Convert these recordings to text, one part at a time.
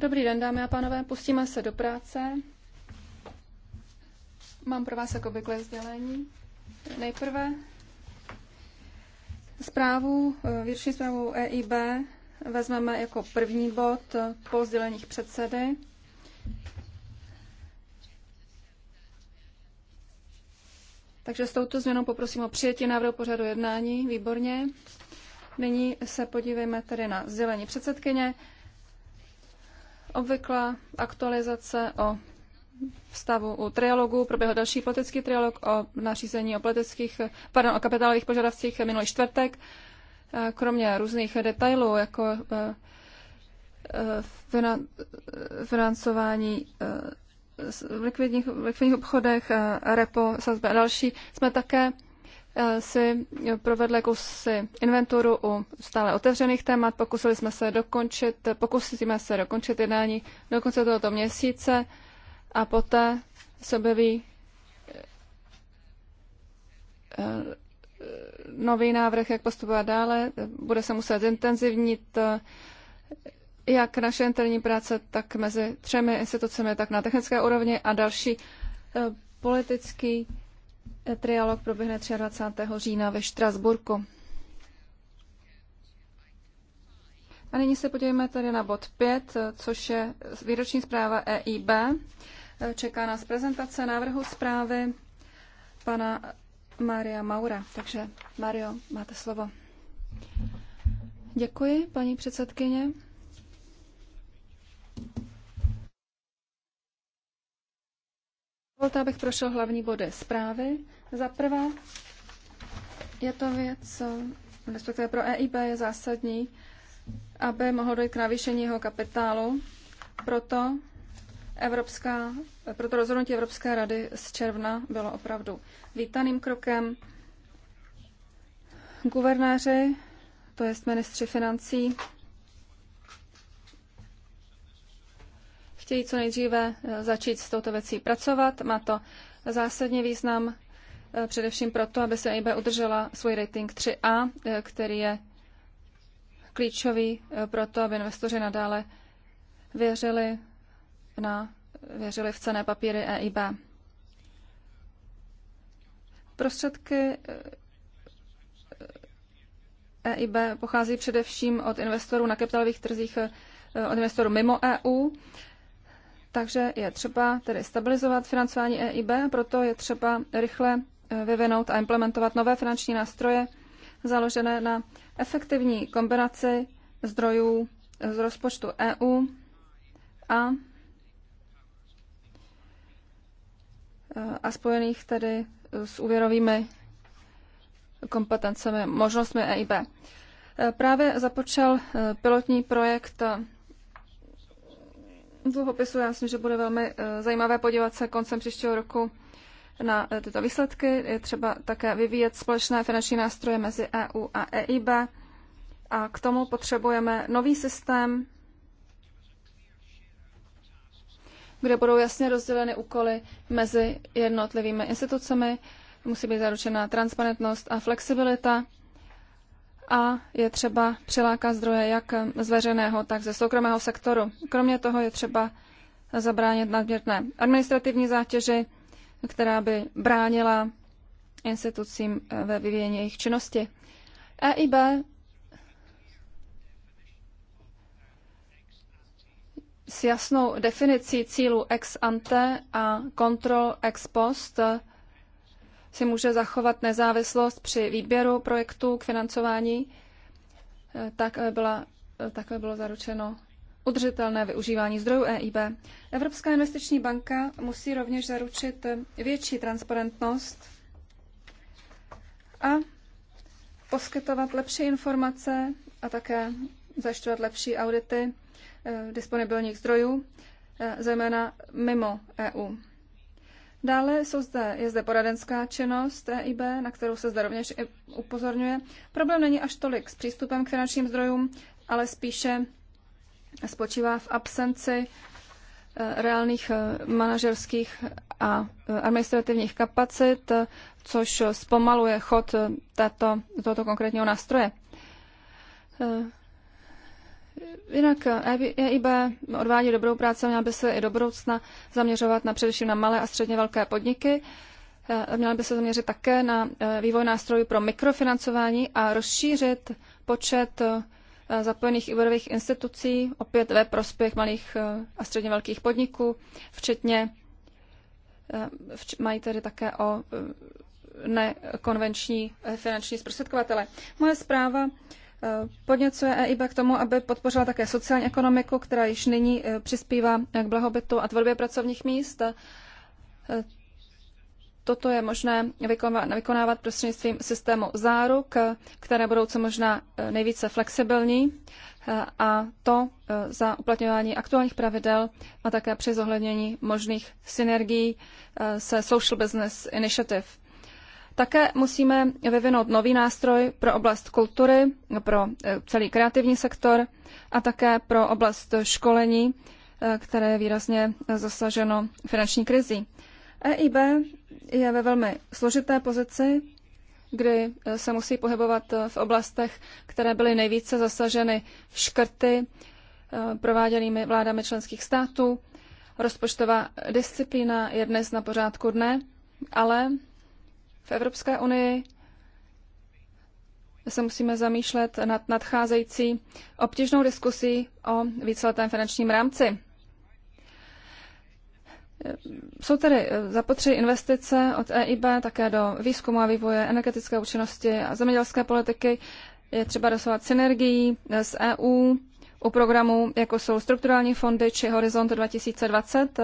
Dobrý den, dámy a pánové, pustíme se do práce. Mám pro vás jako obvykle sdělení. Nejprve zprávu, eh, výroční zprávu EIB vezmeme jako první bod po sděleních předsedy. Takže s touto změnou poprosím o přijetí návrhu pořadu jednání. Výborně. Nyní se podívejme tedy na sdělení předsedkyně. Obvyklá aktualizace o stavu u trialogu. Proběhl další politický trialog o nařízení o, politických, pardon, o kapitálových požadavcích minulý čtvrtek. Kromě různých detailů, jako eh, eh, financování v eh, likvidních, v likvidních obchodech, repo, sazby a další, jsme také Eh, si provedli jakousi inventuru u stále otevřených témat. Pokusili jsme se dokončit, pokusíme se dokončit jednání do konce tohoto měsíce a poté se objeví eh, nový návrh, jak postupovat dále. Bude se muset zintenzivnit eh, jak naše interní práce, tak mezi třemi institucemi, tak na technické úrovni a další politický Trialog proběhne 23. října ve Štrasburku. A nyní se podívejme tady na bod 5, což je výroční zpráva EIB. Čeká nás prezentace návrhu zprávy pana Maria Maura. Takže, Mario, máte slovo. Děkuji, paní předsedkyně. Dovolte, abych prošel hlavní body zprávy. Za prvé, je to věc, respektive pro EIB je zásadní, aby mohlo dojít k navýšení jeho kapitálu. Proto, Evropská, proto rozhodnutí Evropské rady z června bylo opravdu vítaným krokem. Guvernéři, to je ministři financí, chtějí co nejdříve eh, začít s touto věcí pracovat. Má to zásadní význam Eh, především proto, aby se EIB udržela svůj rating 3A, eh, který je klíčový eh, pro to, aby investoři nadále věřili, na, věřili v cené papíry EIB. Prostředky EIB pochází především od investorů na kapitálových trzích, od investorů mimo EU, takže je třeba tedy stabilizovat financování EIB, proto je třeba rychle Eh, vyvinout a implementovat nové finanční nástroje založené na efektivní kombinaci zdrojů eh, z rozpočtu EU a, eh, a spojených tedy s úvěrovými kompetencemi, možnostmi EIB. Právě započal pilotní projekt dluhopisu. Já myslím, že bude velmi zajímavé podívat se koncem příštího roku na e, tyto výsledky. Je třeba také vyvíjet společné finanční nástroje mezi EU a EIB a k tomu potřebujeme nový systém, kde budou jasně rozděleny úkoly mezi jednotlivými institucemi. Musí být zaručena transparentnost a flexibilita a je třeba přilákat zdroje jak z veřejného, tak ze soukromého sektoru. Kromě toho je třeba zabránit nadměrné administrativní zátěži, která by bránila institucím ve vyvíjení jejich činnosti. EIB s jasnou definicí cílu ex ante a kontrol ex post si může zachovat nezávislost při výběru projektů k financování, e, tak aby, e, byla, e, tak aby bylo zaručeno udržitelné využívání zdrojů EIB. Evropská investiční banka musí rovněž zaručit větší transparentnost a poskytovat lepší informace a také zajišťovat lepší audity eh, disponibilních zdrojů, eh, zejména mimo EU. Dále jsou zde, je zde poradenská činnost EIB, na kterou se zde rovněž upozorňuje. Problém není až tolik s přístupem k finančním zdrojům, ale spíše spočívá v absenci eh, reálných eh, manažerských a eh, administrativních kapacit, což zpomaluje chod této, tohoto konkrétního nástroje. Jinak EIB e odvádí dobrou práci, měla by se i do budoucna zaměřovat na především na malé a středně velké podniky. Měla by se zaměřit také na vývoj nástrojů pro mikrofinancování a rozšířit počet Eh, zapojených úvěrových institucí, opět ve prospěch malých eh, a středně velkých podniků, včetně eh, mají tedy také o nekonvenční finanční zprostředkovatele. Moje zpráva podněcuje EIB k tomu, aby podpořila také sociální ekonomiku, která již nyní přispívá k blahobytu a tvorbě pracovních míst. Toto je možné vykonávat prostřednictvím systému záruk, které budou co možná eh, nejvíce flexibilní eh, a to eh, za uplatňování aktuálních pravidel a také při zohlednění možných synergií se Social Business Initiative. Také musíme vyvinout nový nástroj pro oblast kultury, pro celý kreativní sektor a také pro oblast školení, které je výrazně zasaženo finanční krizí. EIB je ve velmi složité pozici, kdy eh, se musí pohybovat eh, v oblastech, které byly nejvíce zasaženy škrty eh, prováděnými vládami členských států. Rozpočtová disciplína je dnes na pořádku dne, ale v Evropské unii se musíme zamýšlet nad nadcházející obtížnou diskusí o víceletém finančním rámci. Jsou tedy eh, zapotřebí investice od EIB také do výzkumu a vývoje energetické účinnosti a zemědělské politiky. Je třeba dosovat synergií eh, s EU u programů, jako jsou strukturální fondy či Horizont 2020.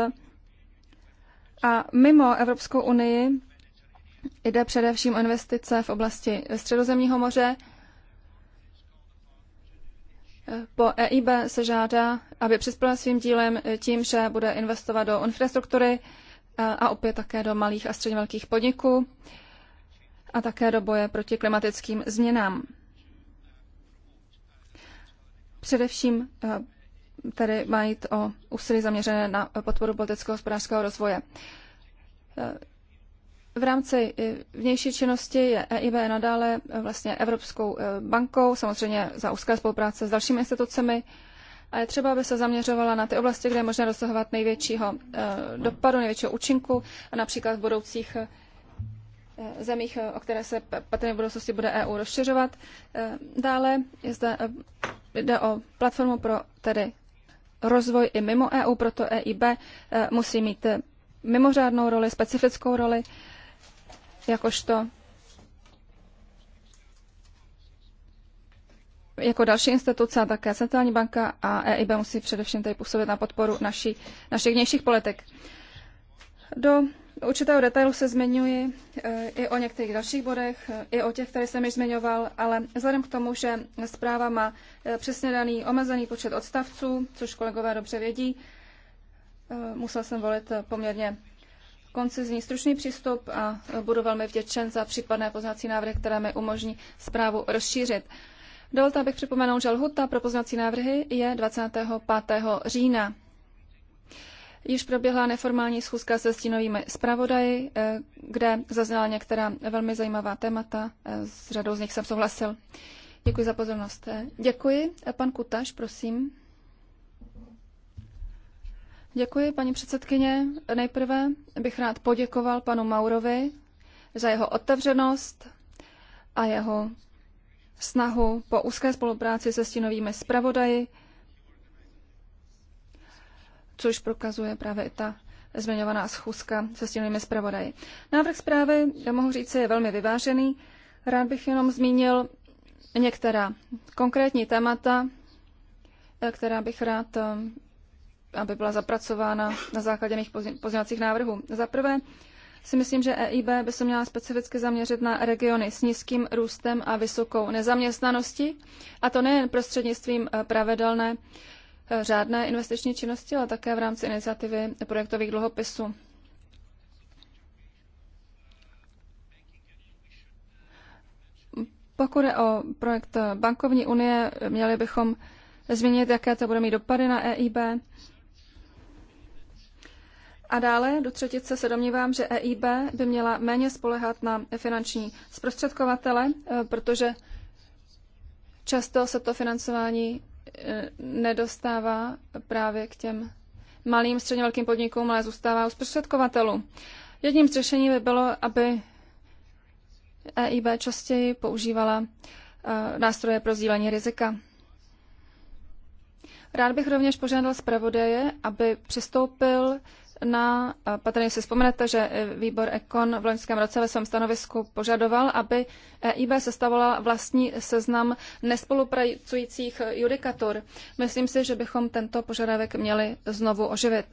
A mimo Evropskou unii jde především o investice v oblasti Středozemního moře, po EIB se žádá, aby přispěla svým dílem tím, že bude investovat do infrastruktury a opět také do malých a středně velkých podniků a také do boje proti klimatickým změnám. Především e, tedy mají o úsilí zaměřené na podporu politického hospodářského rozvoje. E, v rámci eh, vnější činnosti je EIB nadále eh, vlastně Evropskou eh, bankou, samozřejmě za úzké spolupráce s dalšími institucemi. A je třeba, aby se zaměřovala na ty oblasti, kde je možné dosahovat největšího dopadu, největšího účinku, například v budoucích zemích, o které se patrně v budoucnosti bude EU rozšiřovat. Dále je zde, jde o platformu pro tedy rozvoj i mimo EU, proto EIB musí mít mimořádnou roli, specifickou roli jakožto jako další instituce a také Centrální banka a EIB musí především tady působit na podporu naší, našich vnějších politik. Do určitého detailu se zmiňuji eh, i o některých dalších bodech, eh, i o těch, které jsem již zmiňoval, ale vzhledem k tomu, že zpráva má eh, přesně daný omezený počet odstavců, což kolegové dobře vědí, musel jsem volit poměrně koncizní stručný přístup a budu velmi vděčen za případné poznací návrhy, které mi umožní zprávu rozšířit. Dovolte, abych připomenul, že lhuta pro poznací návrhy je 25. října. Již proběhla neformální schůzka se stínovými zpravodaji, eh, kde zazněla některá velmi zajímavá témata. Eh, s řadou z nich jsem souhlasil. Děkuji za pozornost. Eh, děkuji. Pan Kutaš, prosím. Děkuji, paní předsedkyně. Nejprve bych rád poděkoval panu Maurovi za jeho otevřenost a jeho snahu po úzké spolupráci se stínovými zpravodaji, což prokazuje právě i ta zmiňovaná schůzka se stínovými zpravodaji. Návrh zprávy, já mohu říct, je velmi vyvážený. Rád bych jenom zmínil některá konkrétní témata, která bych rád aby byla zapracována na základě mých pozměňovacích návrhů. Za prvé si myslím, že EIB by se měla specificky zaměřit na regiony s nízkým růstem a vysokou nezaměstnaností, a to nejen prostřednictvím eh, pravidelné eh, řádné investiční činnosti, ale také v rámci iniciativy projektových dluhopisů. Pokud je o projekt bankovní unie, měli bychom zmínit, jaké to bude mít dopady na EIB. A dále do třetice se domnívám, že EIB by měla méně spolehat na finanční zprostředkovatele, eh, protože často se to financování eh, nedostává právě k těm malým, středně velkým podnikům, ale zůstává u zprostředkovatelů. Jedním z řešení by bylo, aby EIB častěji používala eh, nástroje pro sdílení rizika. Rád bych rovněž požádal zpravodaje, aby přistoupil na, patrně si vzpomenete, že výbor Ekon v loňském roce ve svém stanovisku požadoval, aby EIB sestavovala vlastní seznam nespolupracujících judikatur. Myslím si, že bychom tento požadavek měli znovu oživit.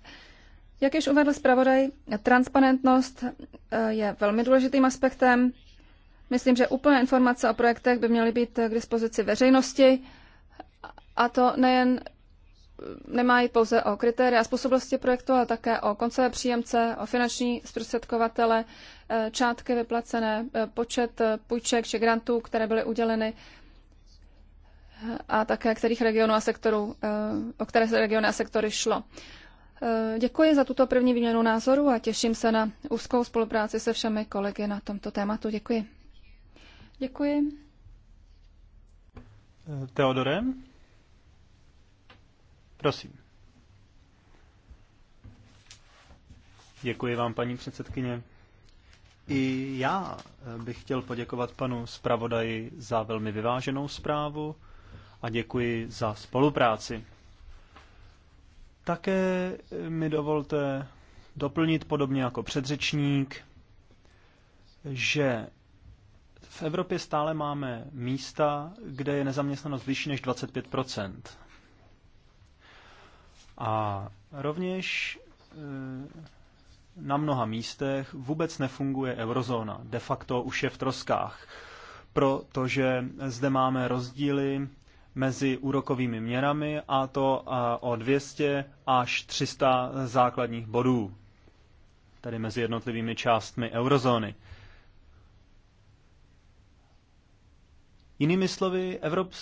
Jak již uvedl zpravodaj, transparentnost e, je velmi důležitým aspektem. Myslím, že úplné informace o projektech by měly být k dispozici veřejnosti, a to nejen nemají pouze o kritéria způsobilosti projektu, ale také o koncové příjemce, o finanční zprostředkovatele, eh, částky vyplacené, eh, počet eh, půjček či grantů, které byly uděleny a také kterých regionů a sektorů, o které regiony a sektory šlo. Děkuji za tuto první výměnu názoru a těším se na úzkou spolupráci se všemi kolegy na tomto tématu. Děkuji. Děkuji. Teodorem? Prosím. Děkuji vám, paní předsedkyně. I já eh, bych chtěl poděkovat panu zpravodaji za velmi vyváženou zprávu a děkuji za spolupráci. Také eh, mi dovolte doplnit, podobně jako předřečník, že v Evropě stále máme místa, kde je nezaměstnanost vyšší než 25 a rovněž eh, na mnoha místech vůbec nefunguje eurozóna, de facto už je v troskách, protože zde máme rozdíly mezi úrokovými měrami a to eh, o 200 až 300 základních bodů, tedy mezi jednotlivými částmi eurozóny. Jinými slovy,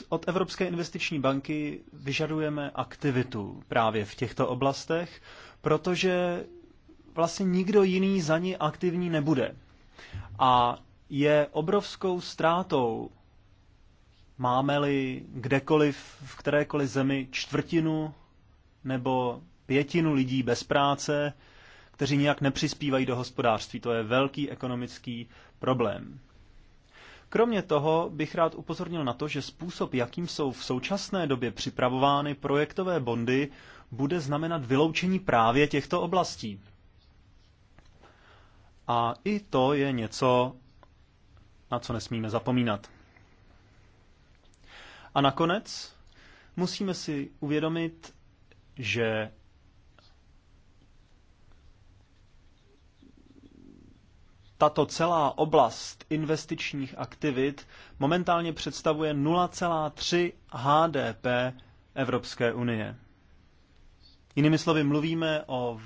od Evropské investiční banky vyžadujeme aktivitu právě v těchto oblastech, protože vlastně nikdo jiný za ní aktivní nebude. A je obrovskou ztrátou, máme-li kdekoliv, v kterékoliv zemi čtvrtinu nebo pětinu lidí bez práce, kteří nijak nepřispívají do hospodářství. To je velký ekonomický problém. Kromě toho bych rád upozornil na to, že způsob, jakým jsou v současné době připravovány projektové bondy, bude znamenat vyloučení právě těchto oblastí. A i to je něco, na co nesmíme zapomínat. A nakonec musíme si uvědomit, že tato celá oblast investičních aktivit momentálně představuje 0,3 HDP Evropské unie. Jinými slovy, mluvíme o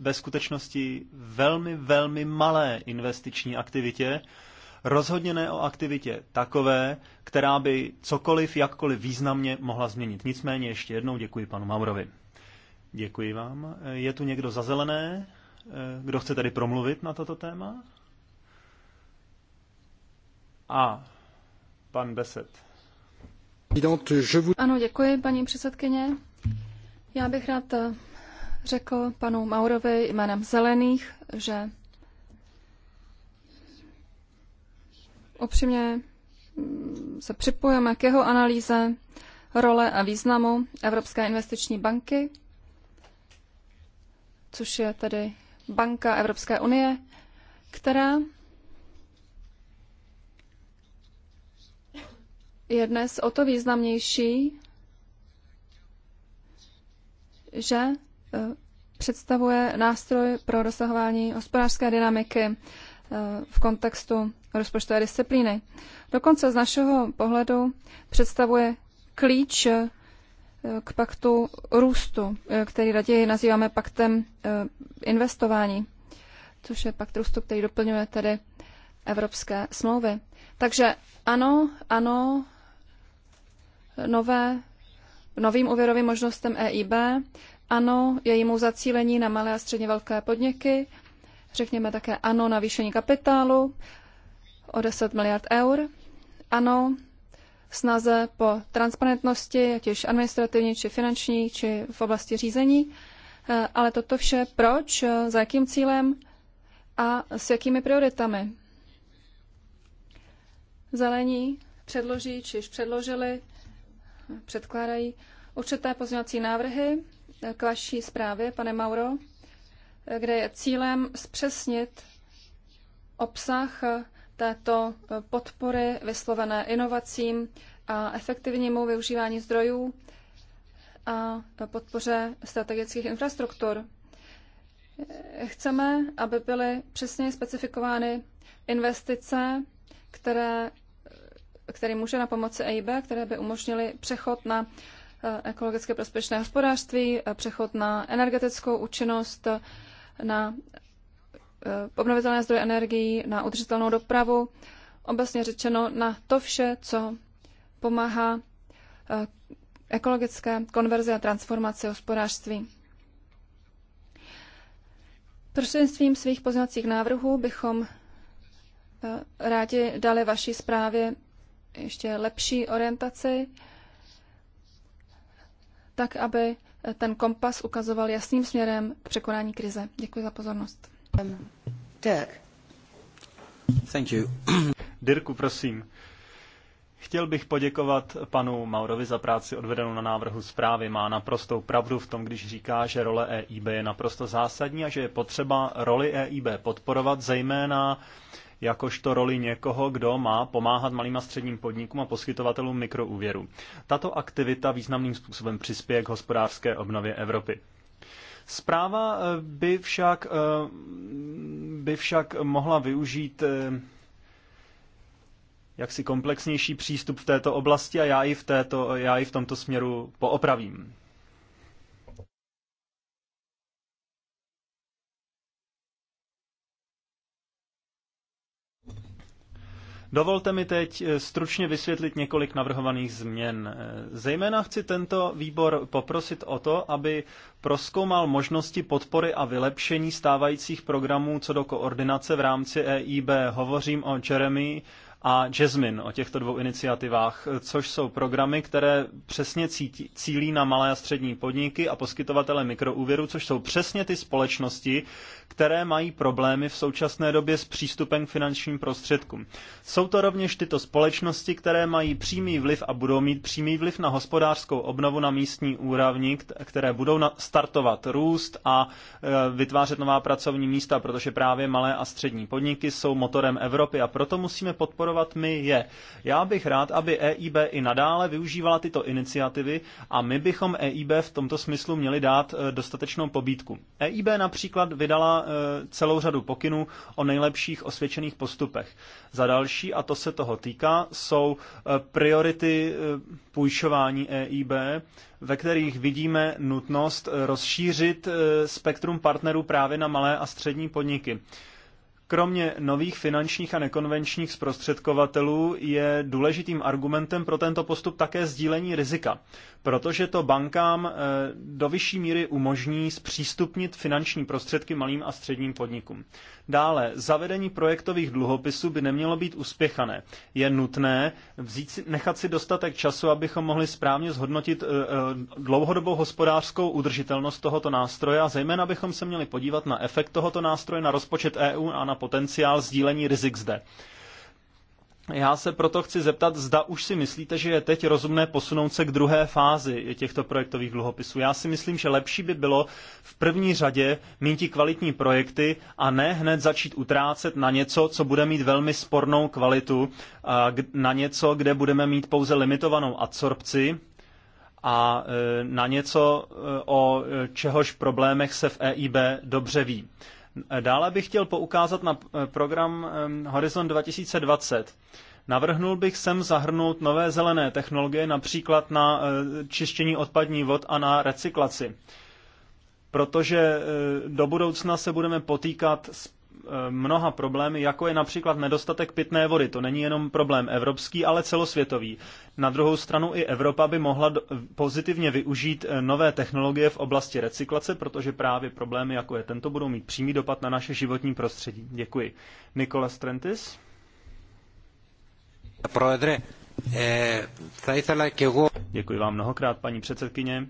ve skutečnosti velmi, velmi malé investiční aktivitě, rozhodně ne o aktivitě takové, která by cokoliv, jakkoliv významně mohla změnit. Nicméně ještě jednou děkuji panu Maurovi. Děkuji vám. Je tu někdo za zelené? Eh, kdo chce tady promluvit na toto téma? A pan Beset. Ano, děkuji, paní předsedkyně. Já bych rád eh, řekl panu Maurovi jménem Zelených, že upřímně mm, se připojeme k jeho analýze role a významu Evropské investiční banky, což je tedy banka Evropské unie, která je dnes o to významnější, že e, představuje nástroj pro dosahování hospodářské dynamiky e, v kontextu rozpočtové disciplíny. Dokonce z našeho pohledu představuje klíč e, k paktu růstu, který raději nazýváme paktem investování, což je pakt růstu, který doplňuje tedy evropské smlouvy. Takže ano, ano, nové, novým úvěrovým možnostem EIB. Ano, jejímu zacílení na malé a středně velké podniky. Řekněme také ano na výšení kapitálu o 10 miliard eur. Ano, snaze po transparentnosti, ať už administrativní, či finanční, či v oblasti řízení. Eh, ale toto vše proč, eh, za jakým cílem a s jakými prioritami. Zelení předloží, čiž předložili předkládají určité pozměňovací návrhy k vaší zprávě, pane Mauro, kde je cílem zpřesnit obsah této podpory vyslovené inovacím a efektivnímu využívání zdrojů a podpoře strategických infrastruktur. Chceme, aby byly přesně specifikovány investice, které který může na pomoci EIB, které by umožnily přechod na eh, ekologicky prospěšné hospodářství, eh, přechod na energetickou účinnost, eh, na obnovitelné zdroje energií, na udržitelnou dopravu, obecně řečeno na to vše, co pomáhá ekologické konverzi a transformaci hospodářství. Prostřednictvím svých pozměňovacích návrhů bychom rádi dali vaší zprávě ještě lepší orientaci, tak aby ten kompas ukazoval jasným směrem k překonání krize. Děkuji za pozornost. Um, Dirk. Thank you. Dirku, prosím. Chtěl bych poděkovat panu Maurovi za práci odvedenou na návrhu zprávy. Má naprostou pravdu v tom, když říká, že role EIB je naprosto zásadní a že je potřeba roli EIB podporovat, zejména jakožto roli někoho, kdo má pomáhat malým a středním podnikům a poskytovatelům mikroúvěru. Tato aktivita významným způsobem přispěje k hospodářské obnově Evropy. Zpráva eh, by však, eh, by však mohla využít eh, jaksi komplexnější přístup v této oblasti a já ji v, této, já i v tomto směru poopravím. Dovolte mi teď eh, stručně vysvětlit několik navrhovaných změn. Eh, zejména chci tento výbor poprosit o to, aby proskoumal možnosti podpory a vylepšení stávajících programů co do koordinace v rámci EIB. Hovořím o Jeremy, a Jasmine o těchto dvou iniciativách, což jsou programy, které přesně cítí, cílí na malé a střední podniky a poskytovatele mikroúvěru, což jsou přesně ty společnosti, které mají problémy v současné době s přístupem k finančním prostředkům. Jsou to rovněž tyto společnosti, které mají přímý vliv a budou mít přímý vliv na hospodářskou obnovu na místní úrovni, které budou startovat růst a e, vytvářet nová pracovní místa, protože právě malé a střední podniky jsou motorem Evropy a proto musíme podporovat podporovat my je. Já bych rád, aby EIB i nadále využívala tyto iniciativy a my bychom EIB v tomto smyslu měli dát eh, dostatečnou pobídku. EIB například vydala eh, celou řadu pokynů o nejlepších osvědčených postupech. Za další, a to se toho týká, jsou eh, priority půjčování EIB, ve kterých vidíme nutnost rozšířit spektrum partnerů právě na malé a střední podniky. Kromě nových finančních a nekonvenčních zprostředkovatelů je důležitým argumentem pro tento postup také sdílení rizika, protože to bankám eh, do vyšší míry umožní zpřístupnit finanční prostředky malým a středním podnikům. Dále, zavedení projektových dluhopisů by nemělo být uspěchané. Je nutné vzít si, nechat si dostatek času, abychom mohli správně zhodnotit eh, eh, dlouhodobou hospodářskou udržitelnost tohoto nástroje a zejména bychom se měli podívat na efekt tohoto nástroje na rozpočet EU a na potenciál sdílení rizik zde. Já se proto chci zeptat, zda už si myslíte, že je teď rozumné posunout se k druhé fázi těchto projektových dluhopisů. Já si myslím, že lepší by bylo v první řadě mít kvalitní projekty a ne hned začít utrácet na něco, co bude mít velmi spornou kvalitu, na něco, kde budeme mít pouze limitovanou adsorpci a e, na něco, e, o e, čehož problémech se v EIB dobře ví. Dále bych chtěl poukázat na eh, program eh, Horizon 2020. Navrhnul bych sem zahrnout nové zelené technologie, například na eh, čištění odpadní vod a na recyklaci. Protože do budoucna se budeme potýkat s Eh, mnoha problémy, jako je například nedostatek pitné vody. To není jenom problém evropský, ale celosvětový. Na druhou stranu i Evropa by mohla pozitivně využít eh, nové technologie v oblasti recyklace, protože právě problémy, jako je tento, budou mít přímý dopad na naše životní prostředí. Děkuji. Nikola Strentis. Eh, Děkuji vám mnohokrát, paní předsedkyně.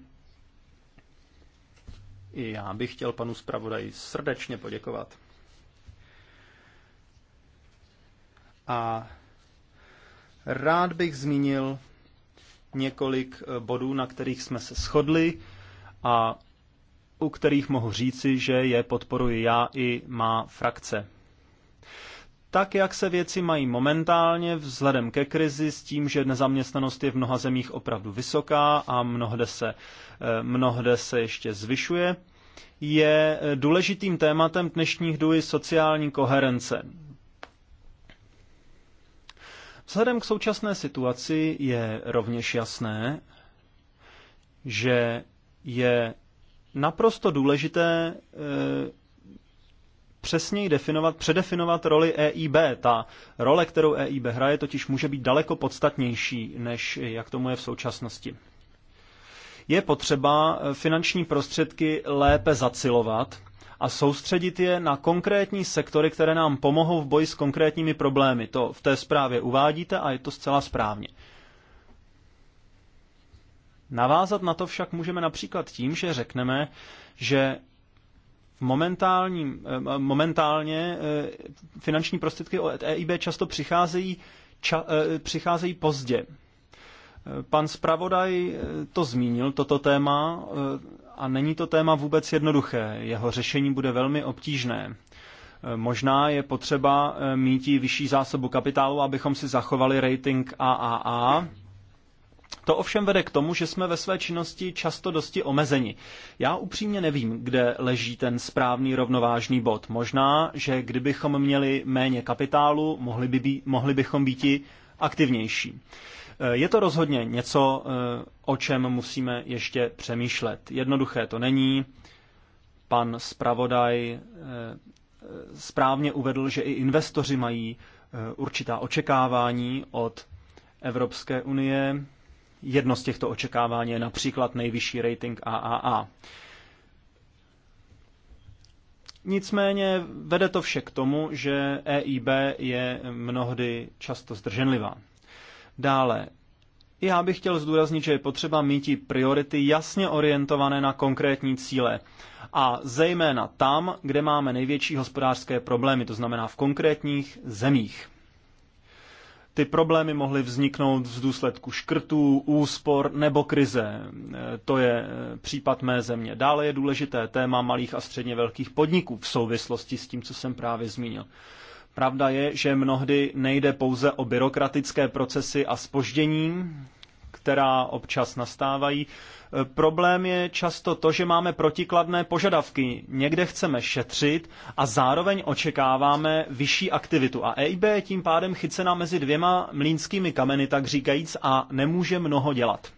I já bych chtěl panu zpravodaji srdečně poděkovat. A rád bych zmínil několik eh, bodů, na kterých jsme se shodli a u kterých mohu říci, že je podporuji já i má frakce. Tak, jak se věci mají momentálně vzhledem ke krizi, s tím, že nezaměstnanost je v mnoha zemích opravdu vysoká a mnohde se, eh, mnohde se ještě zvyšuje, je eh, důležitým tématem dnešních důj sociální koherence. Vzhledem k současné situaci je rovněž jasné, že je naprosto důležité eh, přesněji definovat, předefinovat roli EIB. Ta role, kterou EIB hraje, totiž může být daleko podstatnější, než jak tomu je v současnosti. Je potřeba eh, finanční prostředky lépe zacilovat a soustředit je na konkrétní sektory, které nám pomohou v boji s konkrétními problémy. To v té zprávě uvádíte a je to zcela správně. Navázat na to však můžeme například tím, že řekneme, že v momentálním, eh, momentálně eh, finanční prostředky od EIB často přicházejí, ča, eh, přicházejí pozdě. Pan zpravodaj to zmínil, toto téma, a není to téma vůbec jednoduché. Jeho řešení bude velmi obtížné. E, možná je potřeba e, mít vyšší zásobu kapitálu, abychom si zachovali rating AAA. To ovšem vede k tomu, že jsme ve své činnosti často dosti omezeni. Já upřímně nevím, kde leží ten správný rovnovážný bod. Možná, že kdybychom měli méně kapitálu, mohli, by být, mohli bychom být aktivnější. Eh, je to rozhodně něco, eh, o čem musíme ještě přemýšlet. Jednoduché to není. Pan zpravodaj eh, správně uvedl, že i investoři mají určitá očekávání od Evropské unie. Jedno z těchto očekávání je například nejvyšší rating AAA. Nicméně vede to vše k tomu, že EIB je mnohdy často zdrženlivá. Dále, já bych chtěl zdůraznit, že je potřeba mít priority jasně orientované na konkrétní cíle a zejména tam, kde máme největší hospodářské problémy, to znamená v konkrétních zemích. Ty problémy mohly vzniknout v důsledku škrtů, úspor nebo krize. To je případ mé země. Dále je důležité téma malých a středně velkých podniků v souvislosti s tím, co jsem právě zmínil. Pravda je, že mnohdy nejde pouze o byrokratické procesy a spoždění, která občas nastávají. E, problém je často to, že máme protikladné požadavky. Někde chceme šetřit a zároveň očekáváme vyšší aktivitu. A EIB je tím pádem chycena mezi dvěma mlínskými kameny, tak říkajíc, a nemůže mnoho dělat.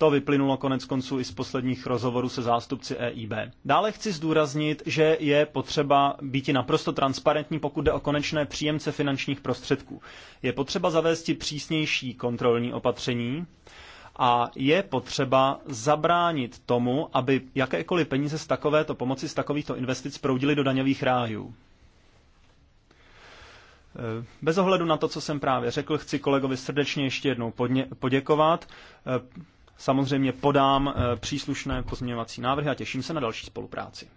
To vyplynulo konec konců i z posledních rozhovorů se zástupci EIB. Dále chci zdůraznit, že je potřeba být naprosto transparentní, pokud jde o konečné příjemce finančních prostředků. Je potřeba zavést přísnější kontrolní opatření a je potřeba zabránit tomu, aby jakékoliv peníze z takovéto pomoci, z takovýchto investic proudily do daňových rájů. E, bez ohledu na to, co jsem právě řekl, chci kolegovi srdečně ještě jednou poděkovat. E, Samozřejmě podám eh, příslušné pozměňovací návrhy a těším se na další spolupráci.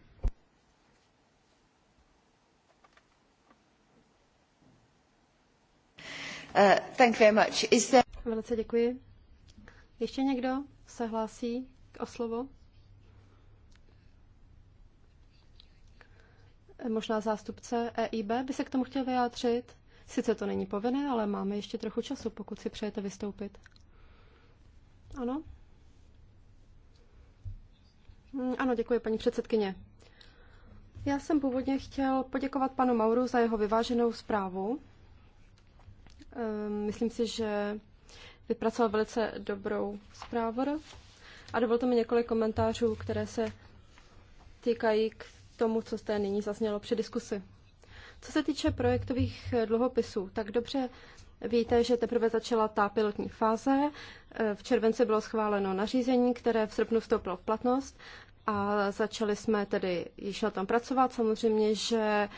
Uh, thank very much. Is there... Velice děkuji. Ještě někdo se hlásí k oslovu? Eh, možná zástupce EIB by se k tomu chtěl vyjádřit. Sice to není povinné, ale máme ještě trochu času, pokud si přejete vystoupit. Ano? Hm, ano, děkuji, paní předsedkyně. Já jsem původně chtěl poděkovat panu Mauru za jeho vyváženou zprávu. Ehm, myslím si, že vypracoval velice dobrou zprávu a dovolte mi několik komentářů, které se týkají k tomu, co jste nyní zaznělo při diskusi. Co se týče projektových eh, dluhopisů, tak dobře víte, že teprve začala ta pilotní fáze. Eh, v červenci bylo schváleno nařízení, které v srpnu vstoupilo v platnost a začali jsme tedy již na tom pracovat. Samozřejmě, že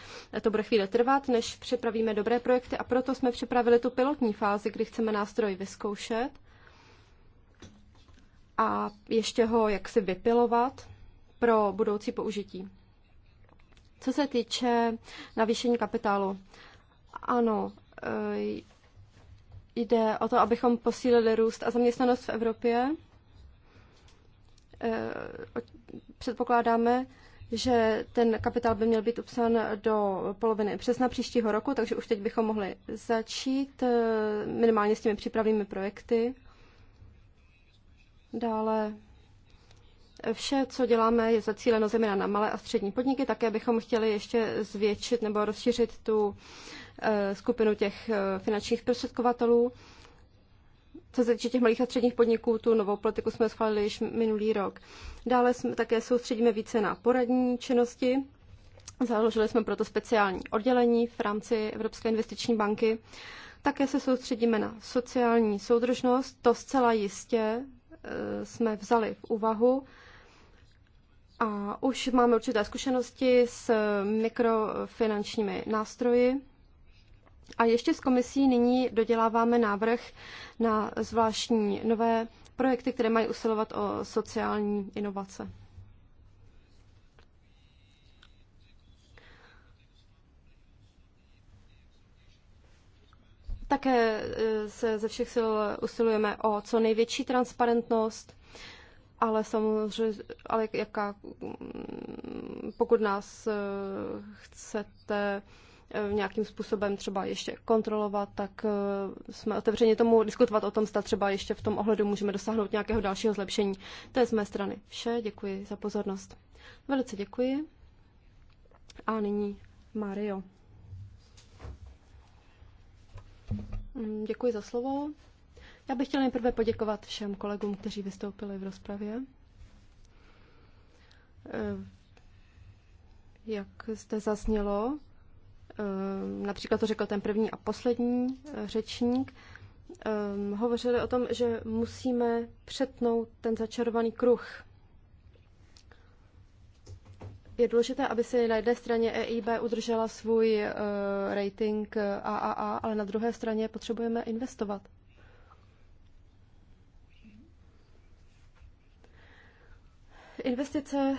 to bude chvíli trvat, než připravíme dobré projekty a proto jsme připravili tu pilotní fázi, kdy chceme nástroj vyzkoušet a ještě ho jaksi vypilovat pro budoucí použití. Co se týče navýšení kapitálu, ano, eh, jde o to, abychom posílili růst a zaměstnanost v Evropě eh, předpokládáme, že ten kapitál by měl být upsán do poloviny přesna příštího roku, takže už teď bychom mohli začít eh, minimálně s těmi přípravnými projekty. Dále eh, Vše, co děláme, je zacíleno zejména na malé a střední podniky. Také bychom chtěli ještě zvětšit nebo rozšířit tu eh, skupinu těch finančních prostředkovatelů. Co se týče těch malých a středních podniků, tu novou politiku jsme schválili již minulý rok. Dále jsme také soustředíme více na poradní činnosti. Založili jsme proto speciální oddělení v rámci Evropské investiční banky. Také se soustředíme na sociální soudržnost. To zcela jistě e, jsme vzali v úvahu. A už máme určité zkušenosti s mikrofinančními nástroji. A ještě s komisí nyní doděláváme návrh na zvláštní nové projekty, které mají usilovat o sociální inovace. Také e, se ze všech sil usilujeme o co největší transparentnost, ale samozřejmě, ale jaká, pokud nás e, chcete Eh, nějakým způsobem třeba ještě kontrolovat, tak eh, jsme otevřeni tomu diskutovat o tom, zda třeba ještě v tom ohledu můžeme dosáhnout nějakého dalšího zlepšení. To je z mé strany vše, děkuji za pozornost. Velice děkuji. A nyní Mario. Mm, děkuji za slovo. Já bych chtěla nejprve poděkovat všem kolegům, kteří vystoupili v rozpravě. Eh, jak jste zaznělo, Ehm, například to řekl ten první a poslední eh, řečník, ehm, hovořili o tom, že musíme přetnout ten začarovaný kruh. Je důležité, aby se na jedné straně EIB udržela svůj eh, rating AAA, ale na druhé straně potřebujeme investovat. Investice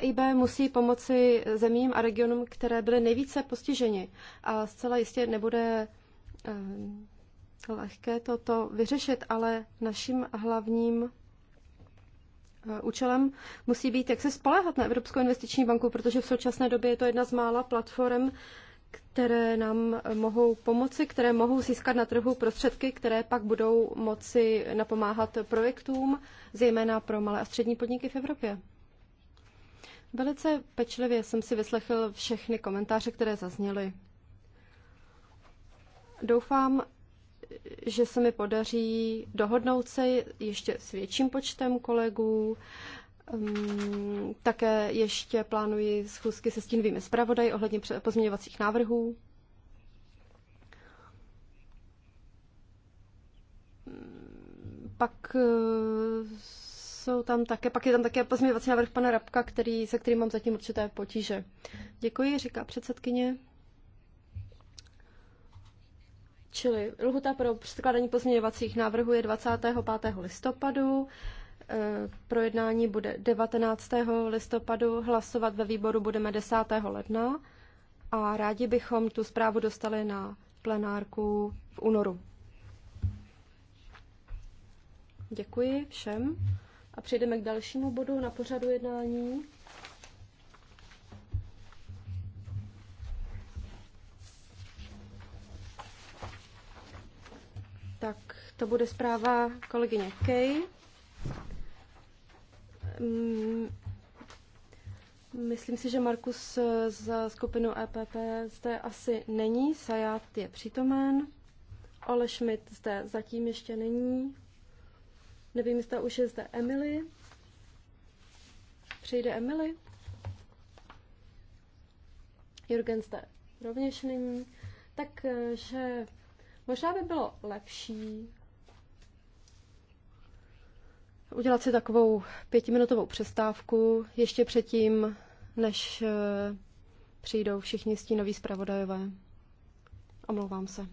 EIB musí pomoci zemím a regionům, které byly nejvíce postiženy a zcela jistě nebude eh, lehké toto vyřešit, ale naším hlavním eh, účelem musí být, jak se spoléhat na Evropskou investiční banku, protože v současné době je to jedna z mála platform, které nám mohou pomoci, které mohou získat na trhu prostředky, které pak budou moci napomáhat projektům, zejména pro malé a střední podniky v Evropě. Velice pečlivě jsem si vyslechl všechny komentáře, které zazněly. Doufám, že se mi podaří dohodnout se ještě s větším počtem kolegů, Ehm, také ještě plánuji schůzky se stínovými zpravodaji ohledně pozměňovacích návrhů. Pak eh, jsou tam také, pak je tam také pozměňovací návrh pana Rabka, který, se kterým mám zatím určité potíže. Děkuji, říká předsedkyně. Čili lhuta pro předkládání pozměňovacích návrhů je 25. listopadu. Eh, projednání bude 19. listopadu, hlasovat ve výboru budeme 10. ledna a rádi bychom tu zprávu dostali na plenárku v únoru. Děkuji všem a přejdeme k dalšímu bodu na pořadu jednání. Tak to bude zpráva kolegyně Kay. Mm, myslím si, že Markus eh, z skupinu EPP zde asi není, Sajat je přítomen, Ole Schmidt zde zatím ještě není. Nevím, jestli už je zde Emily. Přijde Emily. Jürgen zde rovněž není. Takže eh, možná by bylo lepší, udělat si takovou pětiminutovou přestávku ještě předtím, než eh, přijdou všichni stínoví zpravodajové. Omlouvám se.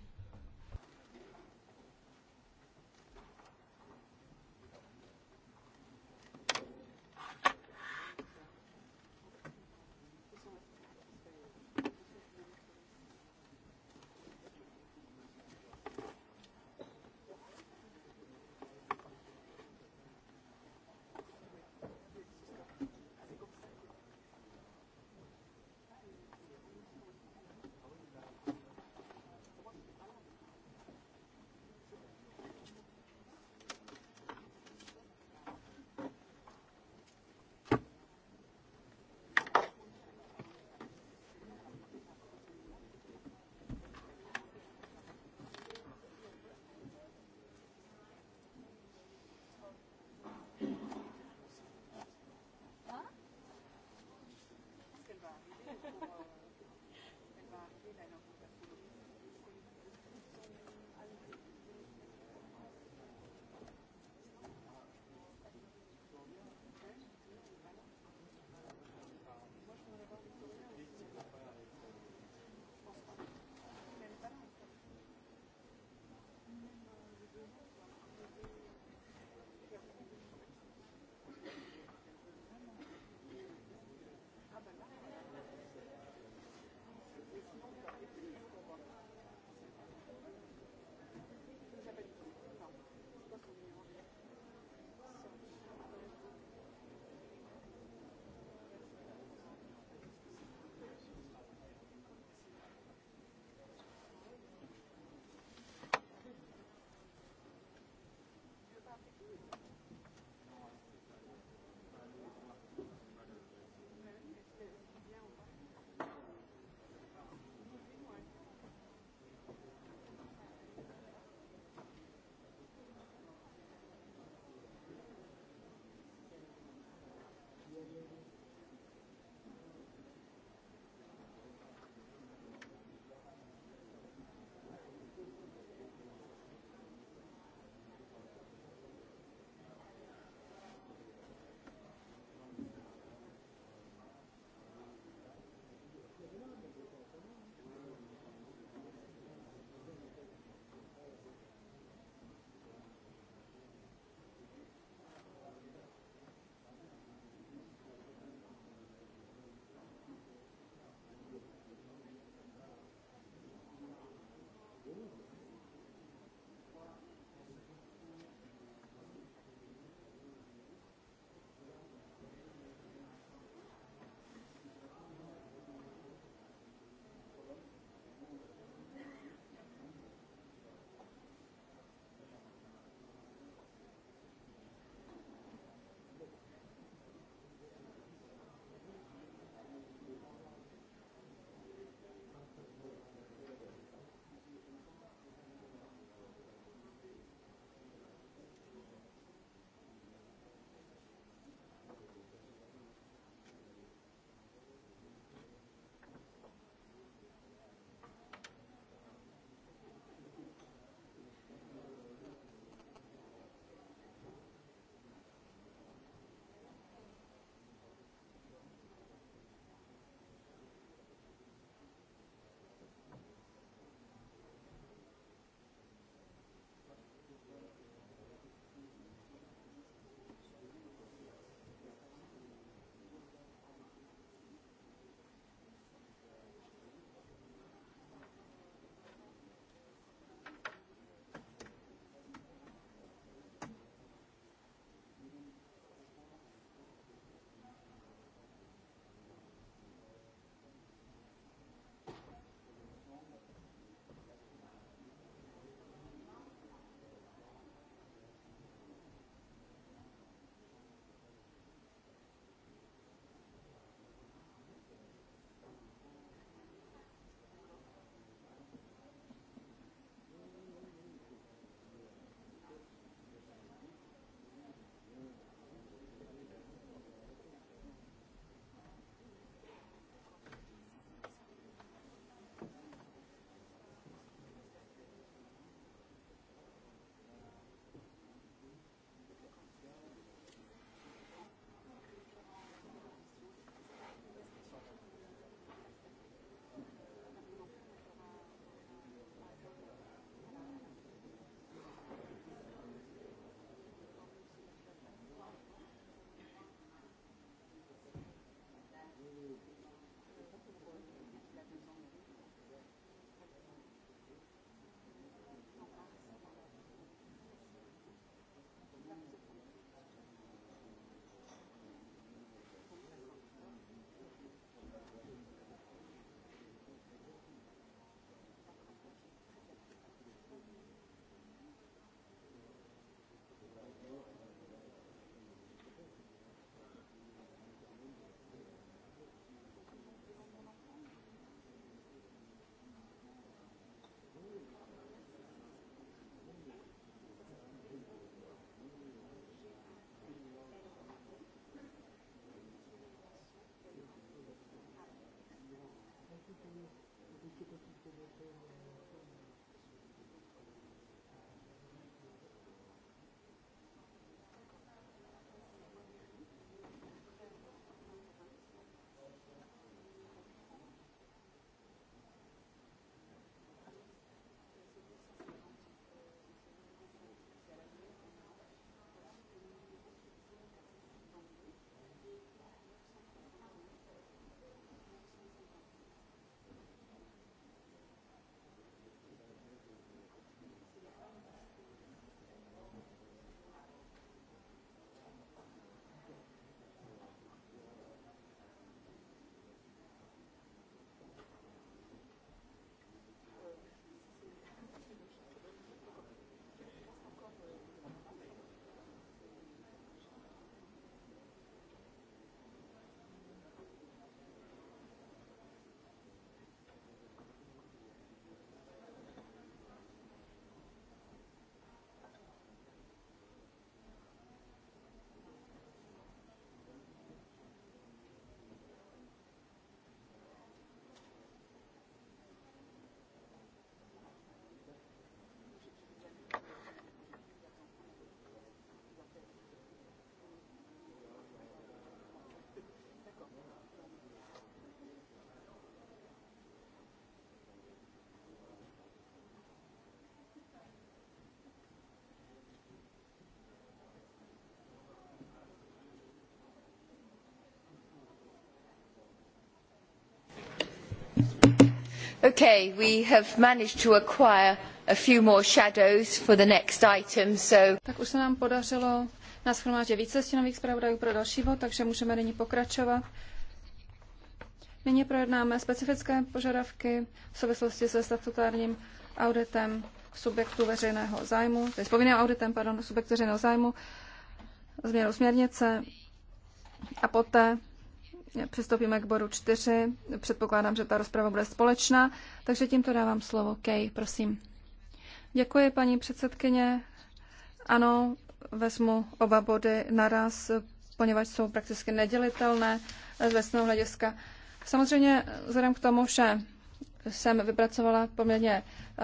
Ok, we have managed to acquire a few more shadows for the next item, so... Tak už se nám podařilo nashromáždit více stínových zpravodajů pro další bod, takže můžeme nyní pokračovat. Nyní projednáme specifické požadavky v souvislosti se statutárním auditem subjektu veřejného zájmu, To s povinným auditem, pardon, subjektu veřejného zájmu, změnou směrnice a poté Přistoupíme k bodu 4. Předpokládám, že ta rozprava bude společná, takže tímto dávám slovo Kej, prosím. Děkuji, paní předsedkyně. Ano, vezmu oba body naraz, poněvadž jsou prakticky nedělitelné z vesného hlediska. Samozřejmě vzhledem k tomu, že jsem vypracovala poměrně eh,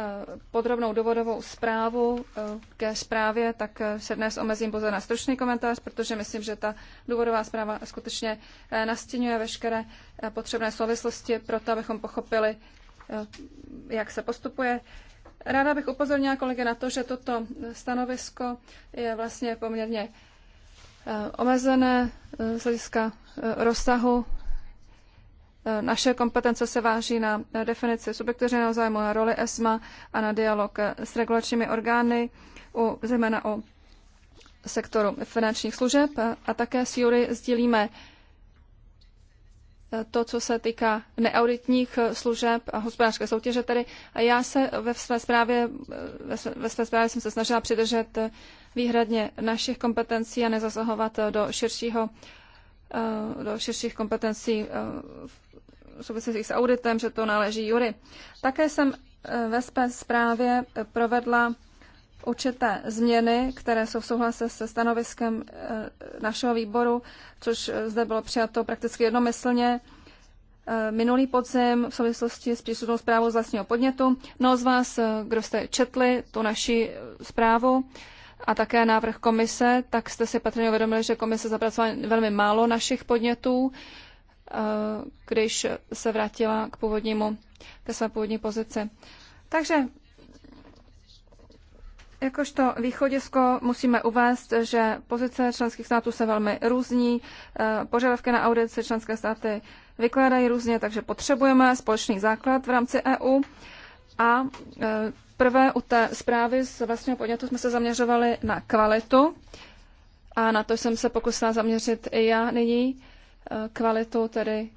podrobnou důvodovou zprávu eh, ke zprávě, tak eh, se dnes omezím pouze na stručný komentář, protože myslím, že ta důvodová zpráva skutečně nastínuje veškeré potřebné souvislosti pro to, abychom pochopili, jak se postupuje. Ráda bych upozornila kolegy na to, že toto stanovisko je vlastně poměrně omezené z hlediska rozsahu Eh, naše kompetence se váží na eh, definici subjektu veřejného zájmu, na roli ESMA a na dialog eh, s regulačními orgány, u, zejména o sektoru finančních služeb a také s Jury sdílíme to, co se týká neauditních služeb a hospodářské soutěže tedy. A já se ve své zprávě, ve své, ve své zprávě jsem se snažila přidržet výhradně našich kompetencí a nezasahovat do širšího do širších kompetencí souvisejících s auditem, že to náleží jury. Také jsem eh, ve své zprávě provedla určité změny, které jsou v souhlase se stanoviskem eh, našeho výboru, což eh, zde bylo přijato prakticky jednomyslně minulý podzim v souvislosti s příslušnou zprávou z vlastního podnětu. No z vás, kdo jste četli tu naši zprávu a také návrh komise, tak jste si patrně uvědomili, že komise zapracovala velmi málo našich podnětů. Eh, když se vrátila k původnímu, ke své původní pozici. Takže Jakožto východisko musíme uvést, že pozice členských států se velmi různí, eh, požadavky na audit se členské státy vykládají různě, takže potřebujeme společný základ v rámci EU. A eh, prvé u té zprávy z vlastního podnětu jsme se zaměřovali na kvalitu a na to jsem se pokusila zaměřit i já nyní kvalitu tedy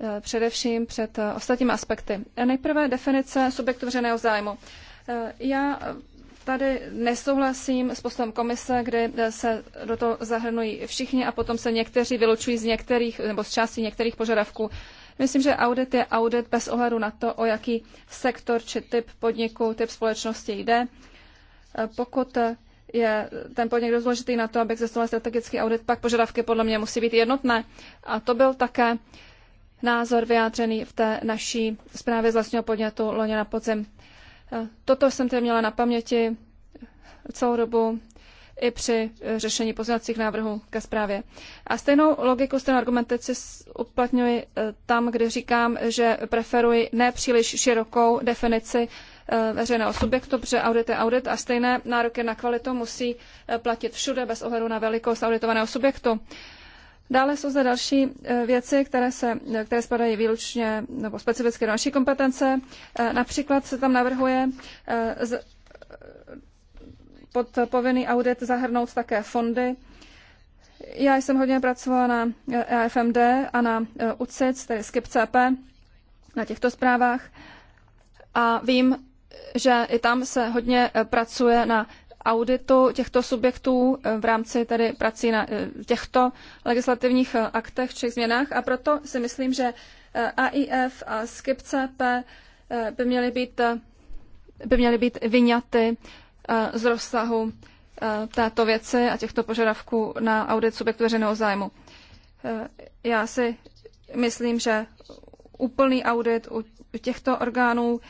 eh, především před eh, ostatními aspekty. Nejprve definice subjektu veřejného zájmu. Eh, já tady nesouhlasím s postem komise, kde se do toho zahrnují všichni a potom se někteří vylučují z některých nebo z části některých požadavků. Myslím, že audit je audit bez ohledu na to, o jaký sektor či typ podniku, typ společnosti jde. Pokud je ten podnik dost důležitý na to, aby existoval strategický audit, pak požadavky podle mě musí být jednotné. A to byl také názor vyjádřený v té naší zprávě z vlastního podnětu loni na podzim. Toto jsem tedy měla na paměti celou dobu i při řešení pozměňovacích návrhů ke zprávě. A stejnou logiku, stejnou argumentaci uplatňuji eh, tam, kde říkám, že preferuji nepříliš širokou definici Eh, veřejného subjektu, protože audit je audit a stejné nároky na kvalitu musí eh, platit všude bez ohledu na velikost auditovaného subjektu. Dále jsou zde další eh, věci, které, se, které spadají výlučně nebo specificky do naší kompetence. Například se tam navrhuje pod povinný audit zahrnout také fondy. Já jsem hodně pracovala na EFMD e a na UCIC, tedy SKIP CP, na těchto zprávách a vím, že i tam se hodně eh, pracuje na auditu těchto subjektů eh, v rámci tedy prací na eh, těchto legislativních aktech či změnách a proto si myslím, že AIF a SkipCP by měly být, by měly být vyňaty z rozsahu této věci a těchto požadavků na audit subjektu veřejného zájmu. Já si myslím, že úplný audit u těchto orgánů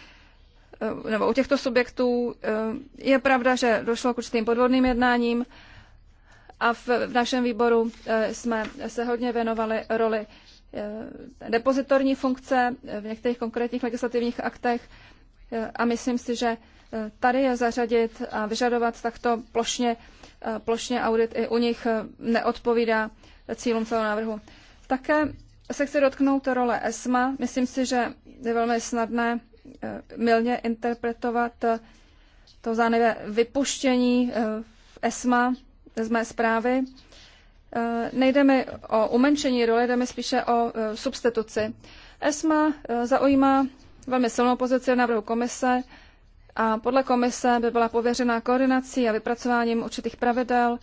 nebo u těchto subjektů eh, je pravda, že došlo k určitým podvodným jednáním a v, v našem výboru eh, jsme se hodně věnovali roli eh, depozitorní funkce v některých konkrétních legislativních aktech a myslím si, že tady je zařadit a vyžadovat takto plošně, plošně audit i u nich neodpovídá cílům celého návrhu. Také se chci dotknout role ESMA. Myslím si, že je velmi snadné Eh, milně interpretovat eh, to zánivé vypuštění eh, v ESMA z mé zprávy. Nejde mi o umenšení role, jde mi spíše o substituci. ESMA zaujímá velmi silnou pozici v návrhu komise a podle komise by byla pověřena koordinací a vypracováním určitých pravidel,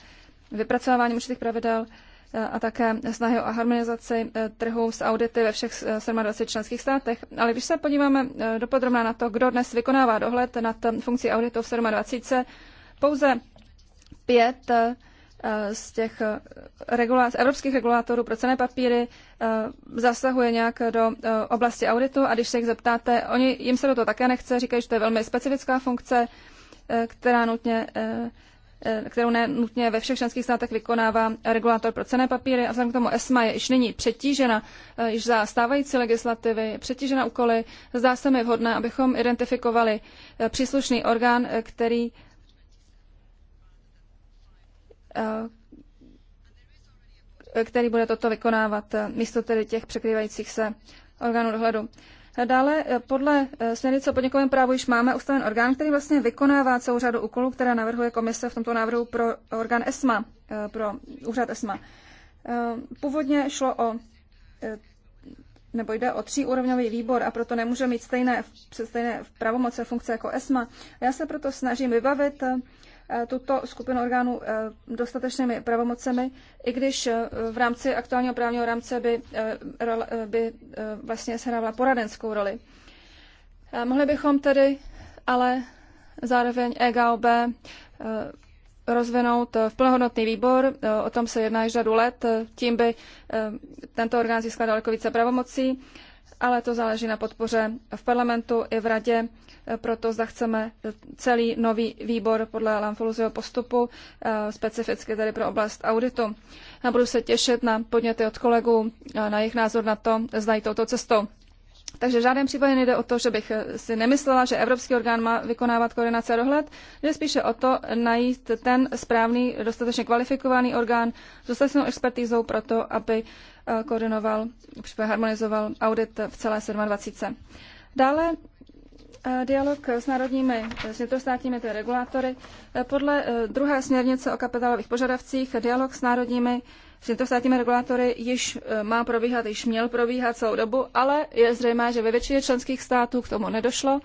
vypracováním určitých pravidel Eh, a také snahy o harmonizaci eh, trhu s audity ve všech 27 eh, členských státech. Ale když se podíváme dopodrobně na to, kdo dnes vykonává dohled nad funkcí auditu v 27, pouze pět z těch regulá- z evropských regulátorů pro cené papíry zasahuje nějak do oblasti auditu a když se jich zeptáte, oni, jim se do toho také nechce, říkají, že to je velmi specifická funkce, která nutně Eh, kterou nenutně ve všech členských státech vykonává regulátor pro cené papíry a vzhledem k tomu ESMA je již nyní přetížena, eh, již za stávající legislativy, přetížena úkoly, zdá se mi vhodné, abychom identifikovali eh, příslušný orgán, který který bude toto vykonávat místo tedy těch překrývajících se orgánů dohledu. Dále eh, podle eh, směrnice o podnikovém právu již máme ustaven orgán, který vlastně vykonává celou řadu úkolů, které navrhuje komise v tomto návrhu pro orgán ESMA, eh, pro úřad ESMA. Původně šlo o nebo jde o tříúrovňový výbor a proto nemůže mít stejné, stejné pravomoce funkce jako ESMA. Já se proto snažím vybavit Eh, tuto skupinu orgánů eh, dostatečnými pravomocemi, i když eh, v rámci aktuálního právního rámce by, by vlastně hrávala poradenskou roli. Mohli bychom tedy ale zároveň EGOB rozvinout v plnohodnotný výbor, o tom se jedná již řadu let, tím by tento orgán získal daleko více pravomocí, ale to záleží na podpoře v parlamentu i v radě proto zda chceme eh, celý nový výbor podle Lamfoluziho postupu, eh, specificky tedy pro oblast auditu. A budu se těšit na podněty od kolegů, eh, na jejich názor na to, zda jít touto cestou. Takže v žádném případě nejde o to, že bych si nemyslela, že evropský orgán má vykonávat koordinace a dohled, jde spíše o to najít ten správný, dostatečně kvalifikovaný orgán s dostatečnou expertízou pro to, aby koordinoval, případně harmonizoval audit v celé 27. Dále Eh, dialog s národními, eh, s vnitrostátními regulátory. Eh, podle druhé směrnice o kapitálových požadavcích dialog s národními s vnitrostátními regulátory již má probíhat, již měl probíhat celou dobu, ale je zřejmé, že ve většině členských států k tomu nedošlo.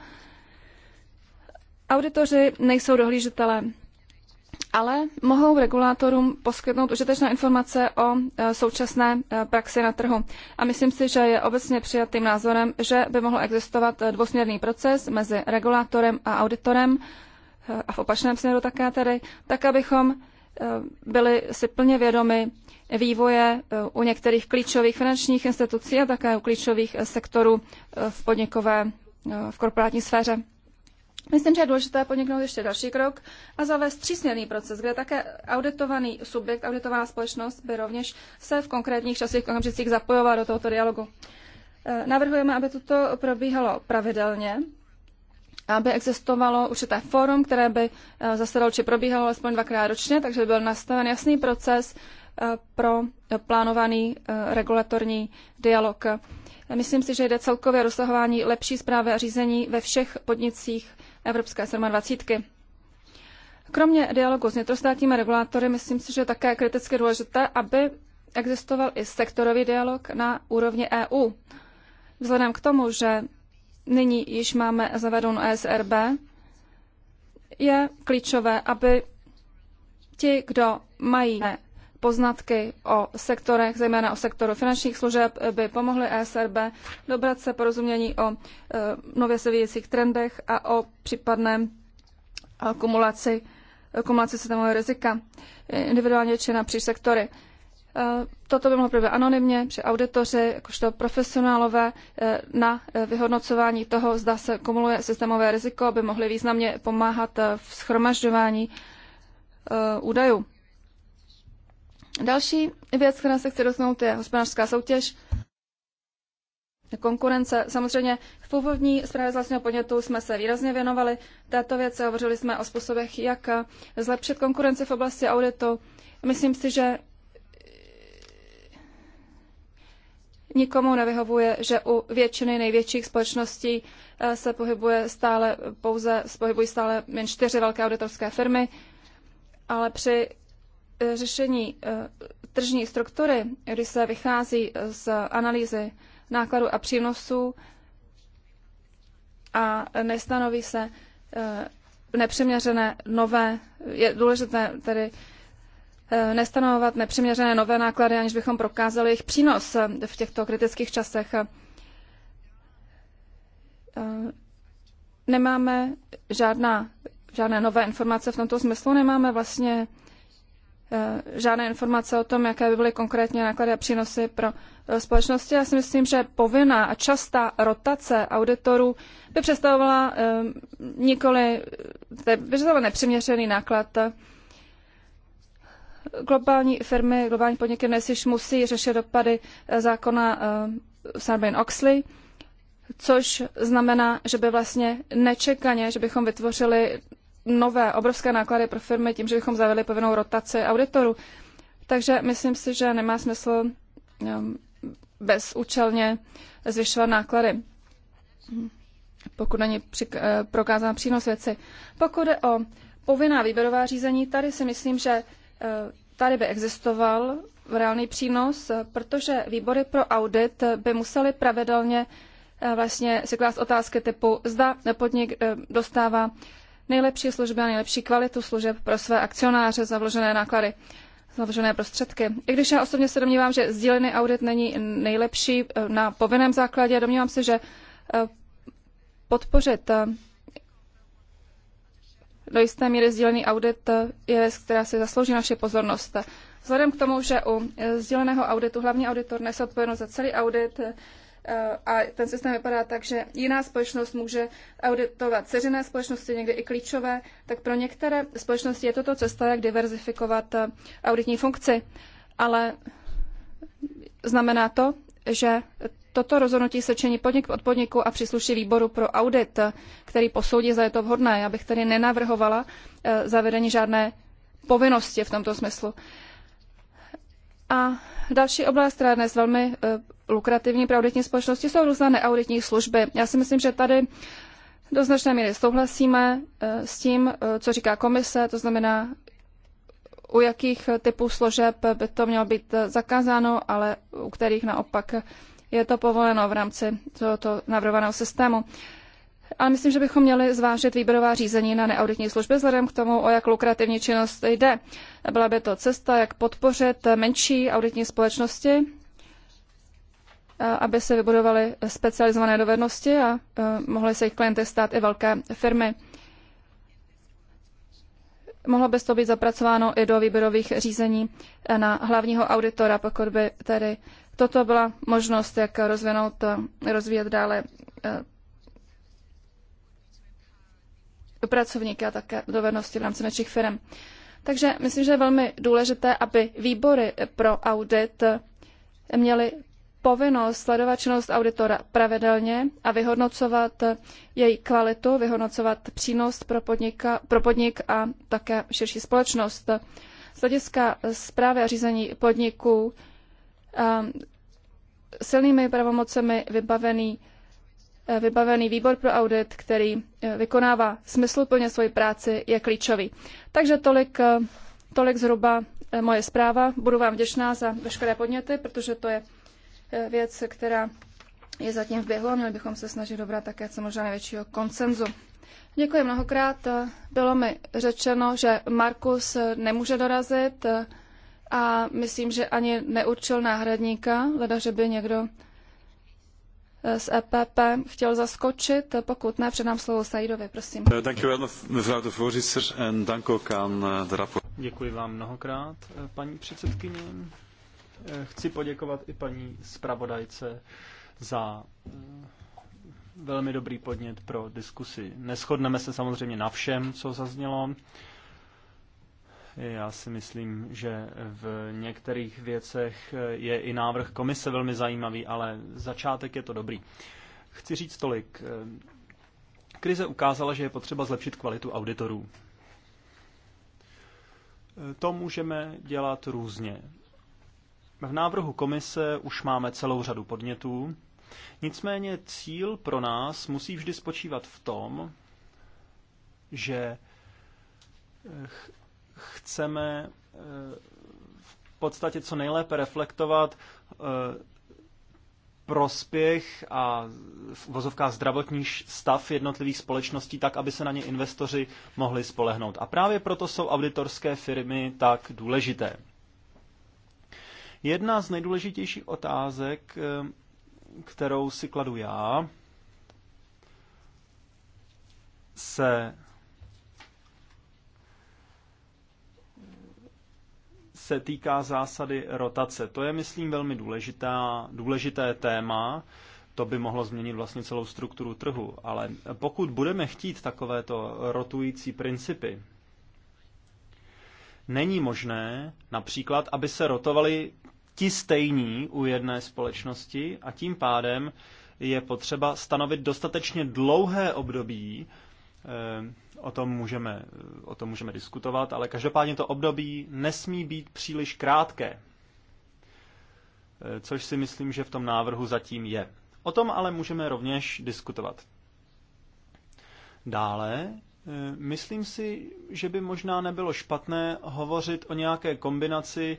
Auditoři nejsou dohlížitelé ale mohou regulátorům poskytnout užitečné informace o e, současné e, praxi na trhu. A myslím si, že je obecně přijatým názorem, že by mohl existovat e, dvosměrný proces mezi regulátorem a auditorem, a v opačném směru také tedy, tak abychom byli si plně vědomi vývoje u některých klíčových finančních institucí a také u klíčových sektorů v podnikové, v korporátní sféře. Myslím, že je důležité podniknout ještě další krok a zavést třísměrný proces, kde také auditovaný subjekt, auditovaná společnost by rovněž se v konkrétních časových okamžicích zapojovala do tohoto dialogu. Eh, navrhujeme, aby toto probíhalo pravidelně, aby existovalo určité fórum, které by eh, zasedalo či probíhalo alespoň dvakrát ročně, takže by byl nastaven jasný proces eh, pro plánovaný regulatorní dialog. Myslím si, že jde celkově rozsahování lepší zprávy a řízení ve všech podnicích Evropské 27. Kromě dialogu s vnitrostátními regulátory, myslím si, že je také kriticky důležité, aby existoval i sektorový dialog na úrovni EU. Vzhledem k tomu, že nyní již máme zavedenou ESRB, je klíčové, aby ti, kdo mají poznatky o sektorech, zejména o sektoru finančních služeb, by pomohly ESRB dobrat se porozumění o e, nově se vidících trendech a o případné e, kumulaci, e, kumulaci systémového rizika individuálně či napříč sektory. Toto by mohlo probíhat anonymně, při auditoři, jakožto profesionálové na vyhodnocování toho, zda se kumuluje systémové riziko, by mohly významně pomáhat v schromažďování údajů. Další věc, která se chce dotknout, je hospodářská soutěž. Konkurence. Samozřejmě v původní zprávě z vlastního podnětu jsme se výrazně věnovali této věci. Hovořili jsme o způsobech, jak zlepšit konkurenci v oblasti auditu. Myslím si, že nikomu nevyhovuje, že u většiny největších společností eh, se pohybuje stále pouze, pohybují stále jen čtyři velké auditorské firmy, ale při řešení eh, tržní struktury, kdy se vychází eh, z analýzy nákladů a přínosů a nestanoví se eh, nepřiměřené nové, je důležité tedy nestanovovat nepřiměřené nové náklady, aniž bychom prokázali jejich přínos v těchto kritických časech. Nemáme žádná, žádné nové informace v tomto smyslu, nemáme vlastně Eh, žádné informace o tom, jaké by byly konkrétně náklady a přínosy pro eh, společnosti. Já si myslím, že povinná a častá rotace auditorů by představovala eh, nikoli, by nepřiměřený náklad. Globální firmy, globální podniky dnes již musí řešit dopady zákona Sarbanes-Oxley, což znamená, že by vlastně nečekaně, že bychom vytvořili nové obrovské náklady pro firmy tím, že bychom zavedli povinnou rotaci auditorů. Takže myslím si, že nemá smysl um, bezúčelně zvyšovat náklady, pokud není eh, prokázán přínos věci. Pokud je o povinná výběrová řízení, tady si myslím, že eh, tady by existoval reálný přínos, protože výbory pro audit by musely pravidelně eh, vlastně si klást otázky typu, zda podnik dostává nejlepší služby a nejlepší kvalitu služeb pro své akcionáře za vložené náklady za vložené prostředky. I když já osobně se domnívám, že sdílený audit není nejlepší eh, na povinném základě, domnívám se, že eh, podpořit eh, do jisté míry sdílený audit je věc, která si zaslouží naše pozornost. Vzhledem k tomu, že u sdíleného auditu hlavní auditor nese odpovědnost za celý audit, Eh, a ten systém vypadá tak, že jiná společnost může auditovat ceřené společnosti, někdy i klíčové, tak pro některé společnosti je toto cesta, jak diverzifikovat eh, auditní funkci. Ale znamená to, že toto rozhodnutí se čení podnik od podniku a přísluší výboru pro audit, eh, který posoudí, zda je to vhodné. Já bych tedy nenavrhovala zavedení žádné povinnosti v tomto smyslu. A další oblast, která je dnes velmi lukrativní pro auditní společnosti jsou různé neauditní služby. Já si myslím, že tady do značné míry souhlasíme eh, s tím, eh, co říká komise, to znamená, u jakých typů služeb by to mělo být eh, zakázáno, ale u kterých naopak je to povoleno v rámci tohoto navrhovaného systému. Ale myslím, že bychom měli zvážit výběrová řízení na neauditní služby vzhledem k tomu, o jak lukrativní činnost jde. Byla by to cesta, jak podpořit menší auditní společnosti, Eh, aby se vybudovaly specializované dovednosti a eh, mohly se jejich klienty stát i velké firmy. Mohlo by to být zapracováno i do výběrových řízení eh, na hlavního auditora, pokud by tedy toto byla možnost, jak rozvinout, rozvíjet dále pracovníky a také dovednosti v rámci našich firm. Takže myslím, že je velmi důležité, aby výbory pro audit měly povinnost sledovat činnost auditora pravidelně a vyhodnocovat její kvalitu, vyhodnocovat přínos pro, podnika, pro podnik a také širší společnost. Z hlediska zprávy a řízení podniků ehm, silnými pravomocemi vybavený, eh, vybavený výbor pro audit, který eh, vykonává smysluplně svoji práci, je klíčový. Takže tolik, eh, tolik zhruba moje zpráva. Budu vám vděčná za veškeré podněty, protože to je věc, která je zatím v běhu a měli bychom se snažit dobrat také co možná největšího koncenzu. Děkuji mnohokrát. Bylo mi řečeno, že Markus nemůže dorazit a myslím, že ani neurčil náhradníka, leda, že by někdo z EPP chtěl zaskočit. Pokud ne, předám slovo Saidovi, prosím. Děkuji vám mnohokrát, paní předsedkyně. Chci poděkovat i paní zpravodajce za eh, velmi dobrý podnět pro diskusi. Neschodneme se samozřejmě na všem, co zaznělo. Já si myslím, že v některých věcech eh, je i návrh komise velmi zajímavý, ale začátek je to dobrý. Chci říct tolik. Eh, krize ukázala, že je potřeba zlepšit kvalitu auditorů. To můžeme dělat různě. V návrhu komise už máme celou řadu podnětů, nicméně cíl pro nás musí vždy spočívat v tom, že eh, ch chceme eh, v podstatě co nejlépe reflektovat eh, prospěch a v vozovkách zdravotní stav jednotlivých společností tak, aby se na ně investoři mohli spolehnout. A právě proto jsou auditorské firmy tak důležité. Jedna z nejdůležitějších otázek, eh, kterou si kladu já, se se týká zásady rotace. To je, myslím, velmi důležitá, důležité téma. To by mohlo změnit vlastně celou strukturu trhu. Ale pokud budeme chtít takovéto rotující principy, není možné například, aby se rotovaly ti stejní u jedné společnosti a tím pádem je potřeba stanovit dostatečně dlouhé období, eh, O tom, můžeme, o tom můžeme diskutovat, ale každopádně to období nesmí být příliš krátké, eh, což si myslím, že v tom návrhu zatím je. O tom ale můžeme rovněž diskutovat. Dále, eh, myslím si, že by možná nebylo špatné hovořit o nějaké kombinaci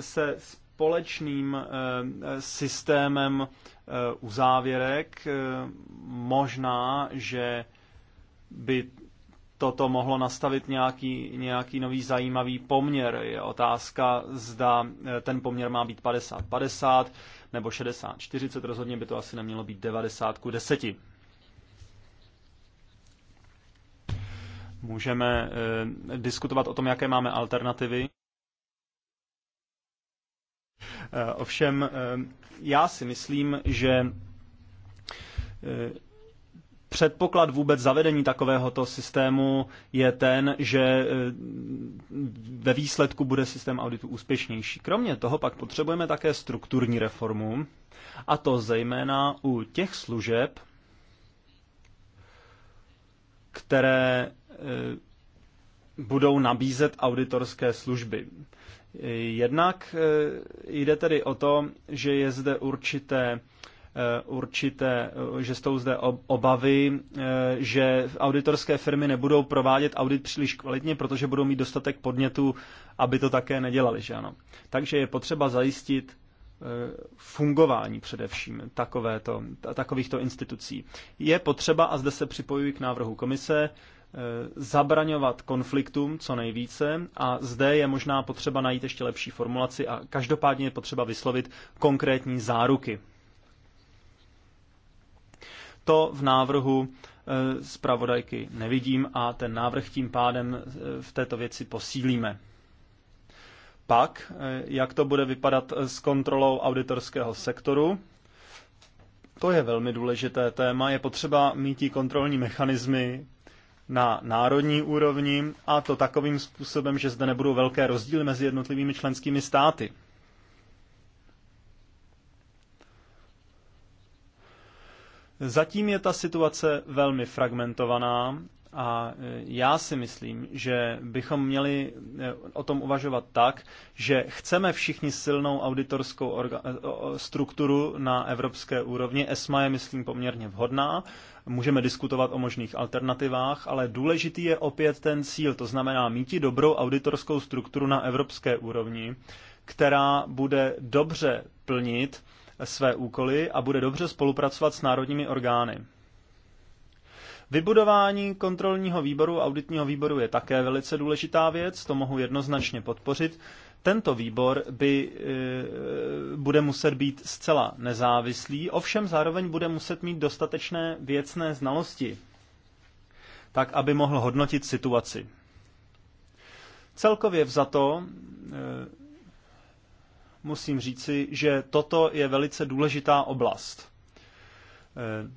se společným eh, systémem eh, uzávěrek. Eh, možná, že by toto mohlo nastavit nějaký, nějaký nový zajímavý poměr. Je otázka, zda ten poměr má být 50-50 nebo 60-40, rozhodně by to asi nemělo být 90 k 10. Můžeme diskutovat o tom, jaké máme alternativy. Eh, ovšem, eh, já si myslím, že eh, předpoklad vůbec zavedení takovéhoto systému je ten, že ve výsledku bude systém auditu úspěšnější. Kromě toho pak potřebujeme také strukturní reformu, a to zejména u těch služeb, které budou nabízet auditorské služby. Jednak eh, jde tedy o to, že je zde určité eh, určité, eh, že jsou zde obavy, že auditorské firmy nebudou provádět audit příliš kvalitně, protože budou mít dostatek podnětů, aby to také nedělali, že ano. Takže je potřeba zajistit fungování především takovéto, takovýchto institucí. Je potřeba, a zde se připojuji k návrhu komise, Eh, zabraňovat konfliktům co nejvíce a zde je možná potřeba najít ještě lepší formulaci a každopádně je potřeba vyslovit konkrétní záruky. To v návrhu eh, zpravodajky nevidím a ten návrh tím pádem eh, v této věci posílíme. Pak, jak to bude vypadat s kontrolou auditorského sektoru, to je velmi důležité téma. Je potřeba mít kontrolní mechanismy na národní úrovni a to takovým způsobem, že zde nebudou velké rozdíly mezi jednotlivými členskými státy. Zatím je ta situace velmi fragmentovaná a e, já si myslím, že bychom měli e, o tom uvažovat tak, že chceme všichni silnou auditorskou e, strukturu na evropské úrovni. ESMA je, myslím, poměrně vhodná Můžeme diskutovat o možných alternativách, ale důležitý je opět ten cíl, to znamená mít dobrou auditorskou strukturu na evropské úrovni, která bude dobře plnit své úkoly a bude dobře spolupracovat s národními orgány. Vybudování kontrolního výboru, auditního výboru je také velice důležitá věc, to mohu jednoznačně podpořit, tento výbor by e, bude muset být zcela nezávislý, ovšem zároveň bude muset mít dostatečné věcné znalosti, tak aby mohl hodnotit situaci. Celkově vzato e, musím říci, že toto je velice důležitá oblast. E,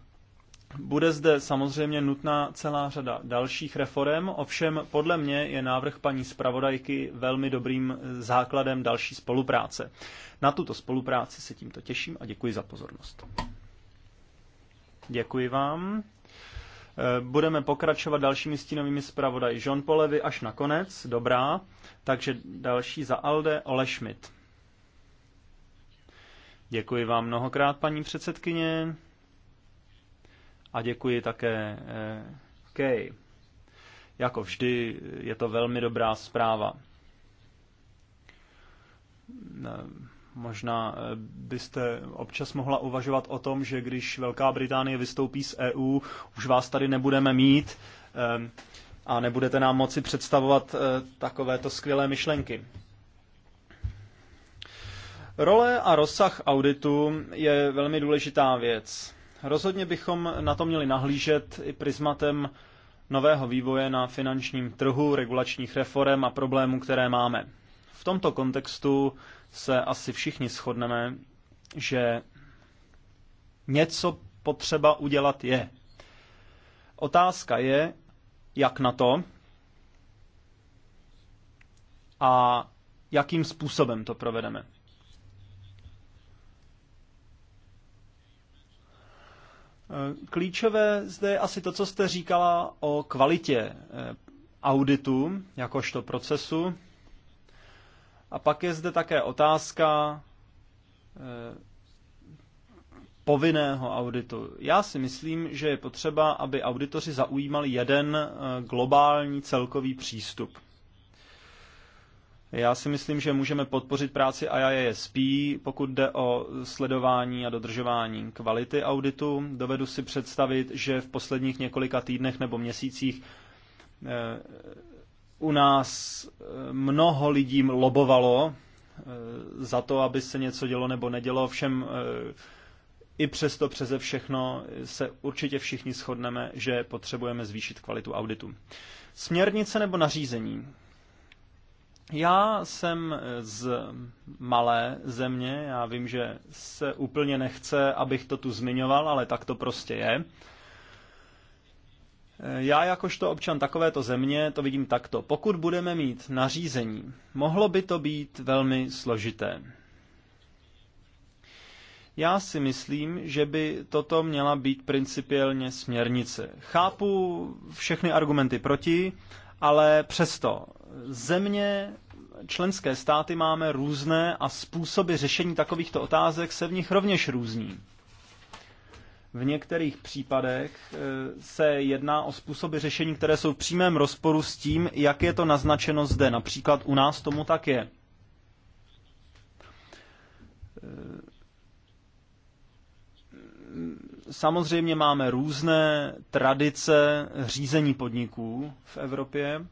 bude zde samozřejmě nutná celá řada dalších reform, ovšem podle mě je návrh paní zpravodajky velmi dobrým základem další spolupráce. Na tuto spolupráci se tímto těším a děkuji za pozornost. Děkuji vám. Eh, budeme pokračovat dalšími stínovými zpravodaji Jean Polevy až na konec. Dobrá. Takže další za Alde Ole Schmidt. Děkuji vám mnohokrát, paní předsedkyně a děkuji také eh, Kay. Jako vždy je to velmi dobrá zpráva. Eh, možná eh, byste občas mohla uvažovat o tom, že když Velká Británie vystoupí z EU, už vás tady nebudeme mít a nebudete nám moci představovat takovéto skvělé myšlenky. Role a rozsah auditu je velmi důležitá věc. Rozhodně bychom na to měli nahlížet i prismatem nového vývoje na finančním trhu, regulačních reform a problémů, které máme. V tomto kontextu se asi všichni shodneme, že něco potřeba udělat je. Otázka je, jak na to a jakým způsobem to provedeme. Eh, klíčové zde je asi to, co jste říkala o kvalitě eh, auditu jakožto procesu. A pak je zde také otázka eh, povinného auditu. Já si myslím, že je potřeba, aby auditoři zaujímali jeden globální celkový přístup. Já si myslím, že můžeme podpořit práci IISP, pokud jde o sledování a dodržování kvality auditu. Dovedu si představit, že v posledních několika týdnech nebo měsících eh, u nás eh, mnoho lidí lobovalo eh, za to, aby se něco dělo nebo nedělo. Všem i přesto přeze všechno se určitě všichni shodneme, že potřebujeme zvýšit kvalitu auditu. Směrnice nebo nařízení? Já jsem eh, z malé země, já vím, že se úplně nechce, abych to tu zmiňoval, ale tak to prostě je. Eh, já jakožto občan takovéto země to vidím takto. Pokud budeme mít nařízení, mohlo by to být velmi složité. Já si myslím, že by toto měla být principiálně směrnice. Chápu všechny argumenty proti, ale přesto země, členské státy máme různé a způsoby řešení takovýchto otázek se v nich rovněž různí. V některých případech eh, se jedná o způsoby řešení, které jsou v přímém rozporu s tím, jak je to naznačeno zde. Například u nás tomu tak je. Eh, samozřejmě máme různé tradice řízení podniků v Evropě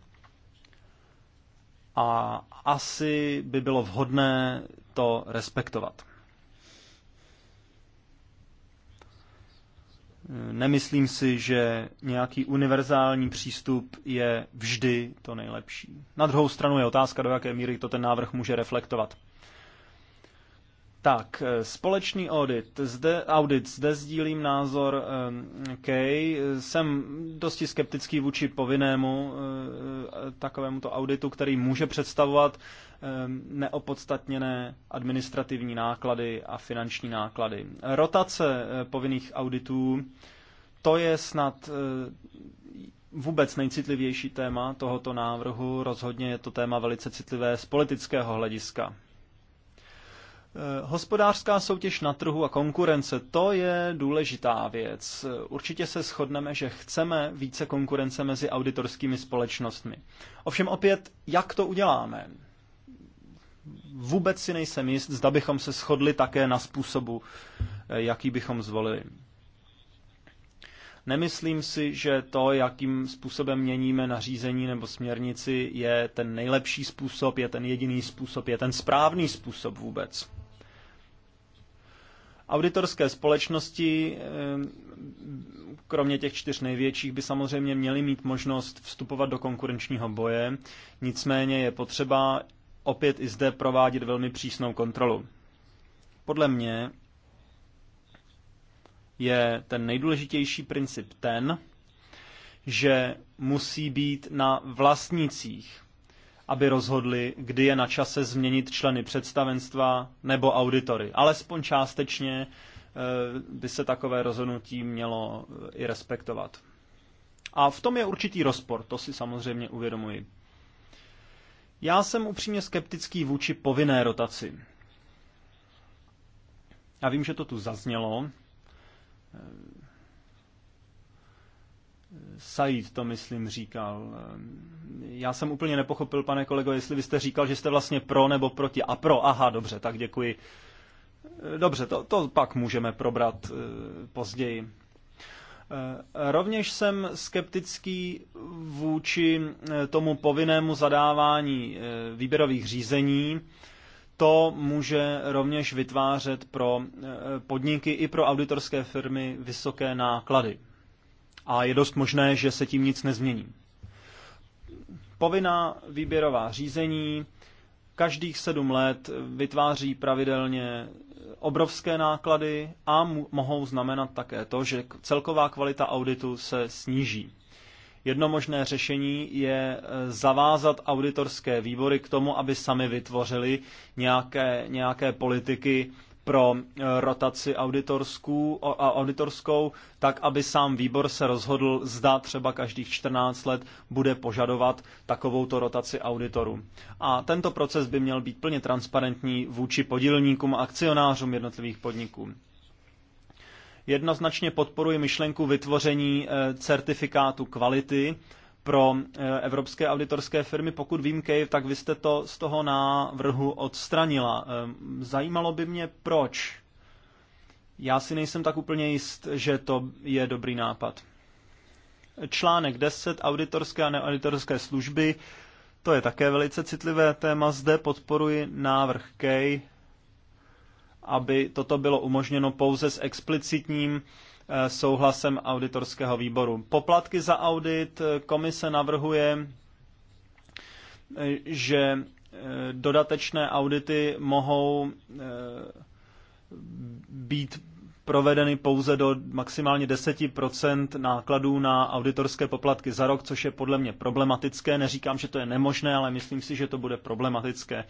a asi by bylo vhodné to respektovat. Nemyslím si, že nějaký univerzální přístup je vždy to nejlepší. Na druhou stranu je otázka, do jaké míry to ten návrh může reflektovat. Tak, eh, společný audit. Zde, audit. Zde sdílím názor eh, K. Jsem dosti skeptický vůči povinnému eh, takovému to auditu, který může představovat neopodstatněné administrativní náklady a finanční náklady. Rotace povinných auditů, to je snad vůbec nejcitlivější téma tohoto návrhu. Rozhodně je to téma velice citlivé z politického hlediska Eh, hospodářská soutěž na trhu a konkurence, to je důležitá věc. Eh, určitě se shodneme, že chceme více konkurence mezi auditorskými společnostmi. Ovšem opět, jak to uděláme? Vůbec si nejsem jist, zda bychom se shodli také na způsobu, eh, jaký bychom zvolili. Nemyslím si, že to, jakým způsobem měníme nařízení nebo směrnici, je ten nejlepší způsob, je ten jediný způsob, je ten správný způsob vůbec. Auditorské společnosti, eh, kromě těch čtyř největších, by samozřejmě měly mít možnost vstupovat do konkurenčního boje, nicméně je potřeba opět i zde provádět velmi přísnou kontrolu. Podle mě je ten nejdůležitější princip ten, že musí být na vlastnicích aby rozhodli, kdy je na čase změnit členy představenstva nebo auditory. Alespoň částečně eh, by se takové rozhodnutí mělo eh, i respektovat. A v tom je určitý rozpor, to si samozřejmě uvědomuji. Já jsem upřímně skeptický vůči povinné rotaci. Já vím, že to tu zaznělo. Said to, myslím, říkal. Já jsem úplně nepochopil, pane kolego, jestli byste říkal, že jste vlastně pro nebo proti. A pro, aha, dobře, tak děkuji. Dobře, to, to pak můžeme probrat eh, později. Eh, rovněž jsem skeptický vůči eh, tomu povinnému zadávání výběrových řízení. To může rovněž vytvářet pro podniky i pro auditorské firmy vysoké náklady a je dost možné, že se tím nic nezmění. Povinná výběrová řízení každých sedm let vytváří pravidelně obrovské náklady a mohou znamenat také to, že celková kvalita auditu se sníží. Jedno možné řešení je e, zavázat auditorské výbory k tomu, aby sami vytvořili nějaké, nějaké politiky pro eh, rotaci auditorskou, auditorskou, tak aby sám výbor se rozhodl, zda třeba každých 14 let bude požadovat takovouto rotaci auditorů. A tento proces by měl být plně transparentní vůči podílníkům a akcionářům jednotlivých podniků. Jednoznačně podporuji myšlenku vytvoření eh, certifikátu kvality, pro eh, evropské auditorské firmy. Pokud vím, Cave, tak vy jste to z toho návrhu odstranila. Eh, zajímalo by mě, proč. Já si nejsem tak úplně jist, že to je dobrý nápad. Článek 10. Auditorské a neauditorské služby. To je také velice citlivé téma. Zde podporuji návrh Kej, aby toto bylo umožněno pouze s explicitním Eh, souhlasem auditorského výboru. Poplatky za audit eh, komise navrhuje, eh, že dodatečné audity mohou být provedeny pouze do maximálně 10% nákladů na auditorské poplatky za rok, což je podle mě problematické. Neříkám, že to je nemožné, ale myslím si, že to bude problematické.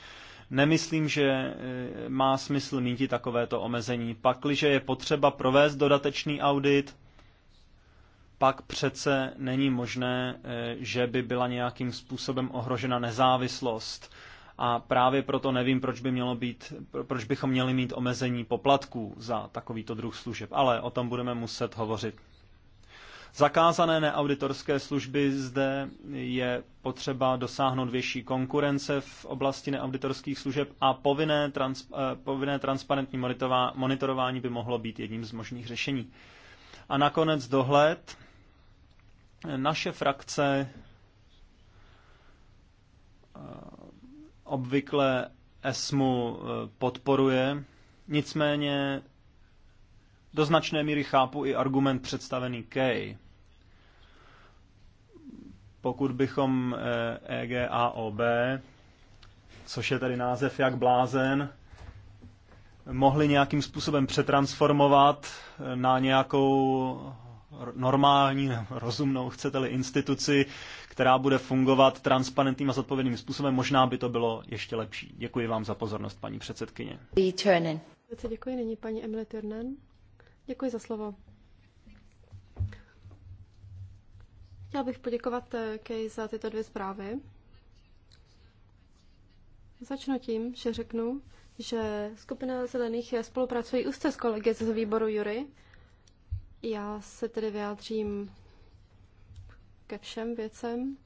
Nemyslím, že eh, má smysl mít takovéto omezení. Pakliže je potřeba provést dodatečný audit, pak přece není možné, eh, že by byla nějakým způsobem ohrožena nezávislost. A právě proto nevím, proč, by mělo být, proč bychom měli mít omezení poplatků za takovýto druh služeb. Ale o tom budeme muset hovořit zakázané neauditorské služby. Zde je potřeba dosáhnout větší konkurence v oblasti neauditorských služeb a povinné, trans, eh, povinné transparentní monitorování by mohlo být jedním z možných řešení. A nakonec dohled. Naše frakce eh, obvykle ESMu eh, podporuje, nicméně do značné míry chápu i argument představený Kay pokud bychom EGAOB, eh, e což je tady název jak blázen, mohli nějakým způsobem přetransformovat eh, na nějakou normální, rozumnou, chcete-li, instituci, která bude fungovat transparentním a zodpovědným způsobem, možná by to bylo ještě lepší. Děkuji vám za pozornost, paní předsedkyně. děkuji, nyní paní Emily Turnen. Děkuji za slovo. Chtěla bych poděkovat eh, Kej za tyto dvě zprávy. Začnu tím, že řeknu, že skupina zelených eh, spolupracují úzce s kolegy z výboru Jury. Já se tedy vyjádřím ke všem věcem.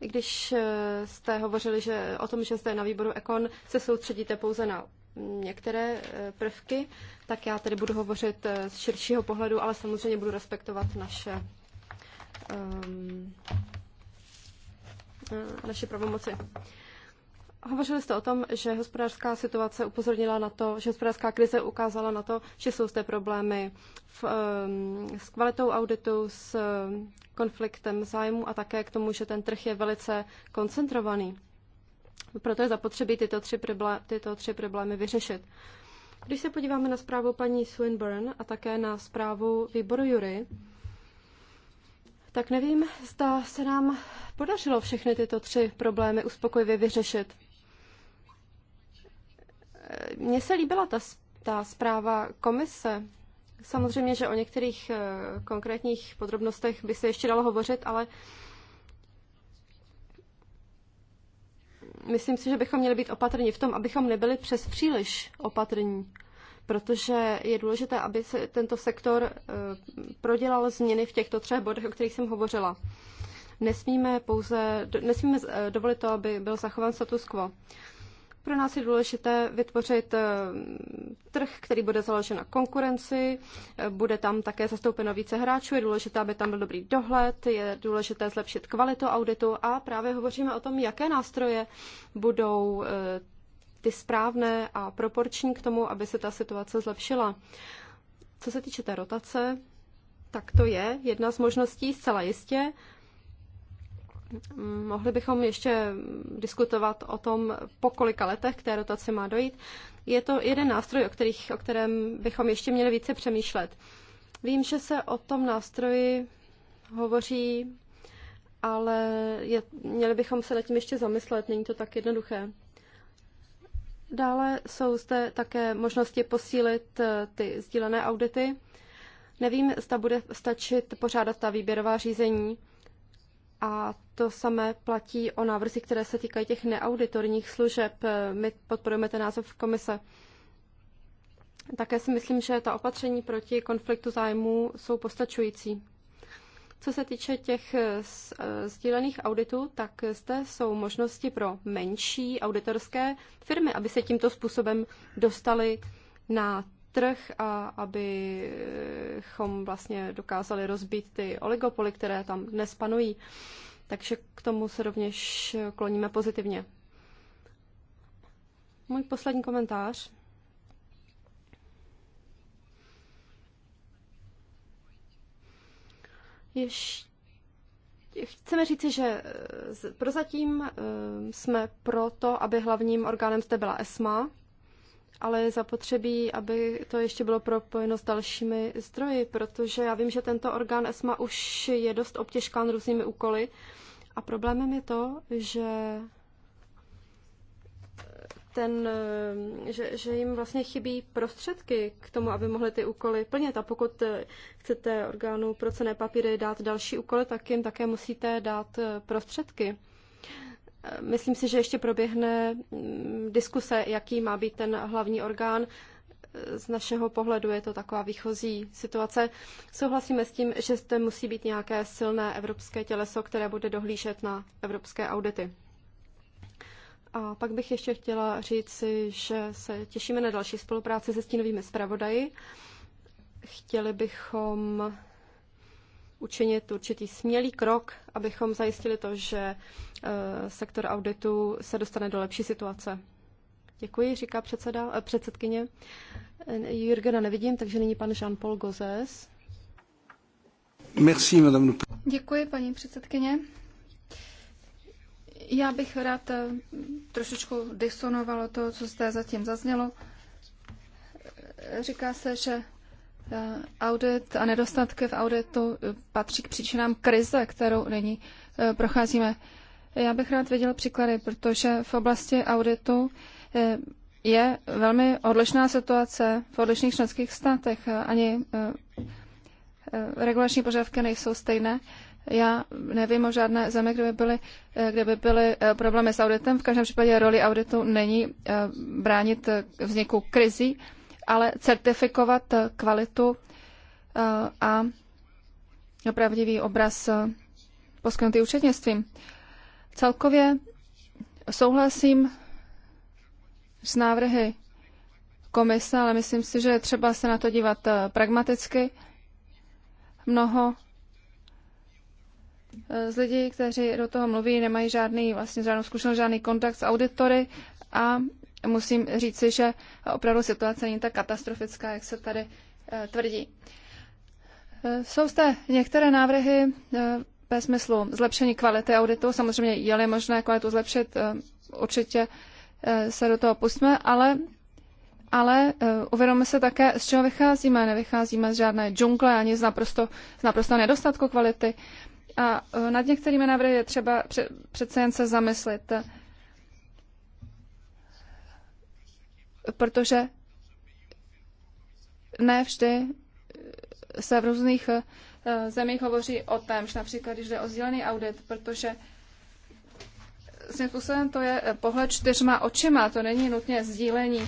I když eh, jste hovořili že, o tom, že jste na výboru Ekon, se soustředíte pouze na některé prvky, tak já tedy budu hovořit z širšího pohledu, ale samozřejmě budu respektovat naše um, naše pravomoci. Hovořili jste o tom, že hospodářská situace upozornila na to, že hospodářská krize ukázala na to, že jsou zde problémy v, ehm, s kvalitou auditu, s konfliktem zájmu a také k tomu, že ten trh je velice koncentrovaný. Proto je zapotřebí tyto tři, problé- tyto tři problémy vyřešit. Když se podíváme na zprávu paní Swinburne a také na zprávu výboru Jury, tak nevím, zda se nám podařilo všechny tyto tři problémy uspokojivě vyřešit. Mně se líbila ta, ta zpráva komise. Samozřejmě, že o některých eh, konkrétních podrobnostech by se ještě dalo hovořit, ale myslím si, že bychom měli být opatrní v tom, abychom nebyli přes příliš opatrní protože je důležité, aby se tento sektor eh, prodělal změny v těchto třech bodech, o kterých jsem hovořila. Nesmíme pouze, nesmíme eh, dovolit to, aby byl zachován status quo. Pro nás je důležité vytvořit eh, trh, který bude založen na konkurenci, bude tam také zastoupeno více hráčů, je důležité, aby tam byl dobrý dohled, je důležité zlepšit kvalitu auditu a právě hovoříme o tom, jaké nástroje budou ty správné a proporční k tomu, aby se ta situace zlepšila. Co se týče té rotace, tak to je jedna z možností, zcela jistě. Mohli bychom ještě diskutovat o tom, po kolika letech k té rotaci má dojít. Je to jeden nástroj, o, kterých, o kterém bychom ještě měli více přemýšlet. Vím, že se o tom nástroji hovoří, ale je, měli bychom se nad tím ještě zamyslet, není to tak jednoduché. Dále jsou zde také možnosti posílit eh, ty sdílené audity. Nevím, zda bude stačit pořádat ta výběrová řízení. A to samé platí o návrzích, které se týkají těch neauditorních služeb. Eh, my podporujeme ten název komise. Také si myslím, že ta opatření proti konfliktu zájmů jsou postačující. Co se týče těch eh, eh, sdílených auditů, tak zde jsou možnosti pro menší auditorské firmy, aby se tímto způsobem dostali na trh a abychom vlastně dokázali rozbít ty oligopoly, které tam dnes panují. Takže k tomu se rovněž kloníme pozitivně. Můj poslední komentář Ještě Chceme říci, že eh, prozatím eh, jsme pro to, aby hlavním orgánem zde byla ESMA, ale je zapotřebí, aby to ještě bylo propojeno s dalšími zdroji, protože já vím, že tento orgán ESMA už je dost obtěžkán různými úkoly a problémem je to, že ten, eh, že, že jim vlastně chybí prostředky k tomu, aby mohli ty úkoly plnit. A pokud eh, chcete orgánu pro cené papíry dát další úkoly, tak jim také musíte dát eh, prostředky. Myslím si, že ještě proběhne mm, diskuse, jaký má být ten hlavní orgán. Z našeho pohledu je to taková výchozí situace. Souhlasíme s tím, že zde musí být nějaké silné evropské těleso, které bude dohlížet na evropské audity. A pak bych ještě chtěla říci, že se těšíme na další spolupráci se stínovými zpravodaji. Chtěli bychom učinit určitý smělý krok, abychom zajistili to, že eh, sektor auditu se dostane do lepší situace. Děkuji, říká předseda, eh, předsedkyně. Jürgena nevidím, takže nyní pan Jean-Paul Gozes. Merci, madame. Děkuji, paní předsedkyně. Já bych rád eh, trošičku disonovalo to, co zde zatím zaznělo. Říká se, že eh, audit a nedostatky v auditu eh, patří k příčinám krize, kterou nyní procházíme. Já bych rád viděl příklady, protože v oblasti auditu je velmi odlišná situace v odlišných členských státech. Ani regulační požadavky nejsou stejné. Já nevím o žádné zemi, kde by byly, eh, kde by byly eh, problémy s auditem. V každém případě roli auditu není eh, bránit vzniku krizí, ale certifikovat kvalitu a pravdivý obraz poskytnutý účetnictvím. Celkově souhlasím s návrhy komise, ale myslím si, že je třeba se na to dívat pragmaticky. Mnoho z lidí, kteří do toho mluví, nemají žádný, vlastně žádnou zkušenost, žádný kontakt s auditory a musím říci, že opravdu situace není tak katastrofická, jak se tady eh, tvrdí. Eh, jsou zde některé návrhy eh, ve smyslu zlepšení kvality auditu. Samozřejmě je-li možné kvalitu zlepšit, určitě se do toho pustíme, ale, ale uvědomíme se také, z čeho vycházíme. Nevycházíme z žádné džungle ani z naprosto, z naprosto nedostatku kvality a e, nad některými návrhy je třeba přece jen se zamyslit, protože ne vždy se v různých e, zemích hovoří o že například když jde o sdílený audit, protože s způsobem to je e, pohled čtyřma očima, to není nutně sdílení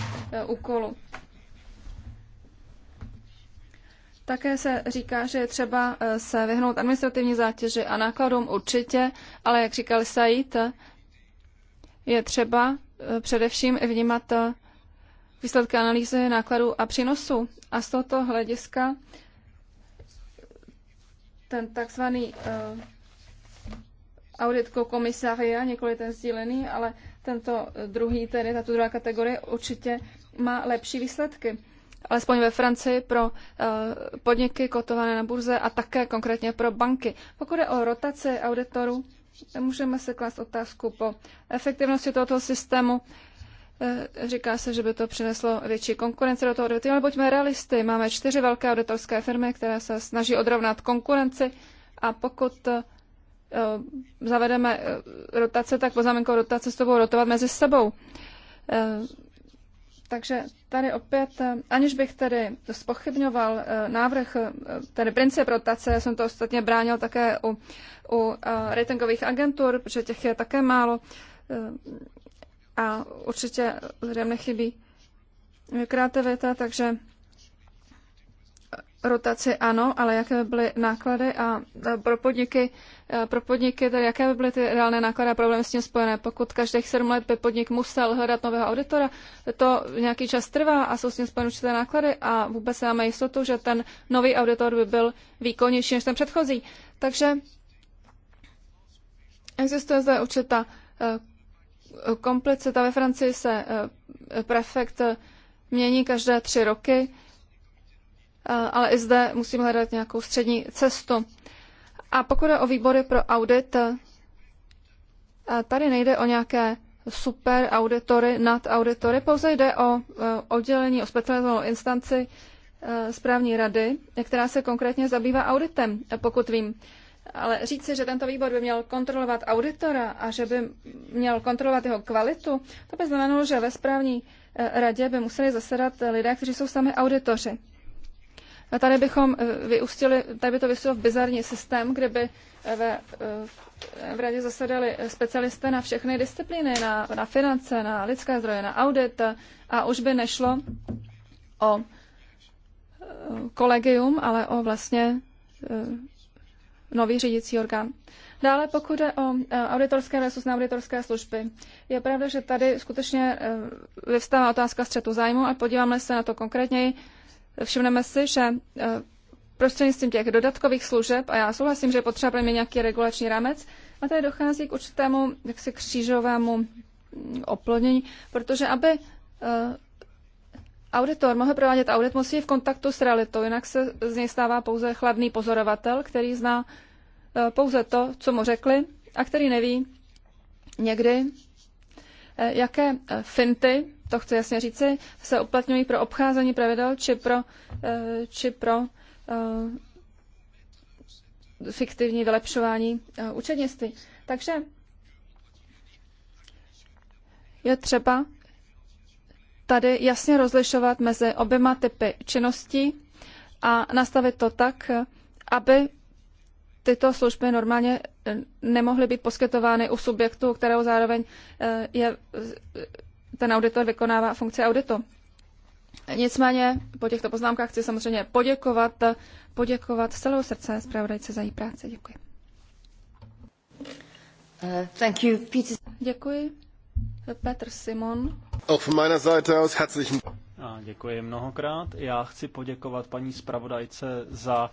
úkolu. Také se říká, že je třeba eh, se vyhnout administrativní zátěži a nákladům určitě, ale jak říkal Said, je třeba eh, především vnímat eh, výsledky analýzy nákladů a přínosů. A z tohoto hlediska ten takzvaný audit komisaria, nikoli ten sdílený, ale tento druhý, tedy tato druhá kategorie, určitě má lepší výsledky alespoň ve Francii, pro eh, podniky kotované na burze a také konkrétně pro banky. Pokud je o rotaci auditorů, můžeme se klást otázku po efektivnosti tohoto systému. Eh, říká se, že by to přineslo větší konkurenci do toho odvětví, ale buďme realisty. Máme čtyři velké auditorské firmy, které se snaží odrovnat konkurenci a pokud eh, zavedeme rotace, tak po rotace s to rotovat mezi sebou. Takže tady opět, eh, aniž bych tedy spochybňoval eh, návrh, eh, tedy princip rotace, jsem to ostatně bránil také u, u ratingových agentur, protože těch je také málo a určitě lidem nechybí kreativita, takže rotaci ano, ale jaké by byly náklady a e, pro podniky, e, pro podniky tedy jaké by byly ty reálné náklady a problémy s tím spojené? Pokud každých sedm let by podnik musel hledat nového auditora, to nějaký čas trvá a jsou s tím spojené určité náklady a vůbec máme jistotu, že ten nový auditor by byl výkonnější než ten předchozí. Takže existuje zde určitá e, komplicita. Ve Francii se prefekt mění každé tři roky Eh, ale i zde musíme hledat nějakou střední cestu. A pokud je o výbory pro audit, eh, tady nejde o nějaké super auditory nad auditory, pouze jde o eh, oddělení, o specializovanou instanci správní rady, která se konkrétně zabývá auditem, pokud vím. Ale říci, že tento výbor by měl kontrolovat auditora a že by měl kontrolovat jeho kvalitu, to by znamenalo, že ve správní radě by museli zasedat lidé, kteří jsou sami auditoři. A tady bychom eh, vyústili, tady by to vyústilo v bizarní systém, kde by eh, ve, eh, v radě zasedali specialisté na všechny disciplíny, na, na finance, na lidské zdroje, na audit a už by nešlo o kolegium, ale o vlastně nový řídící orgán. Dále, pokud jde o auditorské versus auditorské služby, je pravda, že tady skutečně vyvstává otázka střetu zájmu a podíváme se na to konkrétněji všimneme si, že eh, prostřednictvím těch dodatkových služeb, a já souhlasím, že potřebujeme nějaký regulační rámec, a tady dochází k určitému jaksi křížovému mm, oplodnění, protože aby eh, auditor mohl provádět audit, musí být v kontaktu s realitou, jinak se z něj stává pouze chladný pozorovatel, který zná eh, pouze to, co mu řekli, a který neví někdy, jaké finty to chci jasně říci, se uplatňují pro obcházení pravidel či pro, eh, či pro eh, fiktivní vylepšování eh, účetnictví. Takže je třeba tady jasně rozlišovat mezi oběma typy činností a nastavit to tak, aby tyto služby normálně nemohly být poskytovány u subjektu, kterého zároveň je ten auditor vykonává funkci auditu. Nicméně po těchto poznámkách chci samozřejmě poděkovat, poděkovat z celého srdce zpravodajce za její práci. Děkuji. Uh, thank you, Peter. Děkuji. Petr Simon. Auch von meiner Seite aus herzlichen děkuji mnohokrát. Já chci poděkovat paní zpravodajce za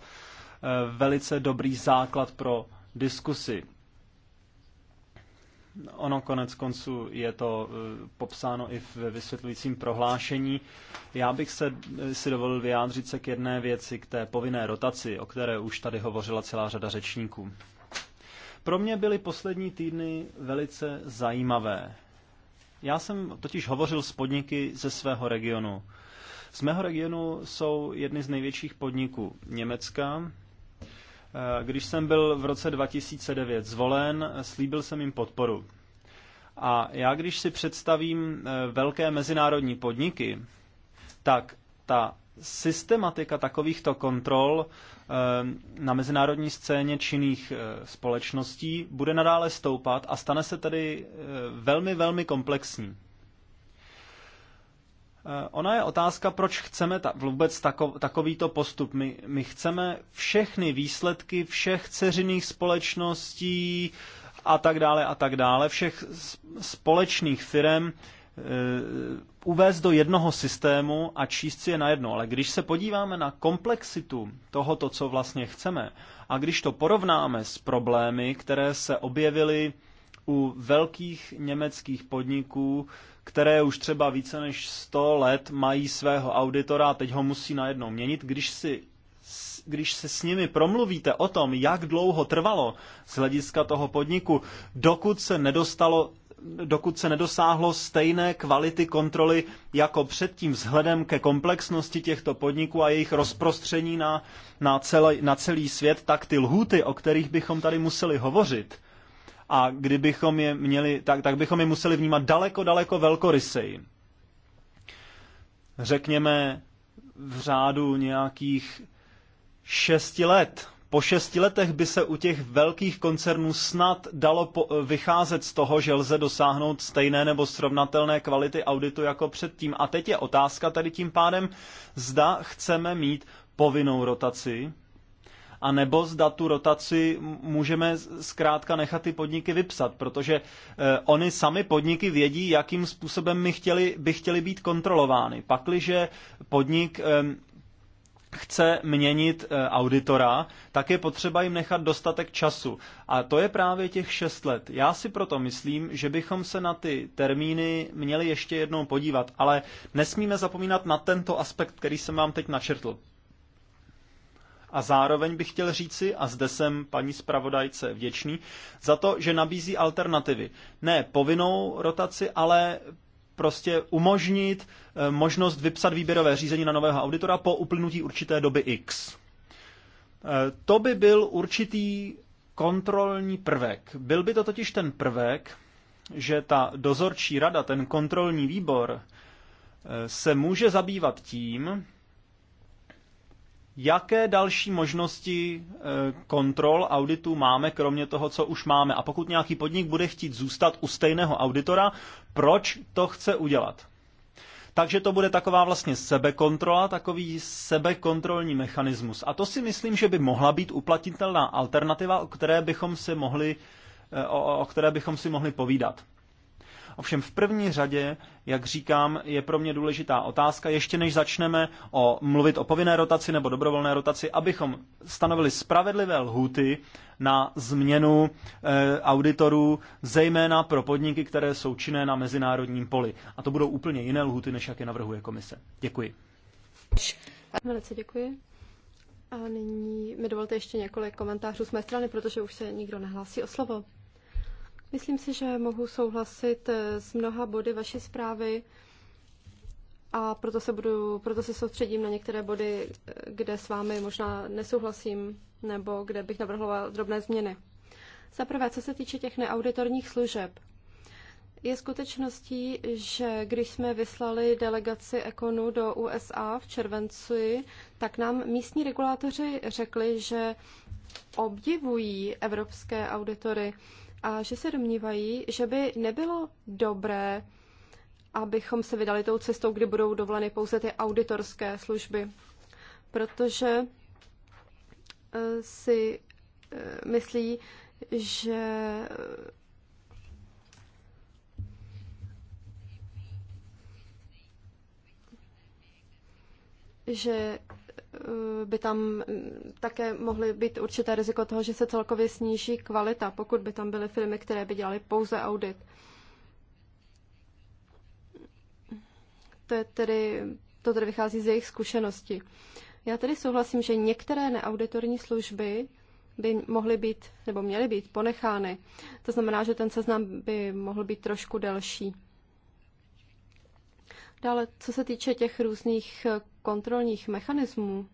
eh, velice dobrý základ pro diskusi. Ono konec konců je to eh, popsáno i ve vysvětlujícím prohlášení. Já bych se eh, si dovolil vyjádřit se k jedné věci, k té povinné rotaci, o které už tady hovořila celá řada řečníků. Pro mě byly poslední týdny velice zajímavé. Já jsem totiž hovořil s podniky ze svého regionu. Z mého regionu jsou jedny z největších podniků Německa, Eh, když jsem byl v roce 2009 zvolen, eh, slíbil jsem jim podporu. A já, když si představím eh, velké mezinárodní podniky, tak ta systematika takovýchto kontrol na mezinárodní scéně činných společností bude nadále stoupat a stane se tedy velmi, velmi komplexní. Eh, ona je otázka, proč chceme ta, vůbec tako, takovýto postup. My, my chceme všechny výsledky všech ceřiných společností a tak dále a tak dále, všech společných firm eh, uvést do jednoho systému a číst si je najednou. Ale když se podíváme na komplexitu tohoto, co vlastně chceme, a když to porovnáme s problémy, které se objevily u velkých německých podniků, které už třeba více než 100 let mají svého auditora a teď ho musí najednou měnit, když si když se s nimi promluvíte o tom, jak dlouho trvalo z hlediska toho podniku, dokud se nedostalo dokud se nedosáhlo stejné kvality kontroly jako předtím vzhledem ke komplexnosti těchto podniků a jejich rozprostření na, na, celý, na celý svět, tak ty lhuty, o kterých bychom tady museli hovořit, a kdybychom je měli, tak, tak bychom je museli vnímat daleko, daleko velkorysej. Řekněme v řádu nějakých šesti let. Po šesti letech by se u těch velkých koncernů snad dalo po, vycházet z toho, že lze dosáhnout stejné nebo srovnatelné kvality auditu jako předtím. A teď je otázka tady tím pádem, zda chceme mít povinnou rotaci a nebo zda tu rotaci můžeme zkrátka nechat ty podniky vypsat, protože e, oni sami podniky vědí, jakým způsobem my chtěli, by chtěli být kontrolovány. Pakliže podnik e, chce měnit e, auditora, tak je potřeba jim nechat dostatek času. A to je právě těch šest let. Já si proto myslím, že bychom se na ty termíny měli ještě jednou podívat, ale nesmíme zapomínat na tento aspekt, který jsem vám teď načrtl. A zároveň bych chtěl říci, a zde jsem paní zpravodajce vděčný, za to, že nabízí alternativy. Ne povinnou rotaci, ale prostě umožnit eh, možnost vypsat výběrové řízení na nového auditora po uplynutí určité doby X. Eh, to by byl určitý kontrolní prvek. Byl by to totiž ten prvek, že ta dozorčí rada, ten kontrolní výbor, eh, se může zabývat tím, jaké další možnosti eh, kontrol auditu máme, kromě toho, co už máme. A pokud nějaký podnik bude chtít zůstat u stejného auditora, proč to chce udělat? Takže to bude taková vlastně sebekontrola, takový sebekontrolní mechanismus. A to si myslím, že by mohla být uplatitelná alternativa, o které bychom si mohli, eh, o, o které bychom si mohli povídat. Ovšem v první řadě, jak říkám, je pro mě důležitá otázka, ještě než začneme o, mluvit o povinné rotaci nebo dobrovolné rotaci, abychom stanovili spravedlivé lhuty na změnu e, auditorů, zejména pro podniky, které jsou činné na mezinárodním poli. A to budou úplně jiné lhuty, než jak je navrhuje komise. Děkuji. Velice děkuji. A nyní mi dovolte ještě několik komentářů z mé strany, protože už se nikdo nehlásí o slovo. Myslím si, že mohu souhlasit eh, s mnoha body vaší zprávy a proto se, budu, proto se soustředím na některé body, eh, kde s vámi možná nesouhlasím nebo kde bych navrhoval drobné změny. Za prvé, co se týče těch neauditorních služeb, je skutečností, že když jsme vyslali delegaci Ekonu do USA v červenci, tak nám místní regulátoři řekli, že obdivují evropské auditory, a že se domnívají, že by nebylo dobré, abychom se vydali tou cestou, kdy budou dovoleny pouze ty auditorské služby, protože eh, si eh, myslí, že že by tam mm, také mohly být určité riziko toho, že se celkově sníží kvalita, pokud by tam byly firmy, které by dělaly pouze audit. To, je tedy, to tedy vychází z jejich zkušenosti. Já tedy souhlasím, že některé neauditorní služby by mohly být nebo měly být ponechány. To znamená, že ten seznam by mohl být trošku delší. Dále, co se týče těch různých eh, kontrolních mechanismů,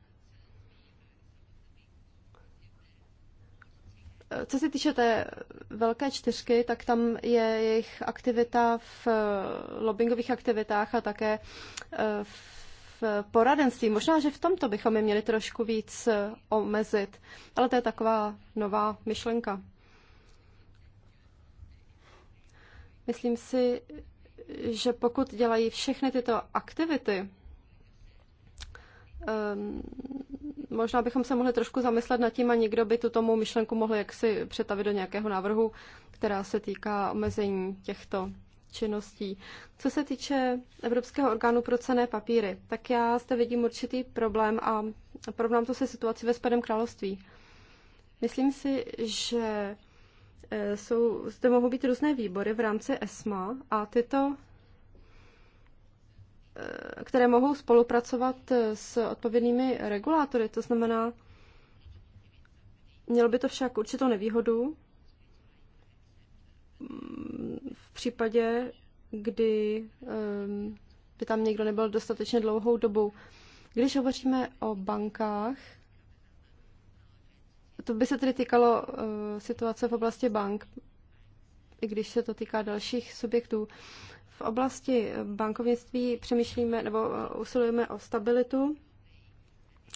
eh, Co se týče té velké čtyřky, tak tam je jejich aktivita v eh, lobbyingových aktivitách a také v poradenství. Možná, že v tomto bychom je měli trošku víc omezit, ale to je taková nová myšlenka. Myslím si, že pokud dělají všechny tyto aktivity, um, možná bychom se mohli trošku zamyslet nad tím a někdo by tu tomu myšlenku mohl jaksi přetavit do nějakého návrhu, která se týká omezení těchto činností. Co se týče Evropského orgánu pro cené papíry, tak já zde vidím určitý problém a porovnám to se situací ve Spadem království. Myslím si, že Eh, jsou, zde mohou být různé výbory v rámci ESMA a tyto eh, které mohou spolupracovat eh, s odpovědnými regulátory. To znamená, mělo by to však určitou nevýhodu mm, v případě, kdy ehm, by tam někdo nebyl dostatečně dlouhou dobu. Když hovoříme o bankách, to by se tedy týkalo uh, situace v oblasti bank, i když se to týká dalších subjektů. V oblasti eh, bankovnictví přemýšlíme nebo eh, usilujeme o stabilitu.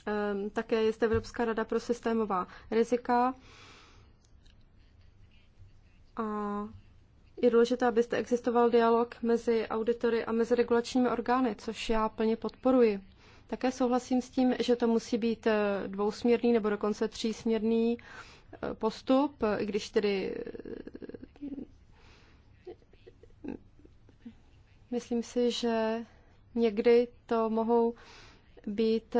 Ehm, také je zde Evropská rada pro systémová rizika. A je důležité, aby existoval dialog mezi auditory a mezi regulačními orgány, což já plně podporuji. Také souhlasím s tím, že to musí být eh, dvousměrný nebo dokonce třísměrný eh, postup, i když tedy eh, myslím si, že někdy to mohou být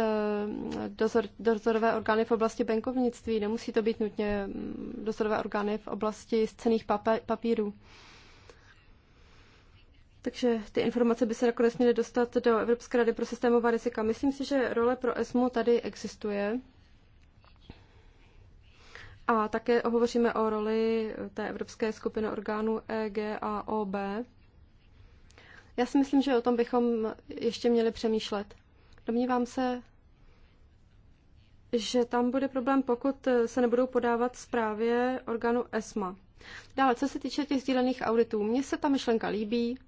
dozor, dozorové orgány v oblasti bankovnictví. Nemusí to být nutně mm, dozorové orgány v oblasti cených papírů. Takže ty informace by se nakonec měly dostat do Evropské rady pro systémová rizika. Myslím si, že role pro ESMU tady existuje. A také hovoříme o roli té Evropské skupiny orgánů EGAOB. Já si myslím, že o tom bychom ještě měli přemýšlet. Domnívám se, že tam bude problém, pokud se nebudou podávat zprávě orgánu ESMA. Dále, co se týče těch sdílených auditů, mně se ta myšlenka líbí,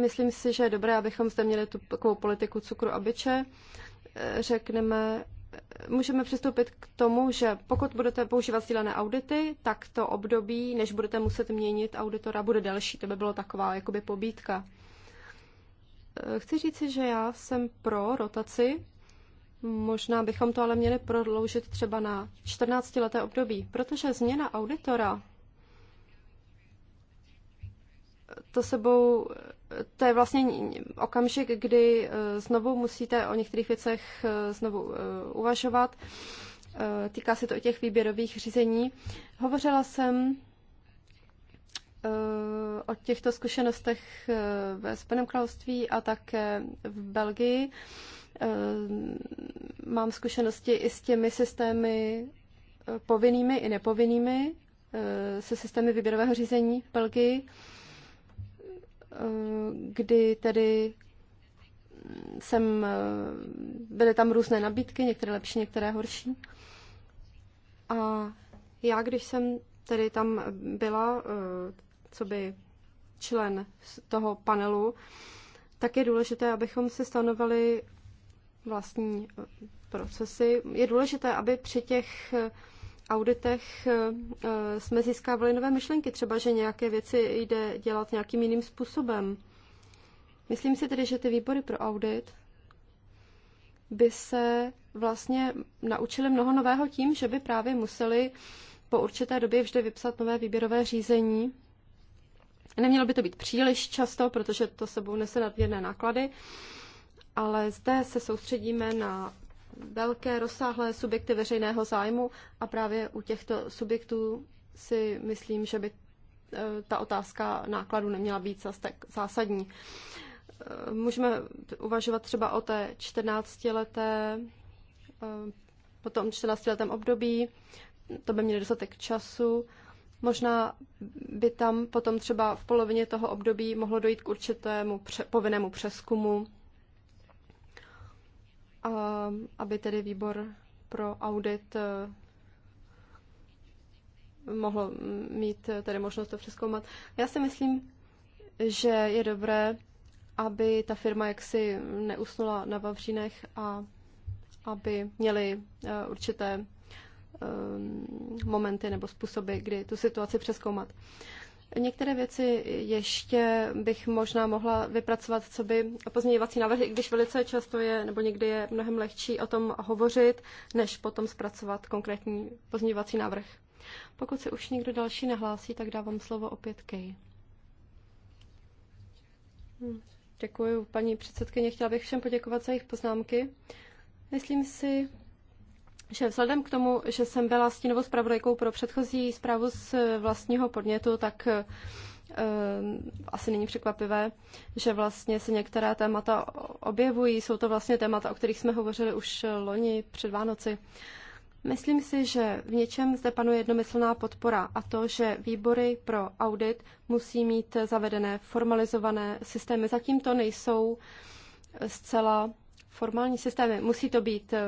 Myslím si, že je dobré, abychom zde měli tu takovou politiku cukru a byče. Eh, řekneme, eh, můžeme přistoupit k tomu, že pokud budete používat sdílené audity, tak to období, než budete muset měnit auditora, bude delší. To by bylo taková jakoby pobídka. Eh, chci říci, že já jsem pro rotaci. Možná bychom to ale měli prodloužit třeba na 14-leté období, protože změna auditora to sebou to je vlastně okamžik, kdy eh, znovu musíte o některých věcech eh, znovu eh, uvažovat. Týká se to i těch výběrových řízení. Hovořila jsem o těchto zkušenostech ve Spojeném království a také v Belgii. Mám zkušenosti i s těmi systémy povinnými i nepovinnými, se systémy výběrového řízení v Belgii. Eh, kdy tedy jsem, eh, byly tam různé nabídky, některé lepší, některé horší. A já, když jsem tedy tam byla, eh, co by člen toho panelu, tak je důležité, abychom si stanovali vlastní procesy. Je důležité, aby při těch auditech eh, eh, jsme získávali nové myšlenky, třeba, že nějaké věci jde dělat nějakým jiným způsobem. Myslím si tedy, že ty výbory pro audit by se vlastně naučili mnoho nového tím, že by právě museli po určité době vždy vypsat nové výběrové řízení. Nemělo by to být příliš často, protože to sebou nese nadměrné náklady, ale zde se soustředíme na velké rozsáhlé subjekty veřejného zájmu a právě u těchto subjektů si myslím, že by eh, ta otázka nákladu neměla být zase tak zásadní. Eh, můžeme uvažovat třeba o té 14-leté, po eh, tom 14-letém období, to by měli dostatek času. Možná by tam potom třeba v polovině toho období mohlo dojít k určitému pře- povinnému přeskumu aby tedy výbor pro audit e, mohl mít tedy možnost to přeskoumat. Já si myslím, že je dobré, aby ta firma jaksi neusnula na Vavřínech a aby měli e, určité e, momenty nebo způsoby, kdy tu situaci přeskoumat. Některé věci ještě bych možná mohla vypracovat, co by pozměňovací návrhy, i když velice často je, nebo někdy je mnohem lehčí o tom hovořit, než potom zpracovat konkrétní pozměňovací návrh. Pokud se už někdo další nehlásí, tak dávám slovo opět Kej. Hm, děkuji, paní předsedkyně. Chtěla bych všem poděkovat za jejich poznámky. Myslím si, že vzhledem k tomu, že jsem byla stínovou zpravodajkou pro předchozí zprávu z vlastního podnětu, tak eh, asi není překvapivé, že vlastně se některá témata objevují. Jsou to vlastně témata, o kterých jsme hovořili už loni před Vánoci. Myslím si, že v něčem zde panuje jednomyslná podpora a to, že výbory pro audit musí mít zavedené formalizované systémy. Zatím to nejsou zcela formální systémy. Musí to být eh,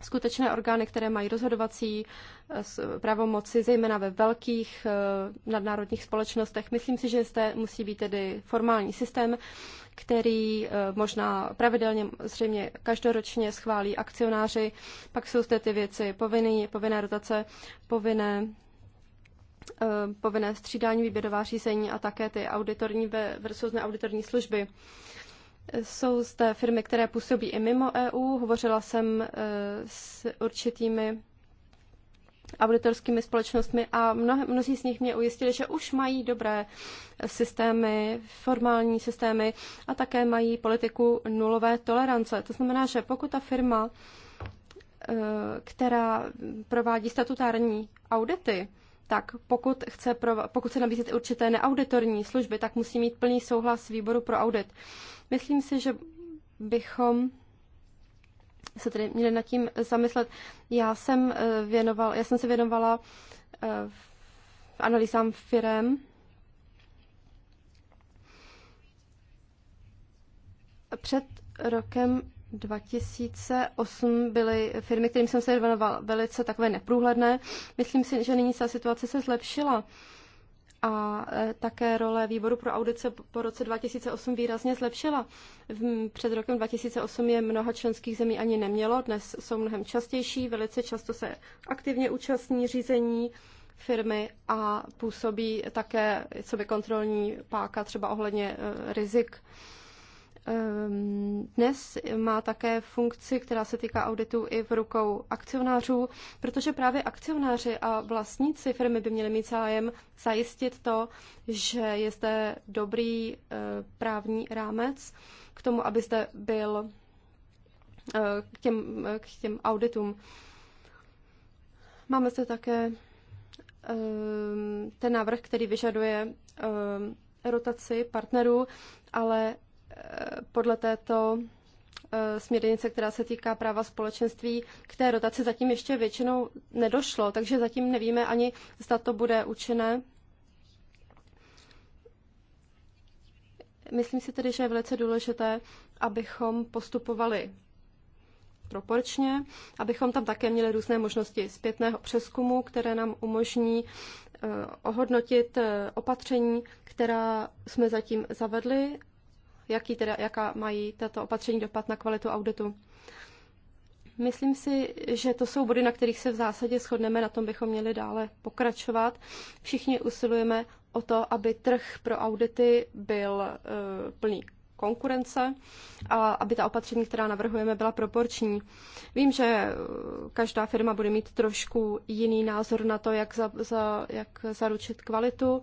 skutečné orgány, které mají rozhodovací eh, pravomoci, zejména ve velkých eh, nadnárodních společnostech. Myslím si, že zde musí být tedy formální systém, který eh, možná pravidelně, zřejmě každoročně schválí akcionáři. Pak jsou zde ty věci povinné, povinné rotace, povinné povinné střídání výběrová řízení a také ty auditorní versus neauditorní služby. Jsou zde firmy, které působí i mimo EU. Hovořila jsem eh, s určitými auditorskými společnostmi a mnoho, mnozí z nich mě ujistili, že už mají dobré systémy, formální systémy a také mají politiku nulové tolerance. To znamená, že pokud ta firma, eh, která provádí statutární audity, tak pokud, chce, pokud se nabízet určité neauditorní služby, tak musí mít plný souhlas výboru pro audit. Myslím si, že bychom se tedy měli nad tím zamyslet. Já jsem, eh, věnoval, já jsem se věnovala eh, analýzám firem. Před rokem 2008 byly firmy, kterým jsem se věnoval, velice takové neprůhledné. Myslím si, že nyní se situace se zlepšila a e, také role výboru pro audice po roce 2008 výrazně zlepšila. Před rokem 2008 je mnoha členských zemí ani nemělo, dnes jsou mnohem častější, velice často se aktivně účastní řízení firmy a působí také co by kontrolní páka třeba ohledně e, rizik. Ehm, dnes má také funkci, která se týká auditu i v rukou akcionářů, protože právě akcionáři a vlastníci firmy by měli mít zájem zajistit to, že je zde dobrý eh, právní rámec k tomu, aby zde byl eh, k těm, eh, k těm auditům. Máme zde také ehm, ten návrh, který vyžaduje ehm, rotaci partnerů, ale podle této eh, směrnice, která se týká práva společenství, k té rotaci zatím ještě většinou nedošlo, takže zatím nevíme ani, zda to bude účinné. Myslím si tedy, že je velice důležité, abychom postupovali proporčně, abychom tam také měli různé možnosti zpětného přeskumu, které nám umožní eh, ohodnotit eh, opatření, která jsme zatím zavedli jaký teda, jaká mají tato opatření dopad na kvalitu auditu. Myslím si, že to jsou body, na kterých se v zásadě shodneme, na tom bychom měli dále pokračovat. Všichni usilujeme o to, aby trh pro audity byl uh, plný konkurence a aby ta opatření, která navrhujeme, byla proporční. Vím, že e, každá firma bude mít trošku jiný názor na to, jak, za, za, jak zaručit kvalitu.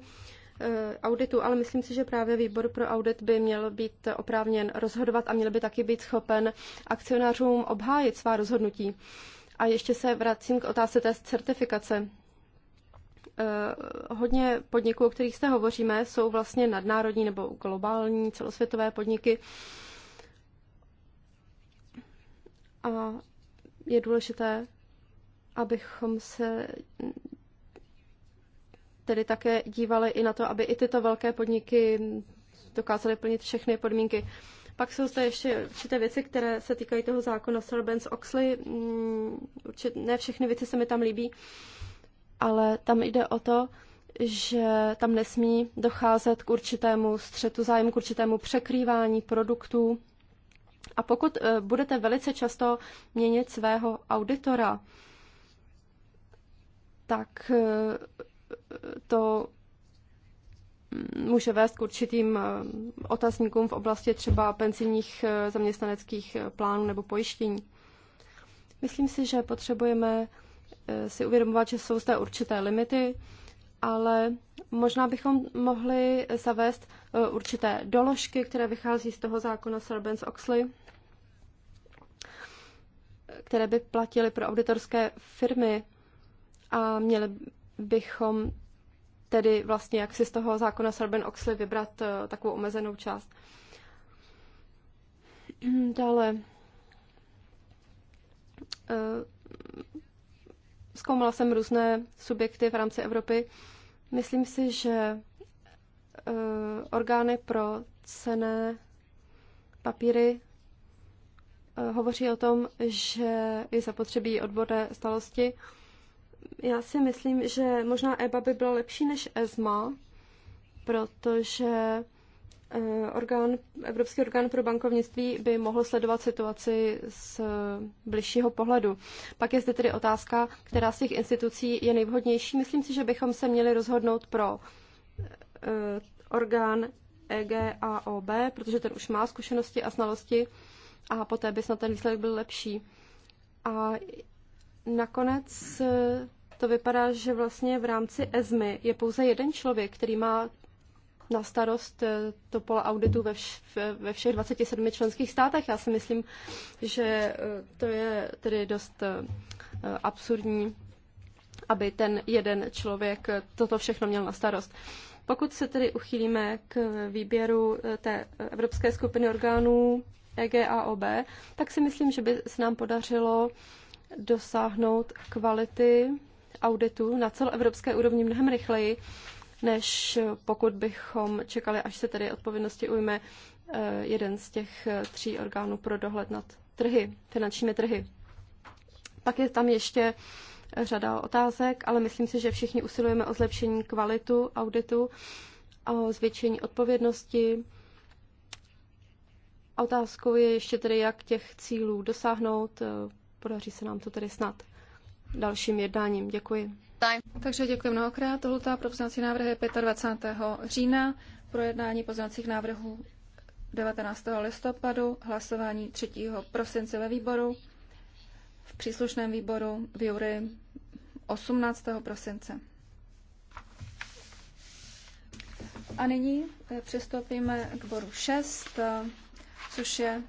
Eh, auditu, ale myslím si, že právě výbor pro audit by měl být oprávněn rozhodovat a měl by taky být schopen akcionářům obhájit svá rozhodnutí. A ještě se vracím k otázce té certifikace. Eh, hodně podniků, o kterých se hovoříme, jsou vlastně nadnárodní nebo globální celosvětové podniky. A je důležité, abychom se tedy také dívali i na to, aby i tyto velké podniky dokázaly plnit všechny podmínky. Pak jsou zde ještě určité věci, které se týkají toho zákona Sarbanes-Oxley. Mm, určitě ne všechny věci se mi tam líbí, ale tam jde o to, že tam nesmí docházet k určitému střetu zájmu, k určitému překrývání produktů. A pokud eh, budete velice často měnit svého auditora, tak eh, to může vést k určitým eh, otazníkům v oblasti třeba penzijních eh, zaměstnaneckých eh, plánů nebo pojištění. Myslím si, že potřebujeme si uvědomovat, že jsou zde určité limity, ale možná bychom mohli zavést určité doložky, které vychází z toho zákona Sarbanes-Oxley, které by platily pro auditorské firmy a měly bychom tedy vlastně jak si z toho zákona Sarben Oxley vybrat eh, takovou omezenou část. Dále eh, zkoumala jsem různé subjekty v rámci Evropy. Myslím si, že eh, orgány pro cené papíry hovoří o tom, že je zapotřebí odborné stalosti já si myslím, že možná EBA by byla lepší než ESMA, protože eh, orgán, Evropský orgán pro bankovnictví by mohl sledovat situaci z bližšího pohledu. Pak je zde tedy otázka, která z těch institucí je nejvhodnější. Myslím si, že bychom se měli rozhodnout pro eh, orgán EGAOB, protože ten už má zkušenosti a znalosti, a poté by snad ten výsledek byl lepší. A nakonec to vypadá, že vlastně v rámci ESMY je pouze jeden člověk, který má na starost eh, to pole auditu ve, vš- ve všech 27 členských státech. Já si myslím, že eh, to je tedy dost eh, absurdní, aby ten jeden člověk toto všechno měl na starost. Pokud se tedy uchýlíme k výběru té Evropské skupiny orgánů EGAOB, tak si myslím, že by se nám podařilo dosáhnout kvality auditu na celoevropské úrovni mnohem rychleji, než pokud bychom čekali, až se tedy odpovědnosti ujme eh, jeden z těch eh, tří orgánů pro dohled nad trhy, finančními trhy. Pak je tam ještě eh, řada otázek, ale myslím si, že všichni usilujeme o zlepšení kvalitu auditu, o zvětšení odpovědnosti. Otázkou je ještě tedy, jak těch cílů dosáhnout. Podaří se nám to tedy snad dalším jednáním. Děkuji. Takže děkuji mnohokrát. Lhutá pro poznací návrhy je 25. října, projednání poznacích návrhů 19. listopadu, hlasování 3. prosince ve výboru, v příslušném výboru v jury 18. prosince. A nyní eh, přistoupíme k bodu 6, eh, což je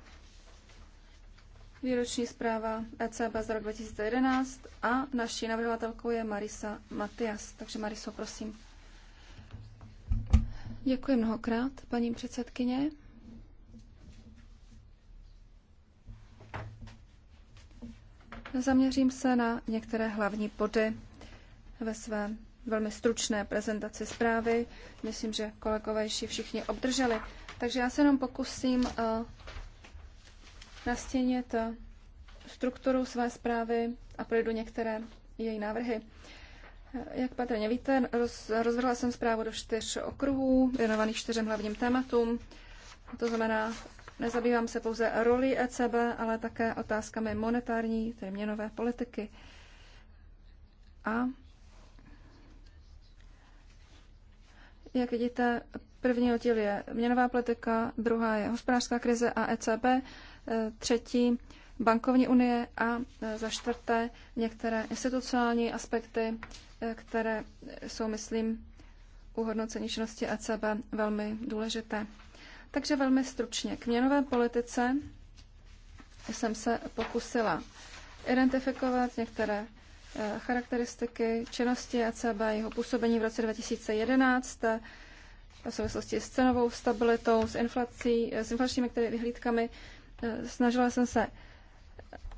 výroční zpráva ECB z roku 2011 a naší navrhovatelkou je Marisa Matias. Takže Mariso, prosím. Děkuji mnohokrát, paní předsedkyně. Zaměřím se na některé hlavní body ve své velmi stručné prezentaci zprávy. Myslím, že kolegové již všichni obdrželi. Takže já se jenom pokusím eh, nastínit strukturu své zprávy a projdu některé její návrhy. Jak patrně víte, roz, rozvrhla jsem zprávu do čtyř okruhů, věnovaných čtyřem hlavním tématům. To znamená, nezabývám se pouze roli ECB, ale také otázkami monetární, tedy měnové politiky. A jak vidíte, první oddíl je měnová politika, druhá je hospodářská krize a ECB třetí bankovní unie a e, za čtvrté některé institucionální aspekty, e, které jsou, myslím, u hodnocení činnosti ECB velmi důležité. Takže velmi stručně. K měnové politice jsem se pokusila identifikovat některé e, charakteristiky činnosti ECB, jeho působení v roce 2011 v souvislosti s cenovou stabilitou, s inflací, s inflačními vyhlídkami Eh, snažila jsem se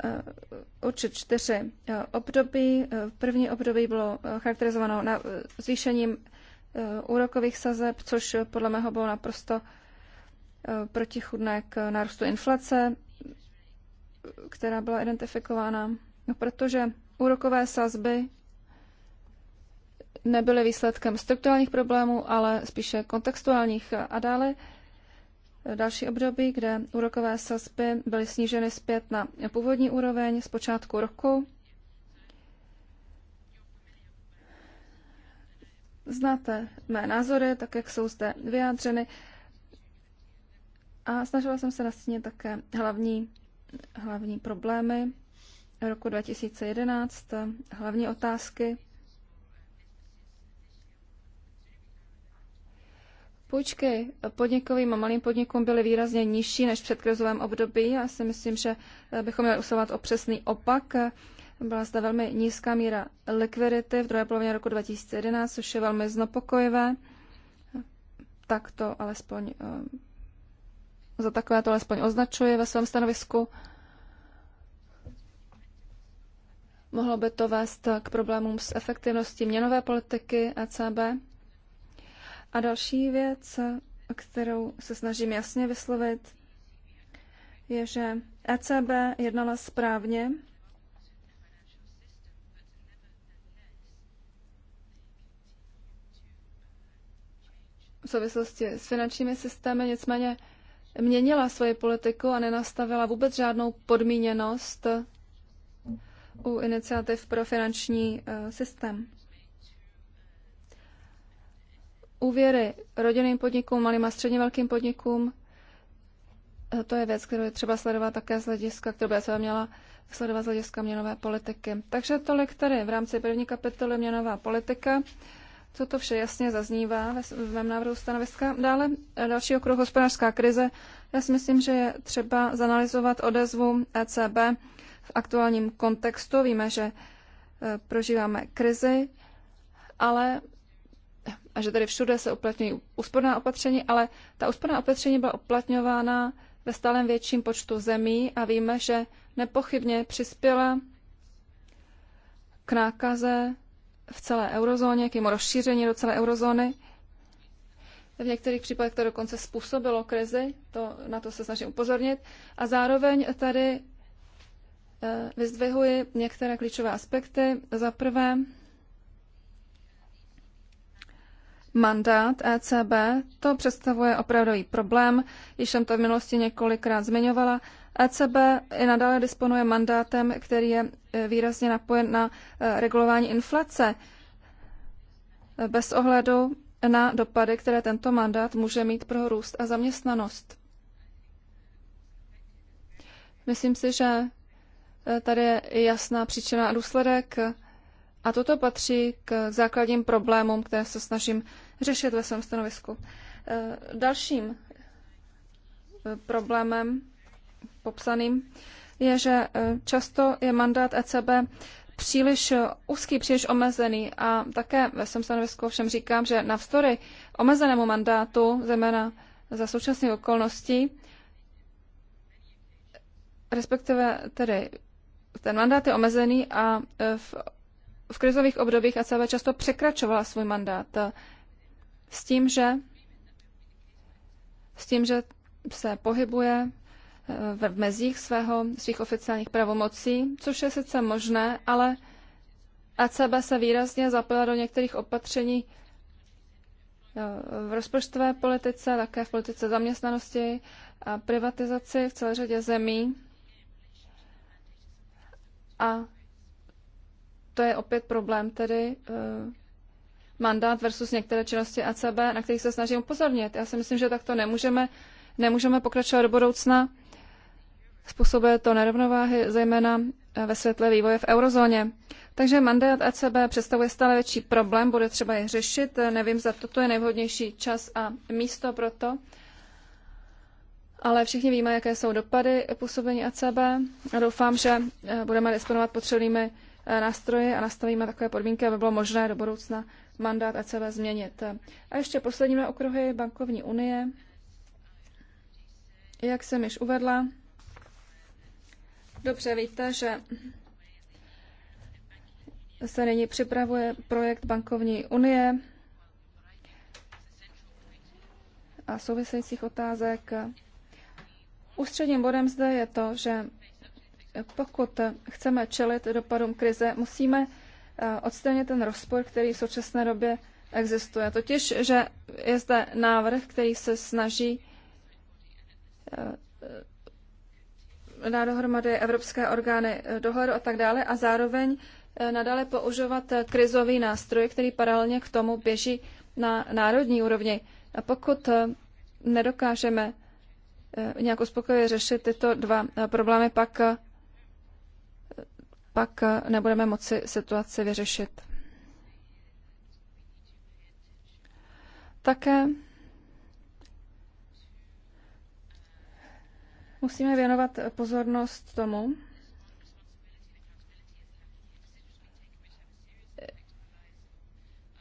eh, určit čtyři eh, období. V První období bylo charakterizováno na zvýšením úrokových sazeb, což podle mého bylo naprosto protichudné k nárůstu inflace, která byla identifikována, no, protože úrokové sazby nebyly výsledkem strukturálních problémů, ale spíše kontextuálních. A dále další období, kde úrokové sazby byly sníženy zpět na původní úroveň z počátku roku. Znáte mé názory, tak jak jsou zde vyjádřeny. A snažila jsem se nastínit také hlavní, hlavní problémy roku 2011, hlavní otázky, Půjčky podnikovým a malým podnikům byly výrazně nižší než v předkrizovém období. Já si myslím, že eh, bychom měli usilovat o přesný opak. Byla zde velmi nízká míra likvidity v druhé polovině roku 2011, což je velmi znopokojivé. Tak to alespoň eh, za takové to alespoň označuje ve svém stanovisku. Mohlo by to vést k problémům s efektivností měnové politiky ECB a další věc, kterou se snažím jasně vyslovit, je, že ECB jednala správně v souvislosti s finančními systémy, nicméně měnila svoji politiku a nenastavila vůbec žádnou podmíněnost u iniciativ pro finanční eh, systém úvěry rodinným podnikům, malým a středně velkým podnikům, eh, to je věc, kterou je třeba sledovat také z hlediska, kterou by se měla sledovat z hlediska měnové politiky. Takže tolik tady v rámci první kapitoly měnová politika. Co to vše jasně zaznívá ve mém návrhu stanoviska. Dále eh, další okruh hospodářská krize. Já si myslím, že je třeba zanalizovat odezvu ECB v aktuálním kontextu. Víme, že eh, prožíváme krizi, ale a že tady všude se uplatňují úsporná opatření, ale ta úsporná opatření byla uplatňována ve stále větším počtu zemí a víme, že nepochybně přispěla k nákaze v celé eurozóně, k jeho rozšíření do celé eurozóny. V některých případech to dokonce způsobilo krizi, to, na to se snažím upozornit. A zároveň tady eh, vyzdvihuji některé klíčové aspekty. Za prvé, mandát ECB, to představuje opravdový problém. Již jsem to v minulosti několikrát zmiňovala. ECB i nadále disponuje mandátem, který je e, výrazně napojen na e, regulování inflace bez ohledu na dopady, které tento mandát může mít pro růst a zaměstnanost. Myslím si, že e, tady je jasná příčina a důsledek a toto patří k základním problémům, které se snažím řešit ve svém stanovisku. E, dalším e, problémem popsaným je, že e, často je mandát ECB příliš úzký, příliš omezený a také ve svém stanovisku všem říkám, že navzdory omezenému mandátu, zejména za současných okolností, respektive tedy ten mandát je omezený a v v krizových obdobích ACV často překračovala svůj mandát eh, s tím, že s tím, že se pohybuje eh, v mezích svého, svých oficiálních pravomocí, což je sice možné, ale ACB se výrazně zapila do některých opatření eh, v rozpočtové politice, také v politice zaměstnanosti a privatizaci v celé řadě zemí. A to je opět problém tedy eh, mandát versus některé činnosti ACB, na kterých se snažím upozornit. Já si myslím, že takto nemůžeme, nemůžeme pokračovat do budoucna. Způsobuje to nerovnováhy, zejména eh, ve světle vývoje v eurozóně. Takže mandát ECB představuje stále větší problém, bude třeba je řešit. Nevím, za toto je nejvhodnější čas a místo pro to. Ale všichni víme, jaké jsou dopady působení ECB a doufám, že eh, budeme disponovat potřebnými Eh, nástroje a nastavíme takové podmínky, aby bylo možné do budoucna mandát ECB změnit. A ještě poslední okruhy bankovní unie. Jak jsem již uvedla, dobře víte, že se nyní připravuje projekt bankovní unie a souvisejících otázek. Ústředním bodem zde je to, že pokud chceme čelit dopadům krize, musíme eh, odstranit ten rozpor, který v současné době existuje. Totiž, že je zde návrh, který se snaží eh, dát dohromady evropské orgány eh, dohledu a tak dále a zároveň nadále používat krizový nástroj, který paralelně k tomu běží na národní úrovni. A pokud nedokážeme nějak uspokojivě řešit tyto dva problémy, pak pak eh, nebudeme moci situaci vyřešit. Také musíme věnovat pozornost tomu,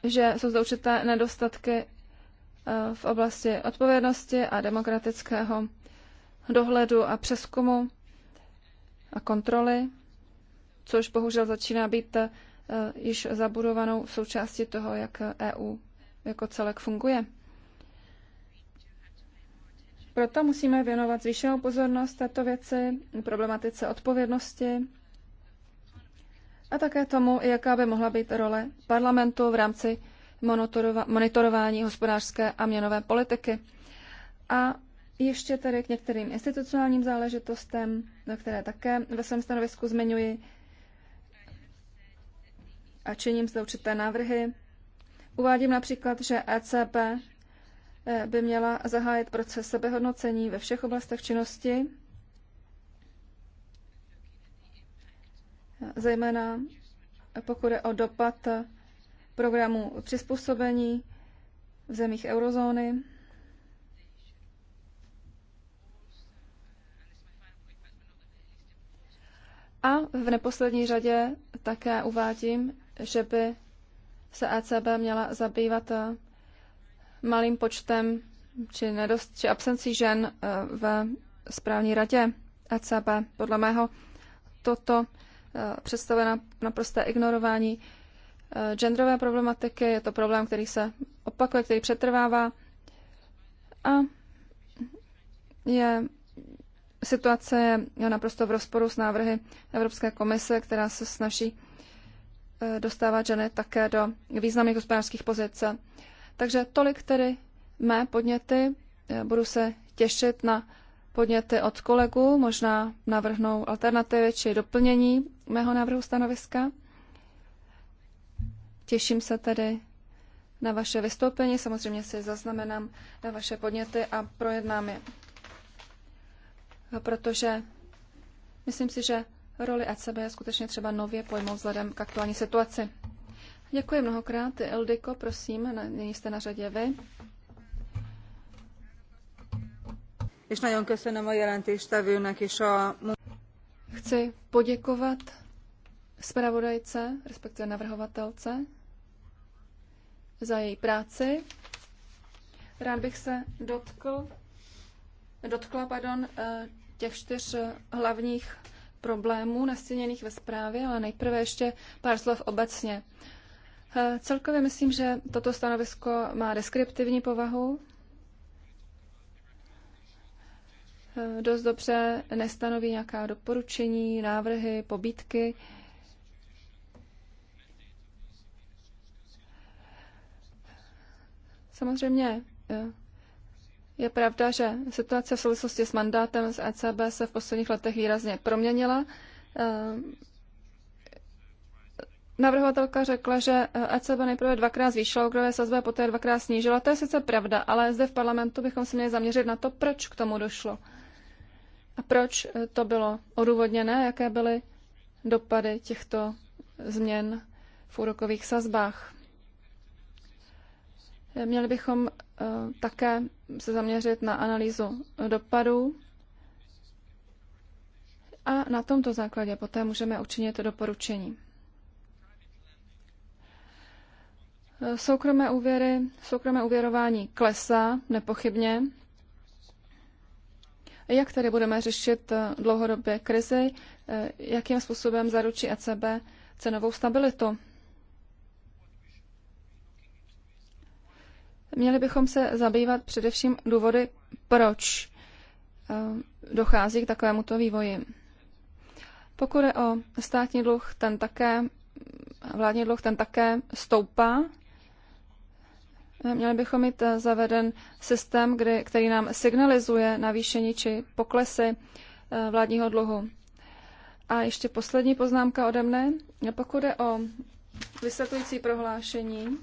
že jsou zde určité nedostatky eh, v oblasti odpovědnosti a demokratického dohledu a přeskumu a kontroly což bohužel začíná být eh, již zabudovanou součástí toho, jak EU jako celek funguje. Proto musíme věnovat zvýšenou pozornost této věci, problematice odpovědnosti a také tomu, jaká by mohla být role parlamentu v rámci monitorování hospodářské a měnové politiky. A ještě tedy k některým institucionálním záležitostem, které také ve svém stanovisku zmiňuji a činím zde určité návrhy. Uvádím například, že ECB eh, by měla zahájit proces sebehodnocení ve všech oblastech činnosti, zejména eh, pokud je o dopad eh, programu přizpůsobení v zemích eurozóny. A v neposlední řadě také uvádím, že by se ECB měla zabývat eh, malým počtem či, nedost, či absencí žen eh, v správní radě ECB. Podle mého toto eh, představuje naprosté ignorování genderové problematiky. Je to problém, který se opakuje, který přetrvává a je situace je naprosto v rozporu s návrhy Evropské komise, která se snaží eh, dostávat ženy také do významných hospodářských pozic. Takže tolik tedy mé podněty. Eh, budu se těšit na podněty od kolegů, možná navrhnou alternativy či doplnění mého návrhu stanoviska. Těším se tedy na vaše vystoupení, samozřejmě si zaznamenám na vaše podněty a projednám je protože myslím si, že roli ECB je skutečně třeba nově pojmout vzhledem k aktuální situaci. Děkuji mnohokrát. Eldiko, prosím, nyní jste na řadě vy. Chci poděkovat zpravodajce, respektive navrhovatelce, za její práci. Rád bych se dotkl, dotkla pardon, eh, těch čtyř hlavních problémů nastíněných ve zprávě, ale nejprve ještě pár slov obecně. Eh, celkově myslím, že toto stanovisko má deskriptivní povahu. Eh, dost dobře nestanoví nějaká doporučení, návrhy, pobídky. Samozřejmě eh, je pravda, že situace v souvislosti s mandátem z ECB se v posledních letech výrazně proměnila. Ehm, navrhovatelka řekla, že ECB nejprve dvakrát zvýšila úrokové sazby a poté dvakrát snížila. To je sice pravda, ale zde v parlamentu bychom se měli zaměřit na to, proč k tomu došlo. A proč eh, to bylo odůvodněné, jaké byly dopady těchto změn v úrokových sazbách. Měli bychom eh, také se zaměřit na analýzu dopadů a na tomto základě poté můžeme učinit doporučení. Soukromé úvěry, soukromé úvěrování klesá nepochybně. Jak tedy budeme řešit eh, dlouhodobě krizi? Eh, jakým způsobem zaručí ECB cenovou stabilitu? Měli bychom se zabývat především důvody, proč eh, dochází k takovémuto vývoji. Pokud je o státní dluh, ten také, vládní dluh, ten také stoupá. Měli bychom mít eh, zaveden systém, kdy, který nám signalizuje navýšení či poklesy eh, vládního dluhu. A ještě poslední poznámka ode mne. Pokud je o vysvětlující prohlášení,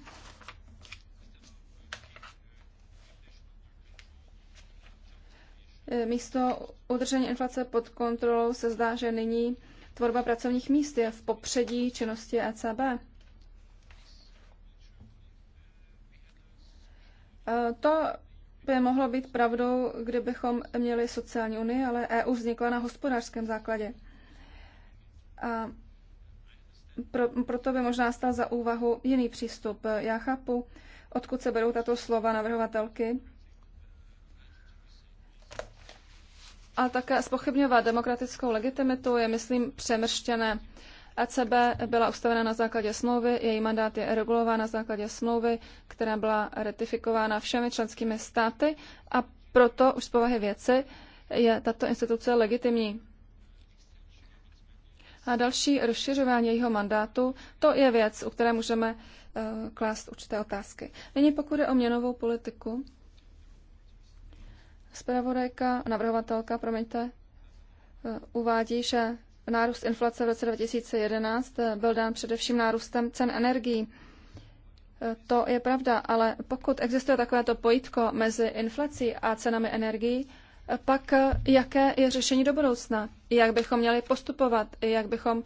Eh, místo udržení inflace pod kontrolou se zdá, že nyní tvorba pracovních míst je v popředí činnosti ECB. Eh, to by mohlo být pravdou, kdybychom měli sociální unii, ale EU vznikla na hospodářském základě. A pro, proto by možná stal za úvahu jiný přístup. Já chápu, odkud se berou tato slova navrhovatelky, a také spochybňovat demokratickou legitimitu je, myslím, přemrštěné. ECB byla ustavena na základě smlouvy, její mandát je regulován na základě smlouvy, která byla ratifikována všemi členskými státy a proto už z povahy věci je tato instituce legitimní. A další rozšiřování jejího mandátu, to je věc, u které můžeme eh, klást určité otázky. Nyní pokud je o měnovou politiku, zpravodajka, navrhovatelka, promiňte, eh, uvádí, že nárůst inflace v roce 2011 eh, byl dán především nárůstem cen energií. Eh, to je pravda, ale pokud existuje takovéto pojitko mezi inflací a cenami energií, pak jaké je řešení do budoucna? Jak bychom měli postupovat? Jak bychom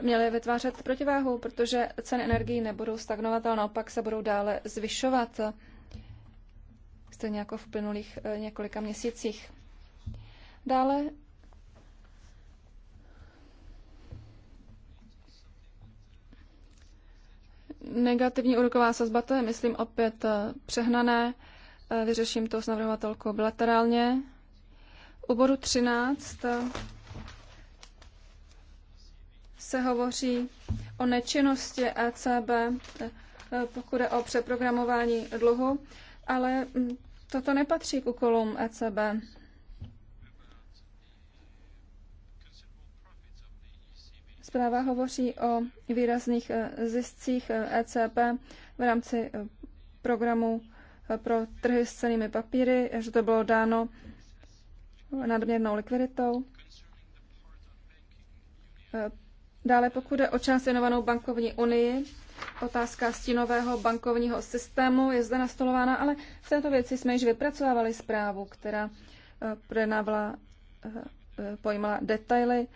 měli vytvářet protiváhu? Protože ceny energií nebudou stagnovat, ale naopak se budou dále zvyšovat stejně jako v plynulých eh, několika měsících. Dále negativní úroková sazba, to je, myslím, opět eh, přehnané. Eh, vyřeším to s navrhovatelkou bilaterálně. U bodu 13 se hovoří o nečinnosti ECB, pokud je o přeprogramování dluhu, ale mm, Toto nepatří k úkolům ECB. Zpráva hovoří o výrazných eh, ziscích ECB eh, e v rámci eh, programu pro trhy s cenými papíry, že to bylo dáno nadměrnou likviditou. Dále pokud je o část věnovanou bankovní unii, Otázka stínového bankovního systému je zde nastolována, ale v této věci jsme již vypracovávali zprávu, která eh, projednávala, eh, eh, pojímala detaily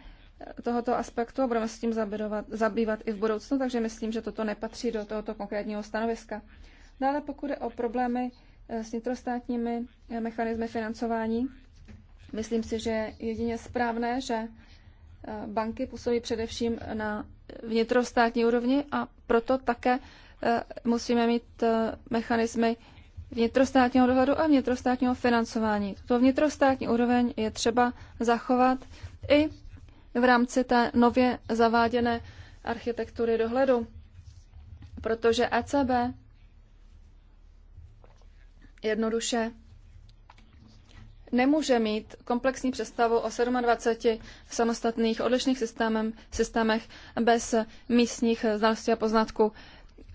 tohoto aspektu a budeme s tím zabývat, zabývat i v budoucnu, takže myslím, že toto nepatří do tohoto konkrétního stanoviska. Dále pokud je o problémy s nitrostátními mechanismy financování, myslím si, že je jedině správné, že banky působí především na vnitrostátní úrovni a proto také eh, musíme mít eh, mechanismy vnitrostátního dohledu a vnitrostátního financování. To vnitrostátní úroveň je třeba zachovat i v rámci té nově zaváděné architektury dohledu, protože ECB jednoduše nemůže mít komplexní představu o 27 samostatných odlišných systémem, systémech bez místních znalostí a poznatků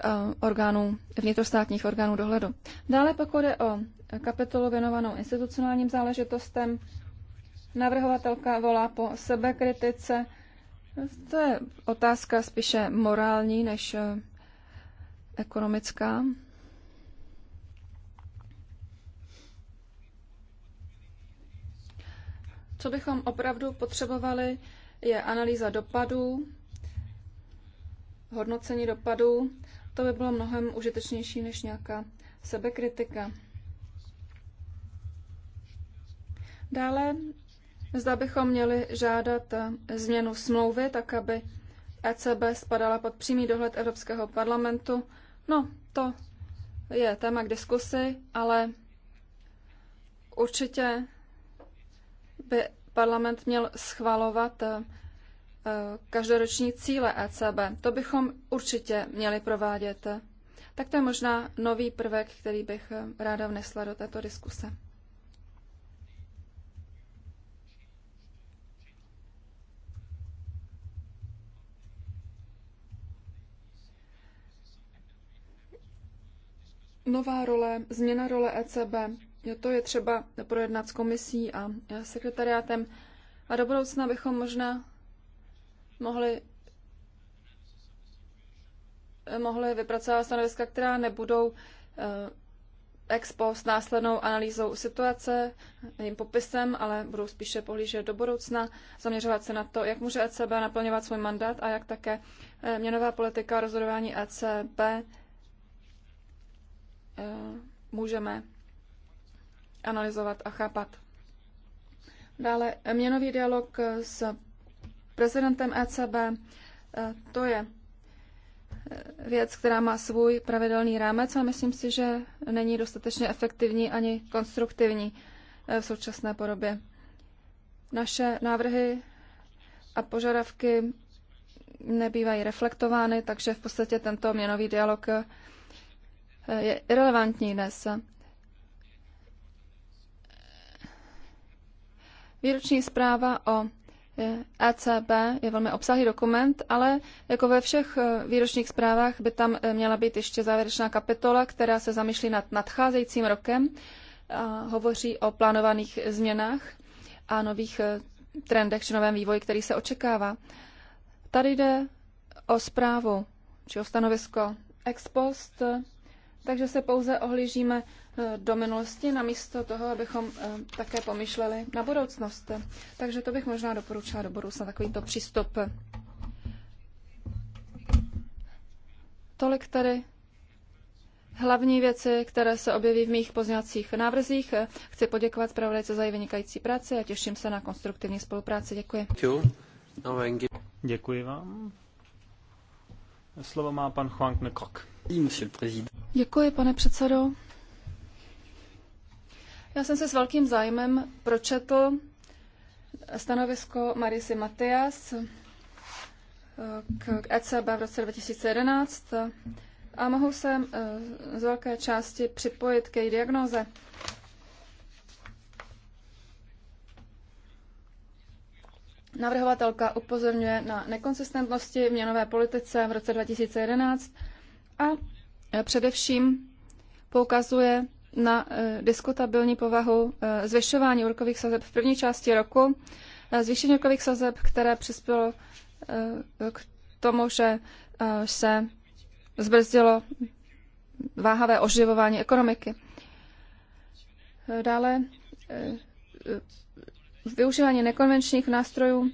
eh, orgánů, vnitrostátních orgánů dohledu. Dále pokud je o kapitolu věnovanou institucionálním záležitostem, navrhovatelka volá po sebekritice. To je otázka spíše morální než eh, ekonomická. Co bychom opravdu potřebovali, je analýza dopadů, hodnocení dopadů. To by bylo mnohem užitečnější než nějaká sebekritika. Dále, zda bychom měli žádat změnu smlouvy, tak aby ECB spadala pod přímý dohled Evropského parlamentu. No, to je téma k diskusi, ale určitě by parlament měl schvalovat eh, každoroční cíle ECB. To bychom určitě měli provádět. Tak to je možná nový prvek, který bych eh, ráda vnesla do této diskuse. Nová role, změna role ECB, Jo, to je třeba projednat s komisí a sekretariátem. A do budoucna bychom možná mohli, mohli vypracovat stanoviska, která nebudou eh, ex post následnou analýzou situace, jejím popisem, ale budou spíše pohlížet do budoucna, zaměřovat se na to, jak může ECB naplňovat svůj mandát a jak také eh, měnová politika rozhodování ECB eh, můžeme analyzovat a chápat. Dále měnový dialog s prezidentem ECB, eh, to je eh, věc, která má svůj pravidelný rámec, ale myslím si, že není dostatečně efektivní ani konstruktivní eh, v současné podobě. Naše návrhy a požadavky nebývají reflektovány, takže v podstatě tento měnový dialog je irrelevantní dnes. Výroční zpráva o ECB e je velmi obsahý dokument, ale jako ve všech e, výročních zprávách by tam e, měla být ještě závěrečná kapitola, která se zamýšlí nad nadcházejícím rokem, a hovoří o plánovaných změnách a nových trendech či novém vývoji, který se očekává. Tady jde o zprávu či o stanovisko ex post takže se pouze ohlížíme eh, do minulosti, namísto toho, abychom eh, také pomyšleli na budoucnost. Takže to bych možná doporučila do budoucna, takovýto přístup. Tolik tady hlavní věci, které se objeví v mých pozněvacích návrzích. Chci poděkovat zpravodajce za její vynikající práci a těším se na konstruktivní spolupráci. Děkuji. Děkuji vám. Slovo má pan Huang Nekok. Děkuji, pane předsedo. Já jsem se s velkým zájmem pročetl stanovisko Marisy Matias eh, k ECB v roce 2011 a mohu se eh, z velké části připojit k její diagnoze. Navrhovatelka upozorňuje na nekonsistentnosti v měnové politice v roce 2011 a především poukazuje na eh, diskutabilní povahu eh, zvyšování úrokových sazeb v první části roku, eh, zvýšení úrokových sazeb, které přispělo k tomu, že se zbrzdilo váhavé oživování ekonomiky. Dále využívání nekonvenčních nástrojů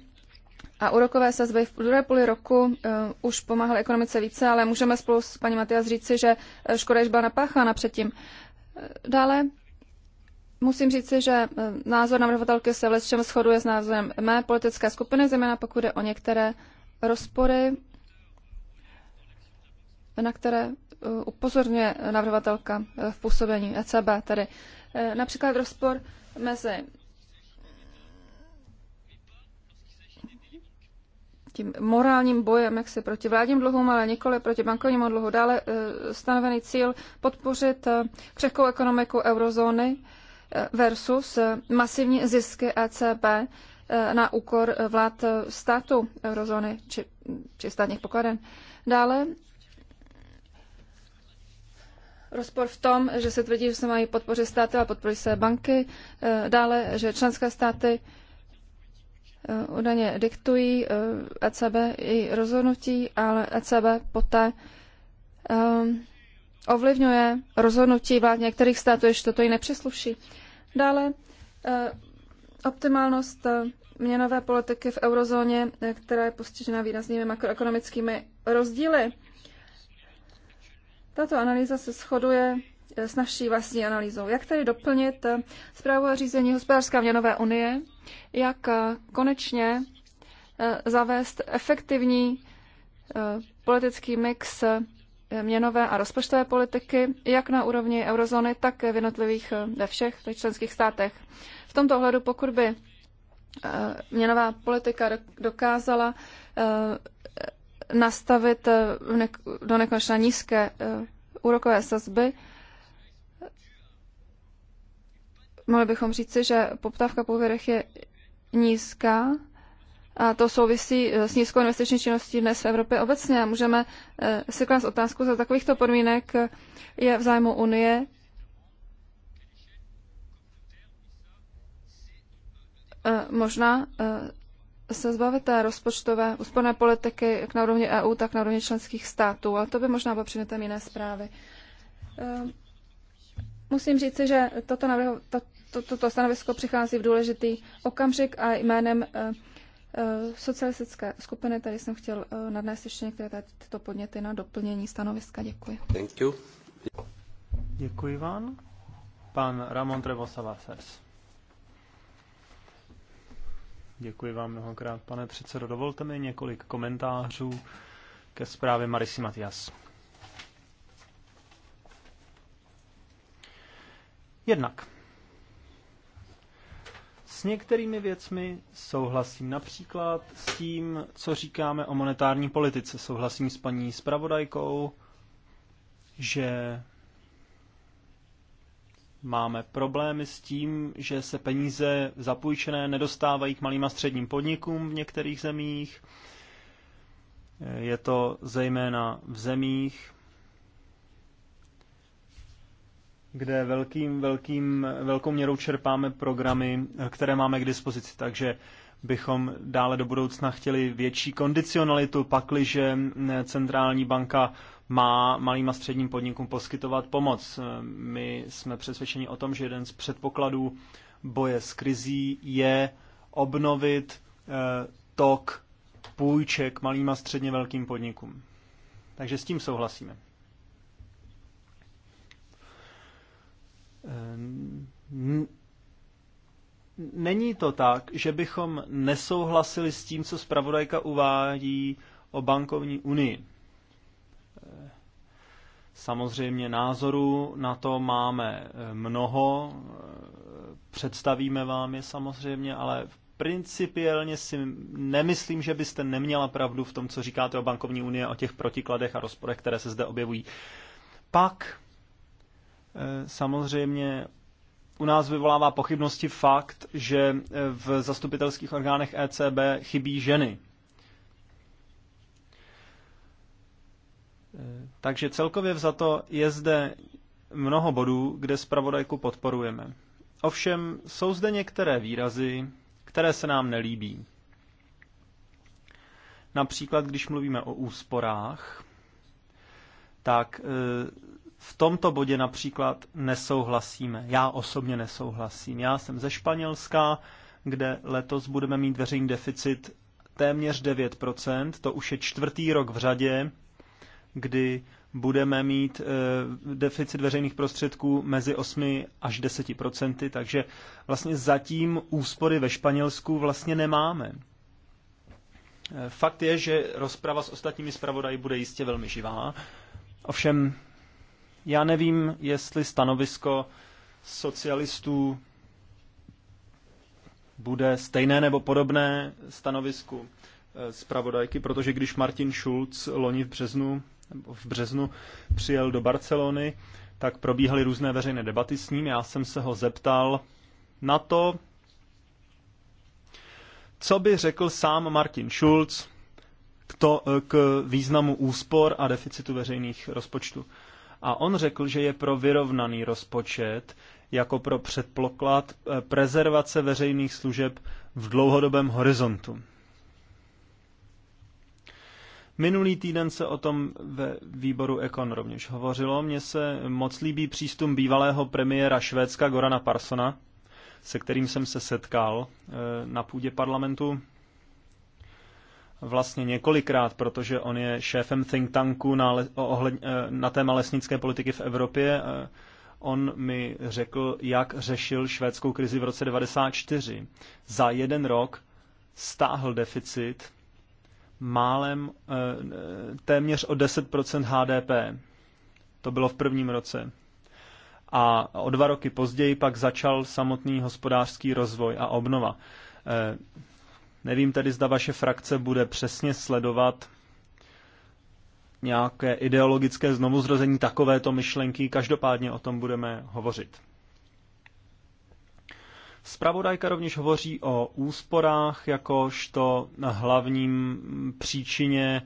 a úrokové sazby v druhé půli roku uh, už pomáhaly ekonomice více, ale můžeme spolu s paní Matias říci, že eh, škoda již byla napáchána předtím. Eh, dále musím říci, že názor navrhovatelky se v čem shoduje s názorem mé politické skupiny, zejména pokud jde o některé rozpory, na které upozorňuje navrhovatelka v působení ECB, tedy například rozpor mezi tím morálním bojem, jak se proti vládním dluhům, ale nikoli proti bankovnímu dluhu. Dále eh, stanovený cíl podpořit eh, křehkou ekonomiku eurozóny eh, versus masivní zisky ECB na úkor vlád státu eurozóny či, či státních pokladen. Dále rozpor v tom, že se tvrdí, že se mají podpořit státy, a podporují se banky. Dále, že členské státy Eh, údajně diktují eh, ECB její rozhodnutí, ale ECB poté eh, ovlivňuje rozhodnutí vlád některých států, ještě toto jí nepřísluší. Dále optimálnost měnové politiky v eurozóně, která je postižena výraznými makroekonomickými rozdíly. Tato analýza se shoduje s naší vlastní analýzou. Jak tedy doplnit eh, zprávu a řízení hospodářské měnové unie, jak eh, konečně eh, zavést efektivní politický mix měnové a rozpočtové politiky, jak na úrovni eurozóny, tak v jednotlivých ve všech členských státech. V tomto ohledu, pokud by měnová politika dokázala nastavit do nekonečna nízké úrokové sazby, mohli bychom říci, že poptávka po úvěrech je nízká a to souvisí eh, s nízkou investiční činností dnes v Evropě obecně. A můžeme eh, si klást otázku, za takovýchto podmínek eh, je v zájmu Unie možná se zbavit té rozpočtové úsporné politiky jak na úrovni EU, tak na úrovni členských států, ale to by možná bylo přinutem jiné zprávy. Musím říci, že toto, navrho, to, to, to stanovisko přichází v důležitý okamžik a jménem eh, eh, socialistické skupiny tady jsem chtěl eh, nadnést ještě některé tyto podněty na doplnění stanoviska. Děkuji. Thank you. Děkuji vám. Pan Ramon Trevosavasers. Děkuji vám mnohokrát, pane předsedo. Dovolte mi několik komentářů ke zprávě Marisy Matias. Jednak s některými věcmi souhlasím, například s tím, co říkáme o monetární politice. Souhlasím s paní zpravodajkou, že máme problémy s tím, že se peníze zapůjčené nedostávají k malým a středním podnikům v některých zemích. Je to zejména v zemích, kde velkým, velkým, velkou měrou čerpáme programy, eh, které máme k dispozici. Takže bychom dále do budoucna chtěli větší kondicionalitu, pakliže mm, centrální banka má malým a středním podnikům poskytovat pomoc. Eh, My jsme přesvědčeni o tom, že jeden z předpokladů boje s krizí je obnovit eh, tok půjček malým a středně velkým podnikům. Takže s tím souhlasíme. Není to tak, že bychom nesouhlasili s tím, co zpravodajka uvádí o bankovní unii. E, samozřejmě názorů na to máme e, mnoho, e, představíme vám je samozřejmě, ale principiálně si nemyslím, že byste neměla pravdu v tom, co říkáte o bankovní unii, o těch protikladech a rozporech, které se zde objevují. Pak Eh, samozřejmě u nás vyvolává pochybnosti fakt, že eh, v zastupitelských orgánech ECB chybí ženy. Eh, takže celkově vzato je zde mnoho bodů, kde zpravodajku podporujeme. Ovšem jsou zde některé výrazy, které se nám nelíbí. Například, když mluvíme o úsporách, tak v tomto bodě například nesouhlasíme. Já osobně nesouhlasím. Já jsem ze Španělska, kde letos budeme mít veřejný deficit téměř 9%. To už je čtvrtý rok v řadě, kdy budeme mít e, deficit veřejných prostředků mezi 8 až 10%, takže vlastně zatím úspory ve Španělsku vlastně nemáme. Eh, fakt je, že rozprava s ostatními zpravodaji bude jistě velmi živá. Ovšem já nevím, jestli stanovisko socialistů bude stejné nebo podobné stanovisku eh, zpravodajky, protože když Martin Schulz loni v březnu, v březnu přijel do Barcelony, tak probíhaly různé veřejné debaty s ním. Já jsem se ho zeptal na to, co by řekl sám Martin Schulz k, to, eh, k významu úspor a deficitu veřejných rozpočtů a on řekl, že je pro vyrovnaný rozpočet jako pro předpoklad eh, prezervace veřejných služeb v dlouhodobém horizontu. Minulý týden se o tom ve výboru Ekon rovněž hovořilo. Mně se moc líbí přístup bývalého premiéra Švédska Gorana Parsona, se kterým jsem se setkal eh, na půdě parlamentu vlastně několikrát, protože on je šéfem think tanku na, ohled, eh, na téma lesnické politiky v Evropě. Eh, on mi řekl, jak řešil švédskou krizi v roce 94. Za jeden rok stáhl deficit málem eh, téměř o 10% HDP. To bylo v prvním roce. A o dva roky později pak začal samotný hospodářský rozvoj a obnova Nevím tedy, zda vaše frakce bude přesně sledovat nějaké ideologické znovuzrození takovéto myšlenky, každopádně o tom budeme hovořit. Spravodajka rovněž hovoří o úsporách jakožto hlavním příčině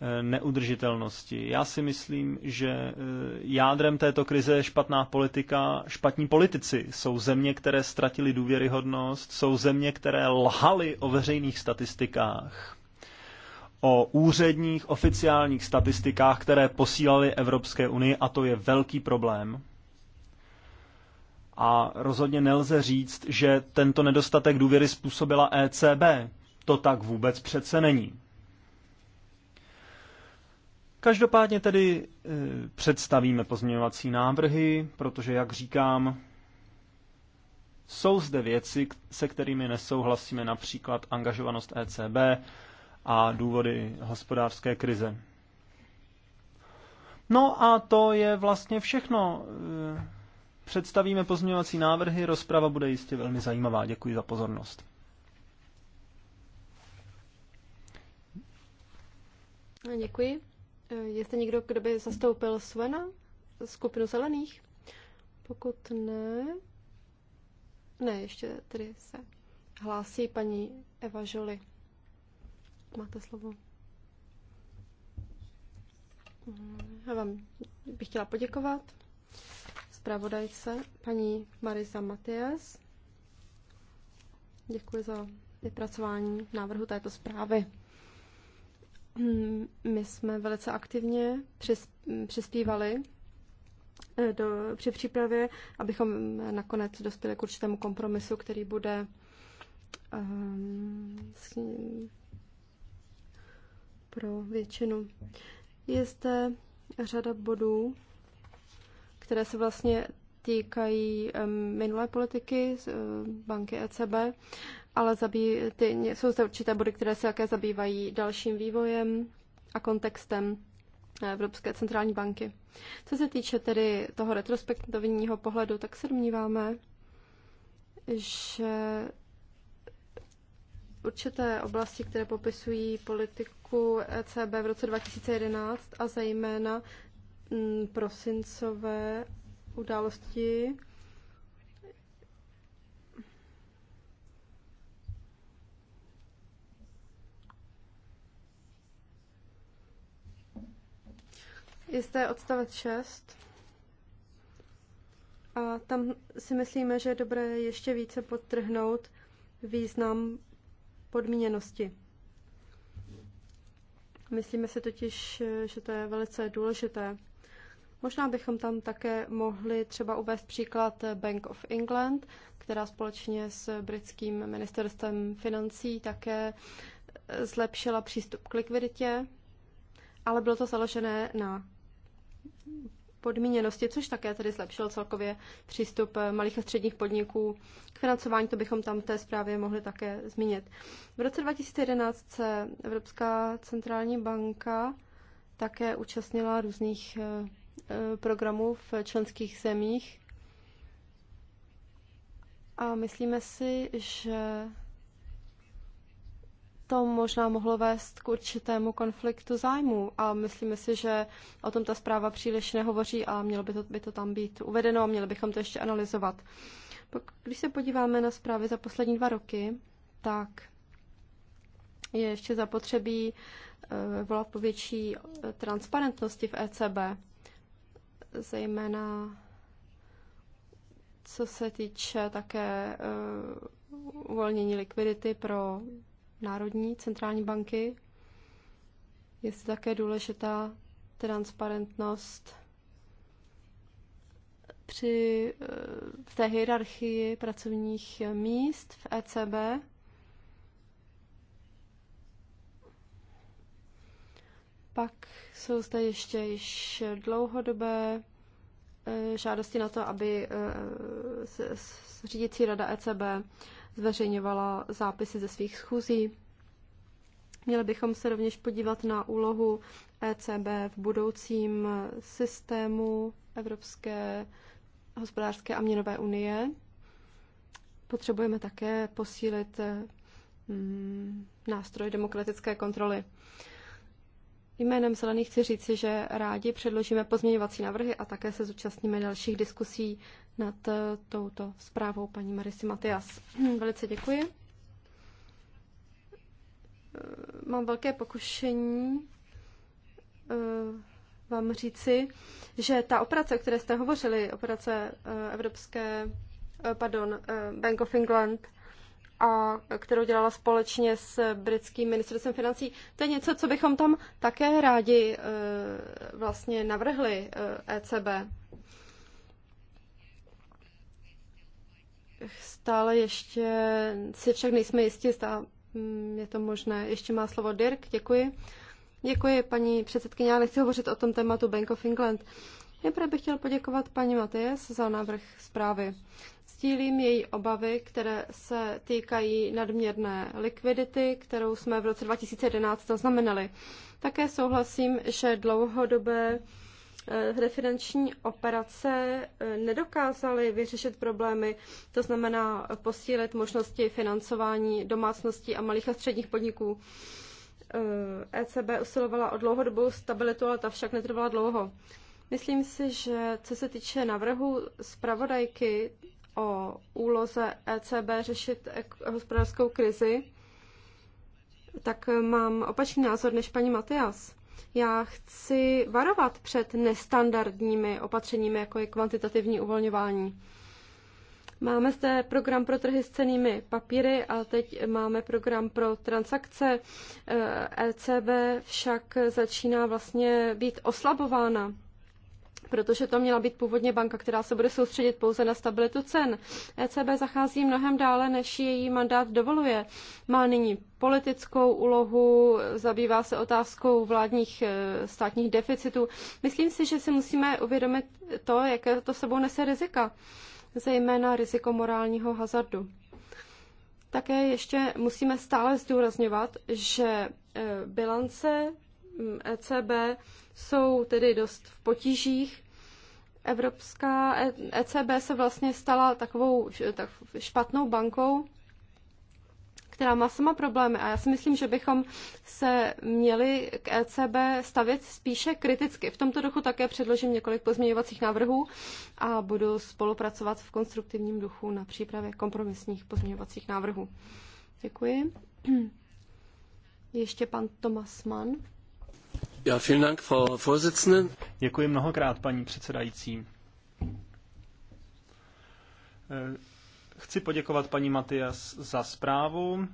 Eh, neudržitelnosti. Já si myslím, že eh, jádrem této krize je špatná politika, špatní politici. Jsou země, které ztratili důvěryhodnost, jsou země, které lhaly o veřejných statistikách, o úředních oficiálních statistikách, které posílali Evropské unii a to je velký problém. A rozhodně nelze říct, že tento nedostatek důvěry způsobila ECB. To tak vůbec přece není. Každopádně tedy eh, představíme pozměňovací návrhy, protože, jak říkám, jsou zde věci, se kterými nesouhlasíme, například angažovanost ECB a důvody hospodářské krize. No a to je vlastně všechno. Eh, představíme pozměňovací návrhy, rozprava bude jistě velmi zajímavá. Děkuji za pozornost. Děkuji. Eh, zde někdo, kdo by zastoupil Svena, skupinu zelených? Pokud ne, ne, ještě tedy se hlásí paní Eva Žoli. Máte slovo. Já vám bych chtěla poděkovat zpravodajce paní Marisa Matias. Děkuji za vypracování návrhu této zprávy. Hm, my jsme velice aktivně přispívali eh, do, při přípravě, abychom eh, nakonec dospěli k určitému kompromisu, který bude um, pro většinu. Je zde řada bodů, které se vlastně týkají ehm, minulé politiky eh, banky ECB ale zabí, ty, jsou zde určité body, které se také zabývají dalším vývojem a kontextem Evropské centrální banky. Co se týče tedy toho retrospektivního pohledu, tak se domníváme, že určité oblasti, které popisují politiku ECB v roce 2011 a zejména mm, prosincové události, je odstavec 6. A tam si myslíme, že je dobré ještě více podtrhnout význam podmíněnosti. Myslíme si totiž, že to je velice důležité. Možná bychom tam také mohli třeba uvést příklad Bank of England, která společně s britským ministerstvem financí také zlepšila přístup k likviditě, ale bylo to založené na podmíněnosti, což také tedy zlepšilo celkově přístup eh, malých a středních podniků k financování, to bychom tam v té zprávě mohli také zmínit. V roce 2011 se Evropská centrální banka také účastnila různých eh, eh, programů v členských zemích a myslíme si, že to možná mohlo vést k určitému konfliktu zájmů a myslíme si, že o tom ta zpráva příliš nehovoří a mělo by to, by to tam být uvedeno a měli bychom to ještě analyzovat. Když se podíváme na zprávy za poslední dva roky, tak je ještě zapotřebí e, volat po větší e, transparentnosti v ECB, zejména co se týče také e, uvolnění likvidity pro Národní centrální banky. Je také důležitá transparentnost při, eh, v té hierarchii pracovních míst v ECB. Pak jsou zde ještě již dlouhodobé eh, žádosti na to, aby eh, řídící rada ECB zveřejňovala zápisy ze svých schůzí. Měli bychom se rovněž podívat na úlohu ECB v budoucím systému Evropské hospodářské a měnové unie. Potřebujeme také posílit mm, nástroj demokratické kontroly. Jménem Zelený chci říci, že rádi předložíme pozměňovací návrhy a také se zúčastníme dalších diskusí nad eh, touto zprávou paní Marisy Matias. Velice děkuji. Eh, mám velké pokušení eh, vám říci, že ta operace, o které jste hovořili, operace Evropské, pardon, Bank of England, a kterou dělala společně s britským ministerstvem financí. To je něco, co bychom tam také rádi e, vlastně navrhli ECB. E Stále ještě si však nejsme jistí, zda mm, je to možné. Ještě má slovo Dirk, děkuji. Děkuji, paní předsedkyně, já nechci hovořit o tom tématu Bank of England. Nejprve bych chtěl poděkovat paní Matyjes za návrh zprávy. Sdílím její obavy, které se týkají nadměrné likvidity, kterou jsme v roce 2011 zaznamenali. Také souhlasím, že dlouhodobé eh, refinanční operace eh, nedokázaly vyřešit problémy, to znamená posílit možnosti financování domácností a malých a středních podniků. ECB eh, e usilovala o dlouhodobou stabilitu, ale ta však netrvala dlouho. Myslím si, že co se týče navrhu zpravodajky, o úloze ECB řešit hospodářskou krizi, tak mám opačný názor než paní Matias. Já chci varovat před nestandardními opatřeními, jako je kvantitativní uvolňování. Máme zde program pro trhy s cenými papíry a teď máme program pro transakce. ECB však začíná vlastně být oslabována protože to měla být původně banka, která se bude soustředit pouze na stabilitu cen. ECB zachází mnohem dále, než její mandát dovoluje. Má nyní politickou úlohu, zabývá se otázkou vládních e, státních deficitů. Myslím si, že si musíme uvědomit to, jaké to sebou nese rizika, zejména riziko morálního hazardu. Také ještě musíme stále zdůrazňovat, že e, bilance ECB jsou tedy dost v potížích. Evropská ECB se vlastně stala takovou tak špatnou bankou, která má sama problémy. A já si myslím, že bychom se měli k ECB stavět spíše kriticky. V tomto duchu také předložím několik pozměňovacích návrhů a budu spolupracovat v konstruktivním duchu na přípravě kompromisních pozměňovacích návrhů. Děkuji. Ještě pan Tomas Mann. Děkuji mnohokrát, paní předsedající. Eh, chci poděkovat paní Matias za zprávu.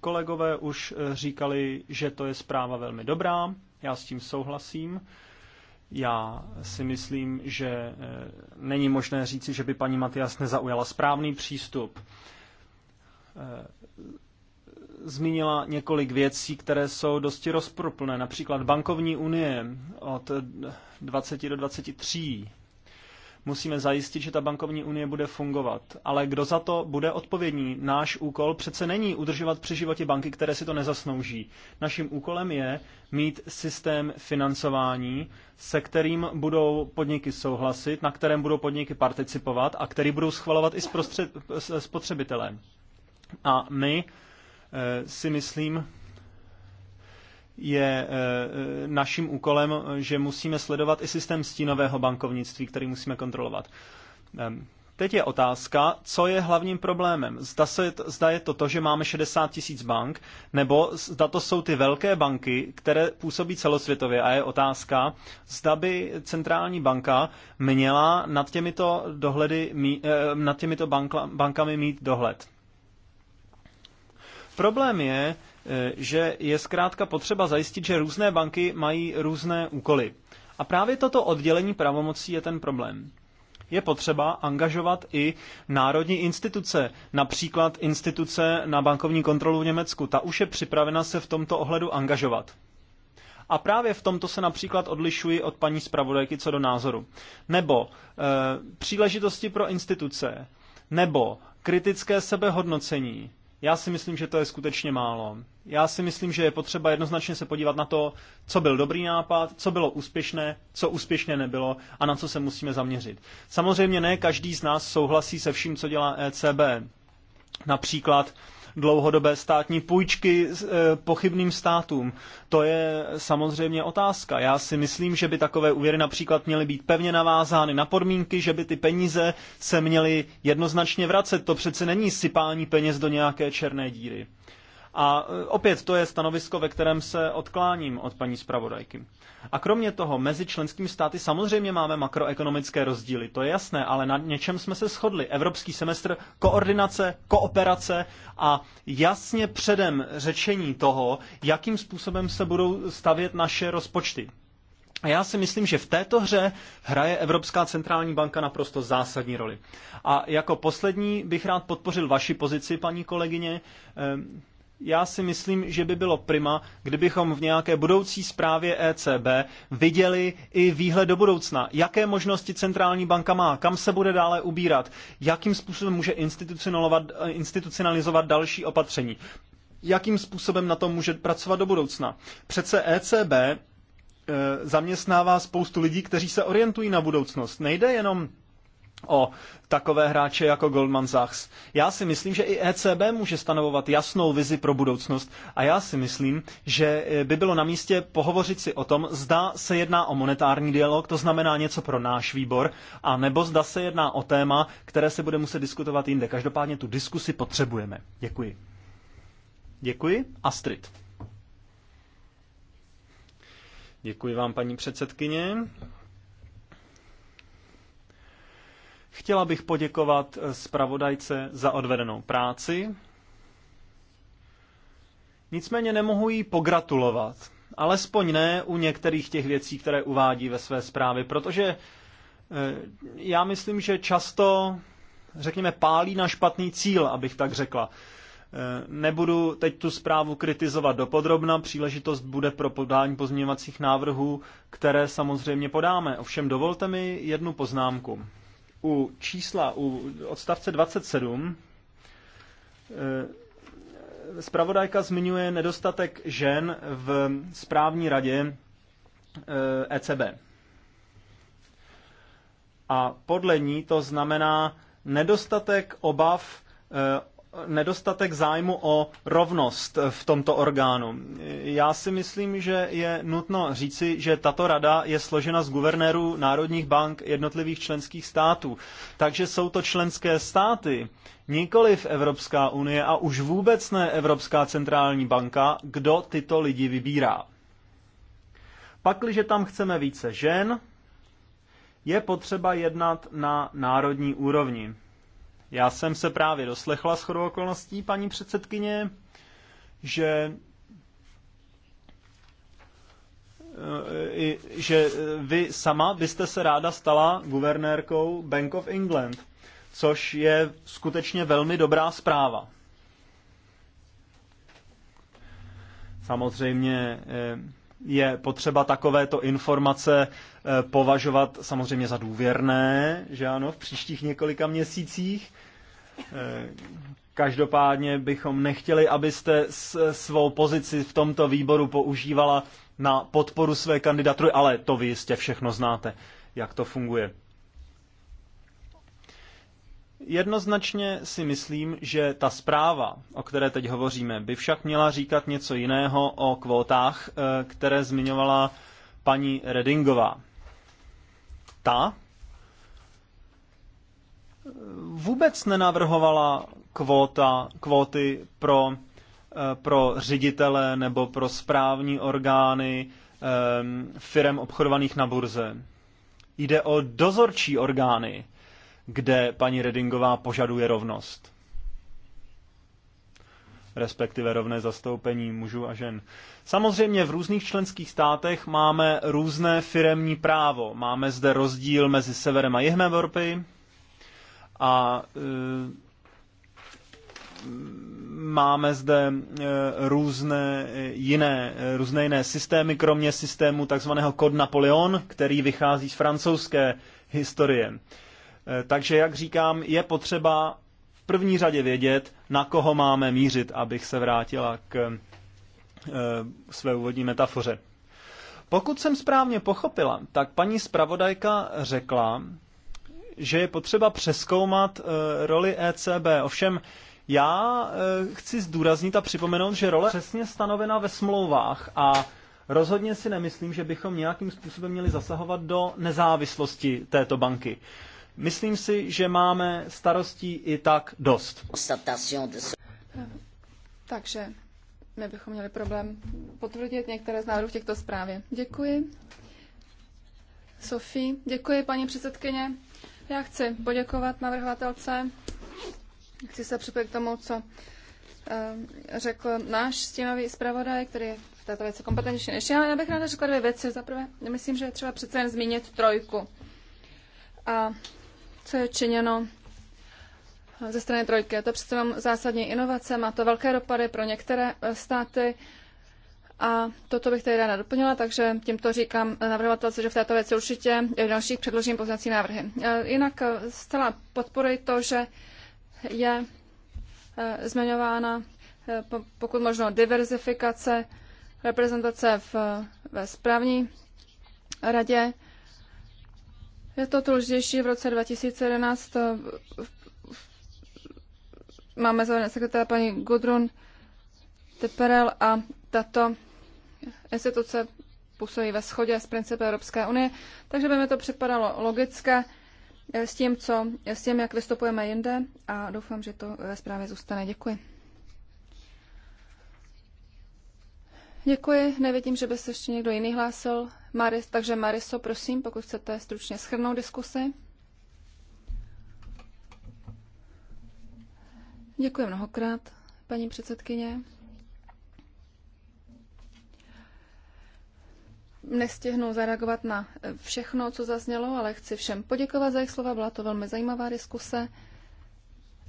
Kolegové už eh, říkali, že to je zpráva velmi dobrá, já s tím souhlasím. Já si myslím, že eh, není možné říci, že by paní Matias nezaujala správný přístup zmínila několik věcí, které jsou dosti rozproplné, například bankovní unie od 20 do 23. Musíme zajistit, že ta bankovní unie bude fungovat. Ale kdo za to bude odpovědný? Náš úkol přece není udržovat při životě banky, které si to nezasnouží. Naším úkolem je mít systém financování, se kterým budou podniky souhlasit, na kterém budou podniky participovat a který budou schvalovat i spotřebitelé. A my Eh, si myslím, je eh, naším úkolem, že musíme sledovat i systém stínového bankovnictví, který musíme kontrolovat. Teď je otázka, co je hlavním problémem. Zda, se, zda je to to, že máme 60 tisíc bank, nebo zda to jsou ty velké banky, které působí celosvětově. A je otázka, zda by centrální banka měla nad těmito, dohledy, eh, nad těmito bankla, bankami mít dohled. Problém je, e, že je zkrátka potřeba zajistit, že různé banky mají různé úkoly. A právě toto oddělení pravomocí je ten problém. Je potřeba angažovat i národní instituce, například instituce na bankovní kontrolu v Německu. Ta už je připravena se v tomto ohledu angažovat. A právě v tomto se například odlišuji od paní zpravodajky co do názoru. Nebo e, příležitosti pro instituce, nebo kritické sebehodnocení, já si myslím, že to je skutečně málo. Já si myslím, že je potřeba jednoznačně se podívat na to, co byl dobrý nápad, co bylo úspěšné, co úspěšné nebylo a na co se musíme zaměřit. Samozřejmě ne každý z nás souhlasí se vším, co dělá ECB. Například dlouhodobé státní půjčky e, pochybným státům. To je samozřejmě otázka. Já si myslím, že by takové úvěry například měly být pevně navázány na podmínky, že by ty peníze se měly jednoznačně vracet. To přece není sypání peněz do nějaké černé díry. A e, opět to je stanovisko, ve kterém se odkláním od paní zpravodajky. A kromě toho, mezi členskými státy samozřejmě máme makroekonomické rozdíly, to je jasné, ale na něčem jsme se shodli. Evropský semestr, koordinace, kooperace a jasně předem řečení toho, jakým způsobem se budou stavět naše rozpočty. A já si myslím, že v této hře hraje Evropská centrální banka naprosto zásadní roli. A jako poslední bych rád podpořil vaši pozici, paní kolegyně. Ehm já si myslím, že by bylo prima, kdybychom v nějaké budoucí zprávě ECB viděli i výhled do budoucna. Jaké možnosti centrální banka má, kam se bude dále ubírat, jakým způsobem může institucionalizovat další opatření, jakým způsobem na tom může pracovat do budoucna. Přece ECB e, zaměstnává spoustu lidí, kteří se orientují na budoucnost. Nejde jenom o takové hráče jako Goldman Sachs. Já si myslím, že i ECB může stanovovat jasnou vizi pro budoucnost a já si myslím, že eh, by bylo na místě pohovořit si o tom, zda se jedná o monetární dialog, to znamená něco pro náš výbor, a nebo zda se jedná o téma, které se bude muset diskutovat jinde. Každopádně tu diskusi potřebujeme. Děkuji. Děkuji. Astrid. Děkuji vám, paní předsedkyně. Chtěla bych poděkovat eh, zpravodajce za odvedenou práci. Nicméně nemohu jí pogratulovat, alespoň ne u některých těch věcí, které uvádí ve své zprávě, protože eh, já myslím, že často, řekněme, pálí na špatný cíl, abych tak řekla. Eh, nebudu teď tu zprávu kritizovat dopodrobna, příležitost bude pro podání pozměňovacích návrhů, které samozřejmě podáme. Ovšem dovolte mi jednu poznámku u čísla, u odstavce 27, eh, zpravodajka zmiňuje nedostatek žen v správní radě ECB. Eh, e A podle ní to znamená nedostatek obav eh, nedostatek zájmu o rovnost v tomto orgánu. Já si myslím, že je nutno říci, že tato rada je složena z guvernérů národních bank jednotlivých členských států. Takže jsou to členské státy, nikoli v Evropská unie a už vůbec ne Evropská centrální banka, kdo tyto lidi vybírá. Pakliže tam chceme více žen, je potřeba jednat na národní úrovni. Já jsem se právě doslechla s chodou okolností, paní předsedkyně, že eh, že vy sama byste se ráda stala guvernérkou Bank of England, což je skutečně velmi dobrá zpráva. Samozřejmě eh, je potřeba takovéto informace eh, považovat samozřejmě za důvěrné, že ano, v příštích několika měsících, Každopádně bychom nechtěli, abyste svou pozici v tomto výboru používala na podporu své kandidatury, ale to vy jistě všechno znáte, jak to funguje. Jednoznačně si myslím, že ta zpráva, o které teď hovoříme, by však měla říkat něco jiného o kvótách, eh, které zmiňovala paní Redingová. Ta vůbec nenavrhovala kvóta, kvóty pro, eh, pro ředitele nebo pro správní orgány eh, firem obchodovaných na burze. Jde o dozorčí orgány, kde paní Redingová požaduje rovnost. Respektive rovné zastoupení mužů a žen. Samozřejmě v různých členských státech máme různé firemní právo. Máme zde rozdíl mezi severem a jihem Evropy, a e, máme zde e, různé e, jiné, různé jiné systémy, kromě systému takzvaného kod Napoleon, který vychází z francouzské historie. Takže, jak říkám, je potřeba v první řadě vědět, na koho máme mířit, abych se vrátila k své úvodní metafoře. Pokud jsem správně pochopila, tak paní zpravodajka řekla, že je potřeba přeskoumat eh, roli ECB. Ovšem, já eh, chci zdůraznit a připomenout, že role je přesně stanovena ve smlouvách a rozhodně si nemyslím, že bychom nějakým způsobem měli zasahovat do nezávislosti této banky. Myslím si, že máme starostí i tak dost. Takže my bychom měli problém potvrdit některé z návrhů v těchto zprávě. Děkuji. Sofie, děkuji paní předsedkyně. Já chci poděkovat navrhovatelce. Chci se připojit k tomu, co eh, řekl náš stínový zpravodaj, který je v této věci kompetentnější než já, ale já bych ráda řekla dvě věci. Za prvé, myslím, že je třeba přece jen zmínit trojku. A co je činěno ze strany trojky. To přece jenom zásadní inovace, má to velké dopady pro některé eh, státy, a toto bych tady ráda doplnila, takže tímto říkám navrhovatelce, že v této věci určitě dalších předložím poznací návrhy. E, jinak e, zcela podporuji to, že je e, zmiňována pokud možno diverzifikace reprezentace v, ve správní radě. Je to důležitější v roce 2011. Máme zvolené sekretáře paní Gudrun Teperel a tato instituce působí ve shodě s principy Evropské unie, takže by mi to připadalo logické eh, s tím, co, s tím, jak vystupujeme jinde a doufám, že to ve zprávě zůstane. Děkuji. Děkuji, nevidím, že by se ještě někdo jiný hlásil. Maris, takže Mariso, prosím, pokud chcete stručně schrnout diskusy. Děkuji mnohokrát, paní předsedkyně. nestihnu zareagovat na eh, všechno, co zaznělo, ale chci všem poděkovat za jejich slova. Byla to velmi zajímavá diskuse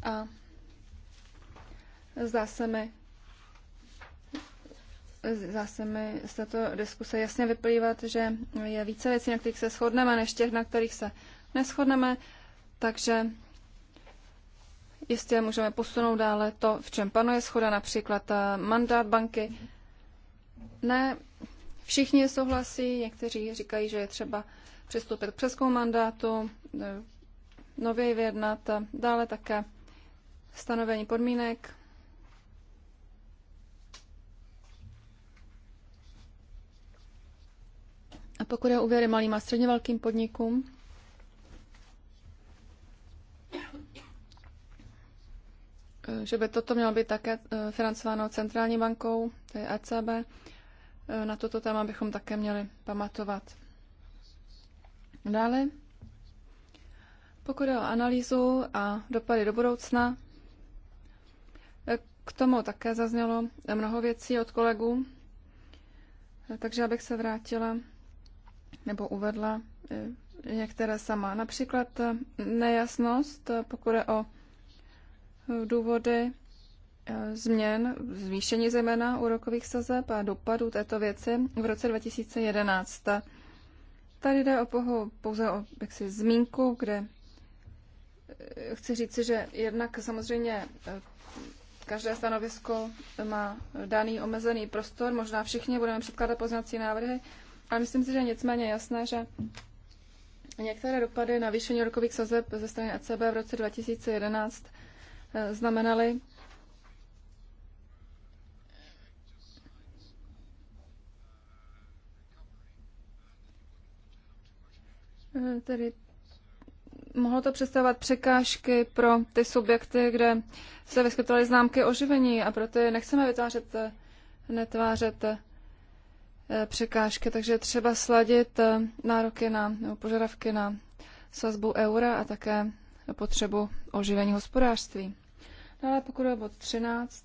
a zdá se mi, zdá se mi z této diskuse jasně vyplývat, že je více věcí, na kterých se shodneme, než těch, na kterých se neschodneme, takže jistě můžeme posunout dále to, v čem panuje schoda, například eh, mandát banky. Ne, Všichni souhlasí, někteří říkají, že je třeba přistoupit k přeskou mandátu, eh, nově vyjednat, dále také stanovení podmínek A pokud je úvěry malým a středně velkým podnikům, eh, že by toto mělo být také eh, financováno centrální bankou, to je ECB, Eh, na toto téma bychom také měli pamatovat. Dále, pokud je o analýzu a dopady do budoucna, eh, k tomu také zaznělo mnoho věcí od kolegů, eh, takže abych se vrátila nebo uvedla některé sama. Například nejasnost, pokud je o důvody Eh, změn, zvýšení zejména úrokových sazeb a dopadů této věci v roce 2011. Tady jde o poho, pouze o jaksi, zmínku, kde eh, chci říci, že jednak samozřejmě eh, každé stanovisko má daný omezený prostor, možná všichni budeme předkládat poznací návrhy, ale myslím si, že je nicméně jasné, že některé dopady na navýšení rokových sazeb ze strany ECB v roce 2011 znamenaly Eh, tedy mohlo to představovat překážky pro ty subjekty, kde se vyskytovaly známky oživení a proto je nechceme vytvářet, eh, netvářet eh, překážky, takže třeba sladit nároky na nebo požadavky na sazbu eura a také potřebu oživení hospodářství. Dále pokud je bod 13,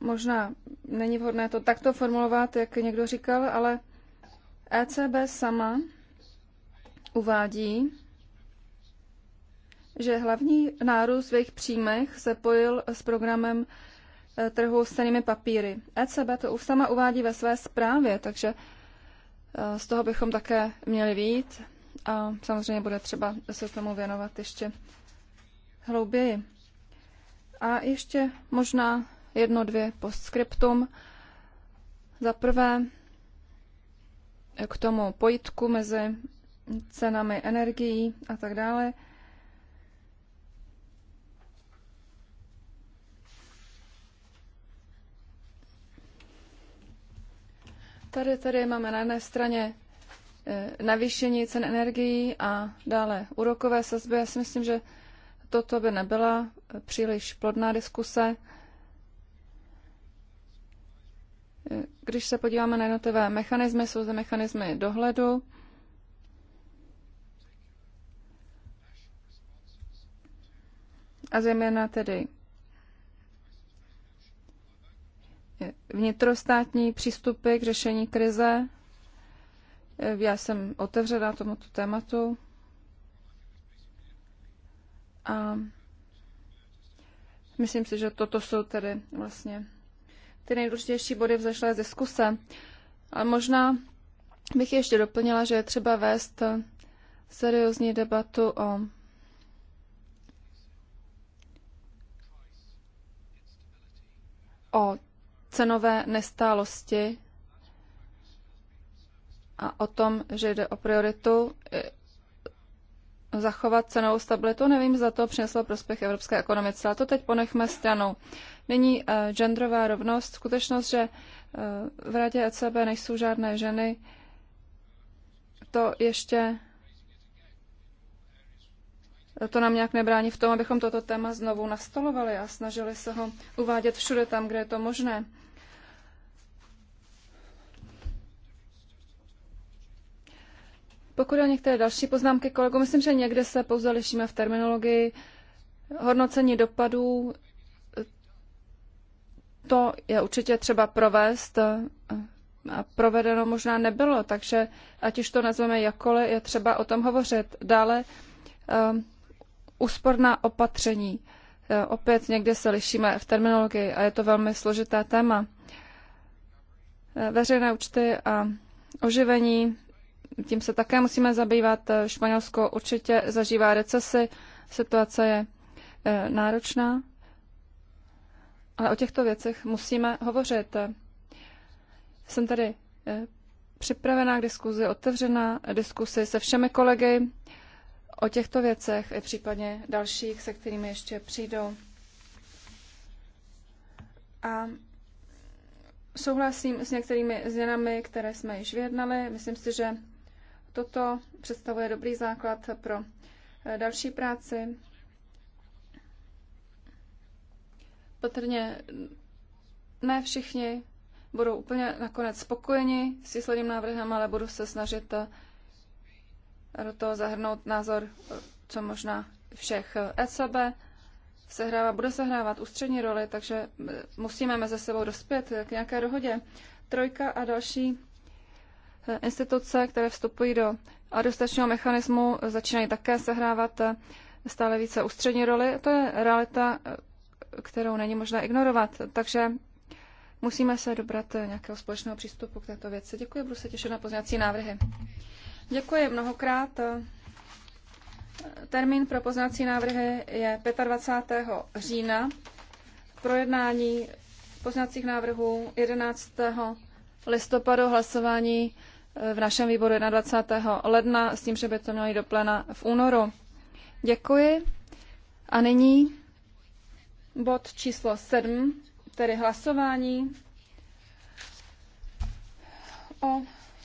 možná není vhodné to takto formulovat, jak někdo říkal, ale ECB sama uvádí, že hlavní nárůst v jejich příjmech se pojil s programem e, trhu s cenými papíry. ECB to už sama uvádí ve své zprávě, takže e, z toho bychom také měli vít a samozřejmě bude třeba se tomu věnovat ještě hlouběji. A ještě možná jedno, dvě postscriptum. Za prvé, k tomu pojitku mezi cenami energií a tak dále. Tady, tady máme na jedné straně eh, navýšení cen energií a dále úrokové sazby. Já si myslím, že toto by nebyla příliš plodná diskuse. Když se podíváme na jednotlivé mechanismy, jsou zde mechanismy dohledu, a zejména tedy vnitrostátní přístupy k řešení krize. Já jsem otevřená tomuto tématu. A myslím si, že toto jsou tedy vlastně ty nejdůležitější body vzešlé z diskuse. Ale možná bych ještě doplnila, že je třeba vést seriózní debatu o o cenové nestálosti a o tom, že jde o prioritu eh, zachovat cenovou stabilitu. Nevím, za to přineslo prospěch evropské ekonomice, ale to teď ponechme stranou. Není eh, genderová rovnost. Skutečnost, že eh, v radě ECB nejsou žádné ženy, to ještě to nám nějak nebrání v tom, abychom toto téma znovu nastolovali a snažili se ho uvádět všude tam, kde je to možné. Pokud o některé další poznámky kolegu, myslím, že někde se pouze lišíme v terminologii. Hodnocení dopadů to je určitě třeba provést eh, a provedeno možná nebylo, takže ať už to nazveme jakkoliv, je třeba o tom hovořit. Dále um, úsporná opatření. Eh, opět někde se lišíme v terminologii a je to velmi složité téma. Veřejné účty a oživení, tím se také musíme zabývat. Španělsko určitě zažívá recesi, situace je náročná. Ale o těchto věcech musíme hovořit. Jsem tady eh, připravená k diskuzi, otevřená diskusi se všemi kolegy o těchto věcech i případně dalších, se kterými ještě přijdou. A souhlasím s některými změnami, které jsme již vyjednali. Myslím si, že toto představuje dobrý základ pro eh, další práci. Patrně ne všichni budou úplně nakonec spokojeni s výsledným návrhem, ale budu se snažit eh, do toho zahrnout názor eh, co možná všech ECB. Sehrává, bude sehrávat ústřední roli, takže eh, musíme mezi sebou dospět k nějaké dohodě. Trojka a další instituce, které vstupují do adostačního mechanismu, začínají také sehrávat stále více ústřední roli. To je realita, kterou není možné ignorovat. Takže musíme se dobrat nějakého společného přístupu k této věci. Děkuji, budu se těšit na pozněcí návrhy. Děkuji mnohokrát. Termín pro poznací návrhy je 25. října. Projednání poznacích návrhů 11. listopadu hlasování v našem výboru 21. ledna s tím, že by to mělo jít do plena v únoru. Děkuji. A nyní bod číslo 7, tedy hlasování o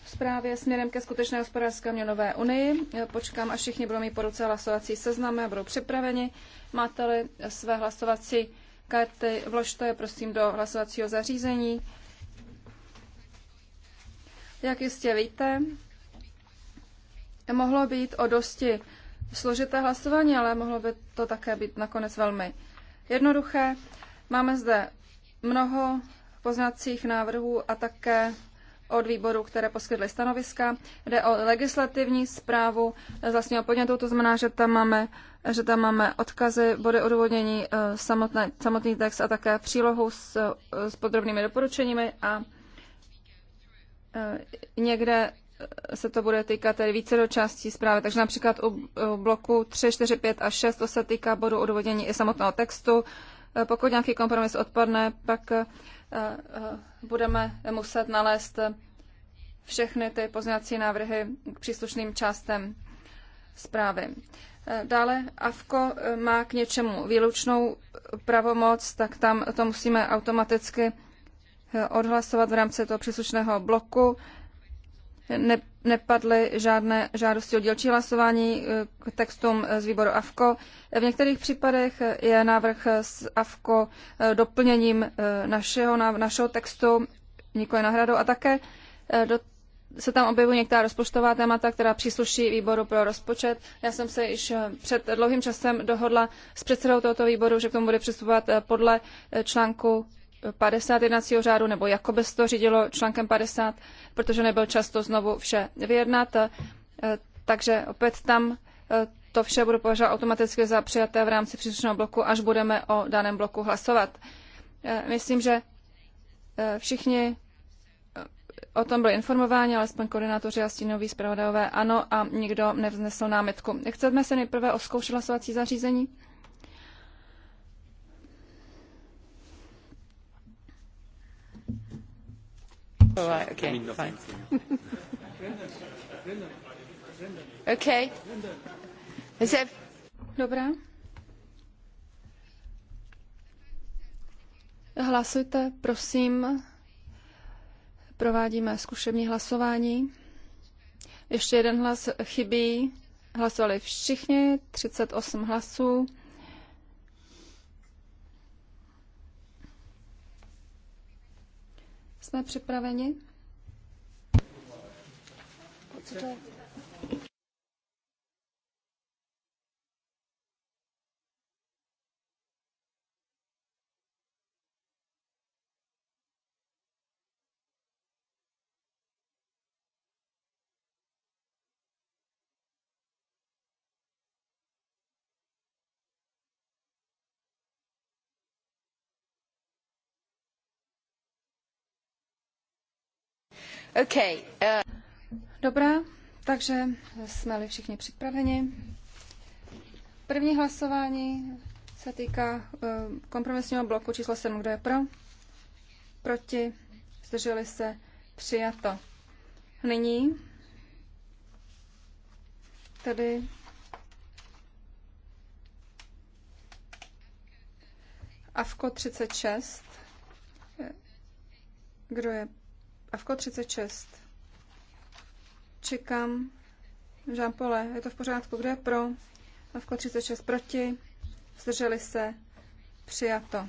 zprávě směrem ke skutečné hospodářské měnové unii. Počkám, až všichni budou mít po ruce hlasovací seznamy a budou připraveni. Máte-li své hlasovací karty, vložte je prosím do hlasovacího zařízení. Jak jistě víte, mohlo být o dosti složité hlasování, ale mohlo by to také být nakonec velmi jednoduché. Máme zde mnoho poznacích návrhů a také od výboru, které poskytly stanoviska. Jde o legislativní zprávu z vlastního podnětu, to znamená, že tam máme, že tam máme odkazy, body odůvodnění, eh, samotné, samotný text a také přílohu s, eh, s podrobnými doporučeními a eh, někde se to bude týkat tedy více do částí zprávy. Takže například u bloku 3, 4, 5 a 6 to se týká bodu odvodění i samotného textu. E, pokud nějaký kompromis odpadne, pak e, e, budeme muset nalézt všechny ty pozněcí návrhy k příslušným částem zprávy. Dále AFKO má k něčemu výlučnou pravomoc, tak tam to musíme automaticky odhlasovat v rámci toho příslušného bloku ne, nepadly žádné žádosti o dílčí hlasování eh, k textům eh, z výboru AFKO. V některých případech eh, je návrh z AFKO doplněním našeho, našeho textu, nikoli nahradou, a také do, se tam objevují některá rozpočtová témata, která přísluší výboru pro rozpočet. Já jsem se již před dlouhým časem dohodla s předsedou tohoto výboru, že k tomu bude přistupovat podle článku 50 jednacího řádu, nebo jako by se to řídilo článkem 50, protože nebyl často znovu vše vyjednat. Eh, takže opět tam eh, to vše budu považovat automaticky za přijaté v rámci příslušného bloku, až budeme o daném bloku hlasovat. Eh, myslím, že všichni o tom byli informováni, alespoň koordinátoři a stínoví zpravodajové ano a nikdo nevznesl námitku. Chceme se nejprve oskoušet hlasovací zařízení? Hlasujte, prosím. Provádíme zkušební hlasování. Ještě jeden hlas chybí. Hlasovali všichni, 38 hlasů. Jsme připraveni? Co to? Okay, uh, Dobrá, takže jsme-li všichni připraveni. První hlasování se týká eh, kompromisního bloku číslo 7. Kdo je pro? Proti? Zdrželi se? Přijato. Nyní tedy AFKO 36. Kdo je a AVKO 36. Čekám. Jean Pole, je to v pořádku. kde je pro? AVKO 36 proti. Zdrželi se. Přijato.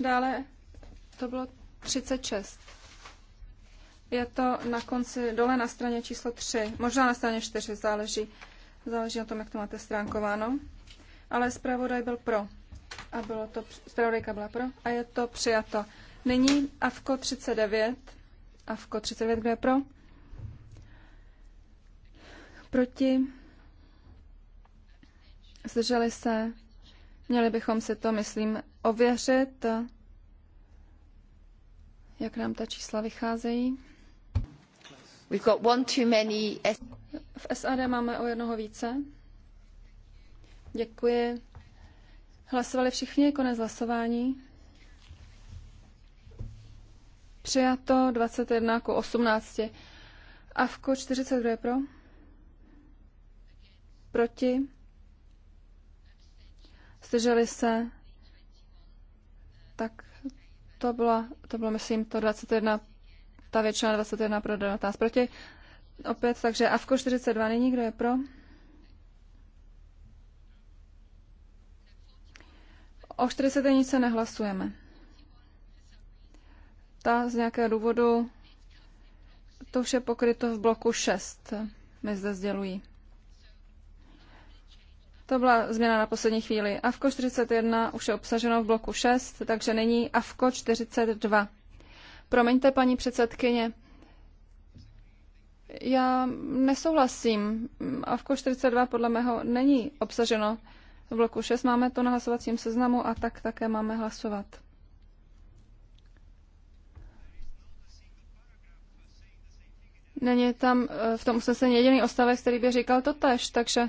Dále to bylo 36. Je to na konci, dole na straně číslo 3, možná na straně 4, záleží, záleží na tom, jak to máte stránkováno. Ale zpravodaj byl pro. A bylo to, zpravodajka byla pro a je to přijato. Nyní AFKO 39. AFKO 39, kdo je pro? Proti? Zdrželi se? Měli bychom si to, myslím, ověřit, jak nám ta čísla vycházejí. We've got one too many... V SAD máme o jednoho více. Děkuji. Hlasovali všichni, konec hlasování. Přijato 21 ku 18. Avko 42 je pro. Proti. Zdrželi se. Tak to bylo, to bylo myslím, to 21, ta většina 21 pro 19 proti. Opět, takže Avko 42 není, kdo je pro? O nic se nehlasujeme ta z nějakého důvodu to vše pokryto v bloku 6, mi zde sdělují. To byla změna na poslední chvíli. AVKO 41 už je obsaženo v bloku 6, takže není AVKO 42. Promiňte, paní předsedkyně, já nesouhlasím. AVKO 42 podle mého není obsaženo v bloku 6. Máme to na hlasovacím seznamu a tak také máme hlasovat. Není tam eh, v tom usnesení jediný ostavec, který by říkal to tež, takže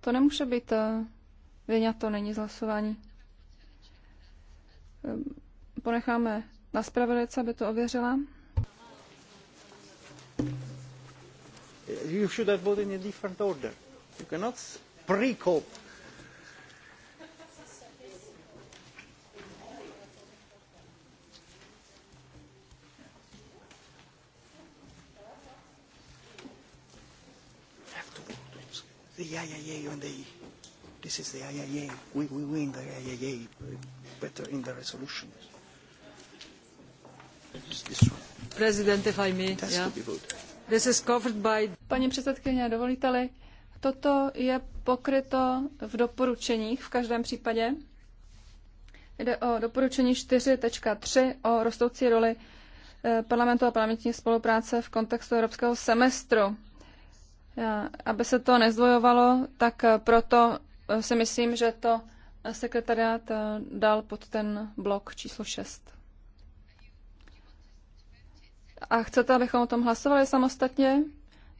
to nemůže být eh, to není z hlasování. Ehm, ponecháme na spravedlice, aby to ověřila. You should have voted in a different order. You cannot pre-cope the IIA on the this is the IIA. We, we win the IIA better in the resolutions. President, if I may, yeah. This is covered by... Paní předsedkyně, dovolíte-li, toto je pokryto v doporučeních v každém případě. Jde o doporučení 4.3 o rostoucí roli eh, parlamentu a parlamentní spolupráce v kontextu evropského semestru. Eh, aby se to nezdvojovalo, tak eh, proto eh, si myslím, že to sekretariát dal pod ten blok číslo 6. A chcete, abychom o tom hlasovali samostatně?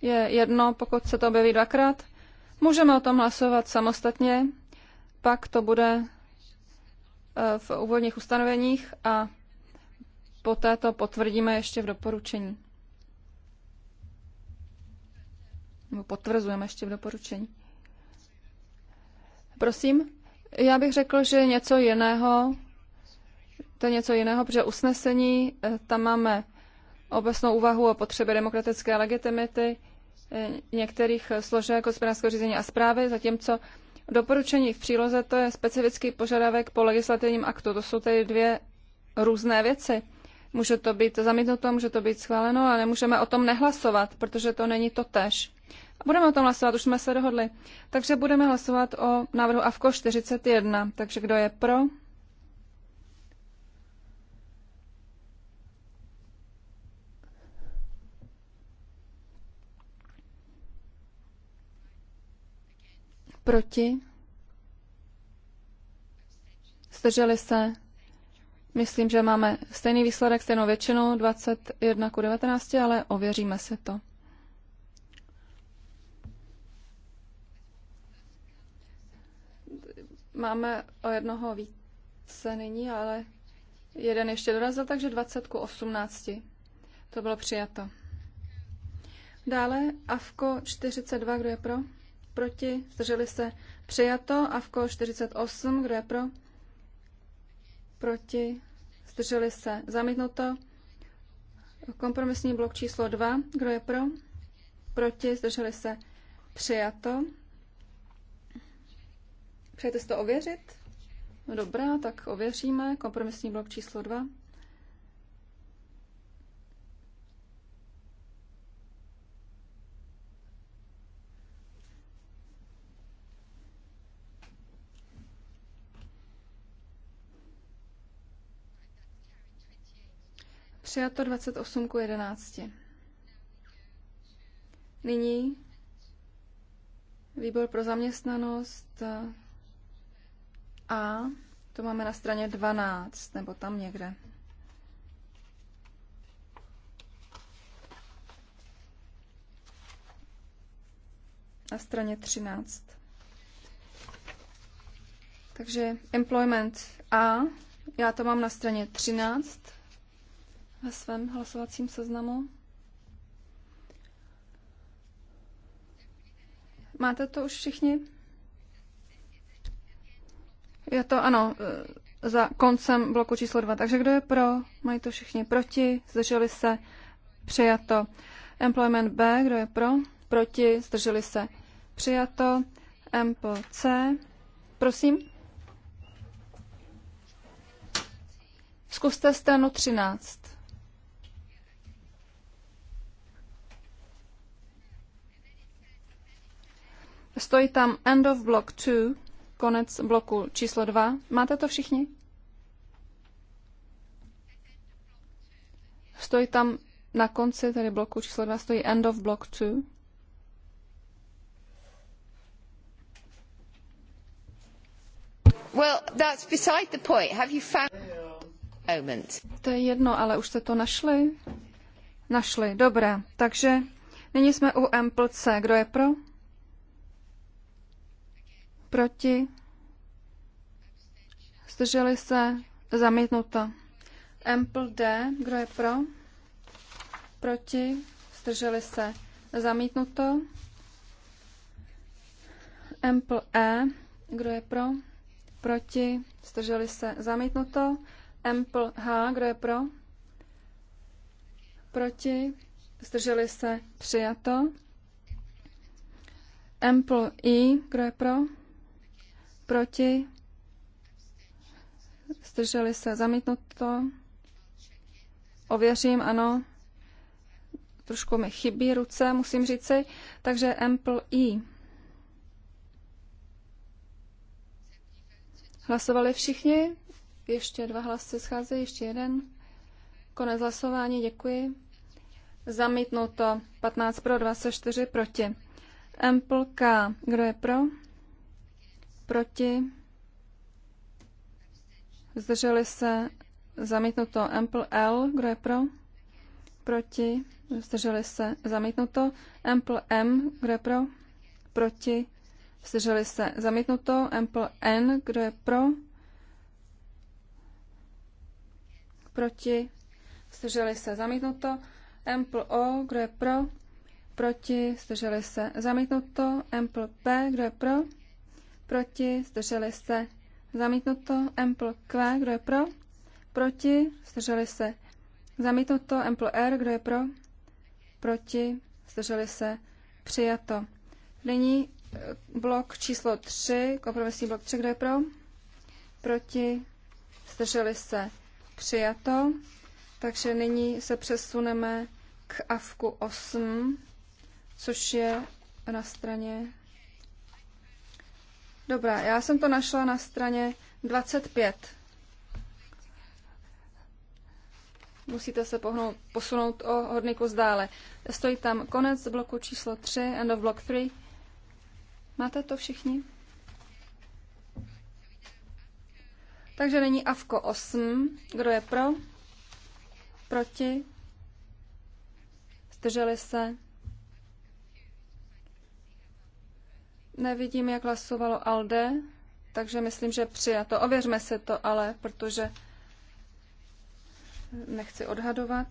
Je jedno, pokud se to objeví dvakrát. Můžeme o tom hlasovat samostatně, pak to bude v úvodních ustanoveních a poté to potvrdíme ještě v doporučení. nebo potvrzujeme ještě v doporučení. Prosím, já bych řekl, že něco jiného, to je něco jiného, protože usnesení, eh, tam máme obecnou úvahu o potřebě demokratické legitimity eh, některých složek hospodářského řízení a zprávy, zatímco doporučení v příloze to je specifický požadavek po legislativním aktu. To jsou tedy dvě různé věci. Může to být zamítnuto, může to být schváleno, ale nemůžeme o tom nehlasovat, protože to není to tež. Budeme o tom hlasovat, už jsme se dohodli. Takže budeme hlasovat o návrhu AVKO 41. Takže kdo je pro? Proti? Zdrželi se? Myslím, že máme stejný výsledek, stejnou většinu, 21 ku 19, ale ověříme se to. Máme o jednoho více nyní, ale jeden ještě dorazil, takže 20 ku 18. To bylo přijato. Dále AFKO 42, kdo je pro? Proti, zdrželi se přijato. AFKO 48, kdo je pro? proti, zdrželi se, zamítnuto. Kompromisní blok číslo 2, kdo je pro, proti, zdrželi se, přijato. Přejete si to ověřit? No dobrá, tak ověříme. Kompromisní blok číslo 2. Přijato 28 k 11. Nyní výbor pro zaměstnanost eh, a to máme na straně 12, nebo tam někde. Na straně 13. Takže employment A, já to mám na straně 13 ve svém hlasovacím seznamu. Máte to už všichni? Je to ano, eh, za koncem bloku číslo 2. Takže kdo je pro? Mají to všichni proti? Zdrželi se? Přijato. Employment B, kdo je pro? Proti? Zdrželi se? Přijato. Empl C. Prosím. Zkuste stranu 13. Stojí tam end of block 2, konec bloku číslo 2. Máte to všichni? Stojí tam na konci tedy bloku číslo 2, stojí end of block 2. Well, that's beside the point. Have you found moment? To je jedno, ale už jste to našli? Našli, dobré. Takže nyní jsme u MPC. Kdo je pro? proti, zdrželi se, zamítnuto. Ample D, kdo je pro, proti, zdrželi se, zamítnuto. Ample E, kdo je pro, proti, zdrželi se, zamítnuto. Ample H, kdo je pro, proti, zdrželi se, přijato. Ample I, kdo je pro, Proti? Zdrželi se to? Ověřím, ano. Trošku mi chybí ruce, musím říci. Takže Ample I. E. Hlasovali všichni? Ještě dva hlasy scházejí, ještě jeden. Konec hlasování, děkuji. Zamítnuto 15 pro 24 proti. Ample K. Kdo je pro? Proti? Zdrželi se zamítnuto Ample L. Kdo je pro? Proti? Zdrželi se zamítnuto Ample M. Kdo je pro? Proti? Zdrželi se zamítnuto Ample N. Kdo je pro? Proti? Zdrželi se zamítnuto Ample O. Kdo je pro? Proti? Zdrželi se zamítnuto Ample P. Kdo je pro? proti, zdrželi se, zamítnuto, empl Q, kdo je pro, proti, zdrželi se, zamítnuto, empl R, kdo je pro, proti, zdrželi se, přijato. Nyní eh, blok číslo 3, kompromisní blok 3, kdo je pro, proti, zdrželi se, přijato. Takže nyní se přesuneme k AFKu 8, což je na straně Dobrá, já jsem to našla na straně 25. Musíte se pohnout, posunout o hodný kus dále. Stojí tam konec bloku číslo 3, end of block 3. Máte to všichni? Takže není AVKO 8. Kdo je pro? Proti? Zdrželi se? Nevidím, jak hlasovalo Alde, takže myslím, že přijato. Ověřme se to ale, protože nechci odhadovat.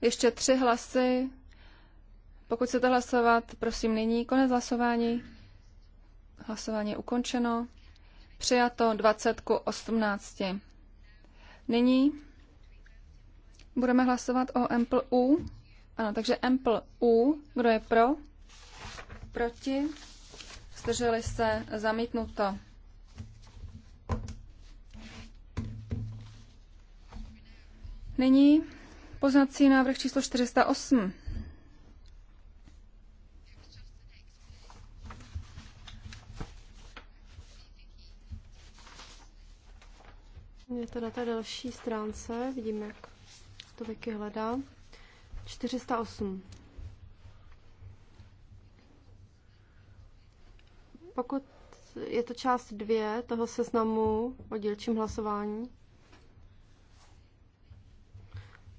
Ještě tři hlasy. Pokud chcete hlasovat, prosím nyní. Konec hlasování. Hlasování je ukončeno. Přijato 20 k 18. Nyní Budeme hlasovat o Ample U. Ano, takže Ample U. Kdo je pro? Proti? Zdrželi se? Zamítnuto. Nyní poznací návrh číslo 408. Je to na té další stránce, vidíme, jak to Vicky hledá. 408. Pokud je to část dvě toho seznamu o dílčím hlasování.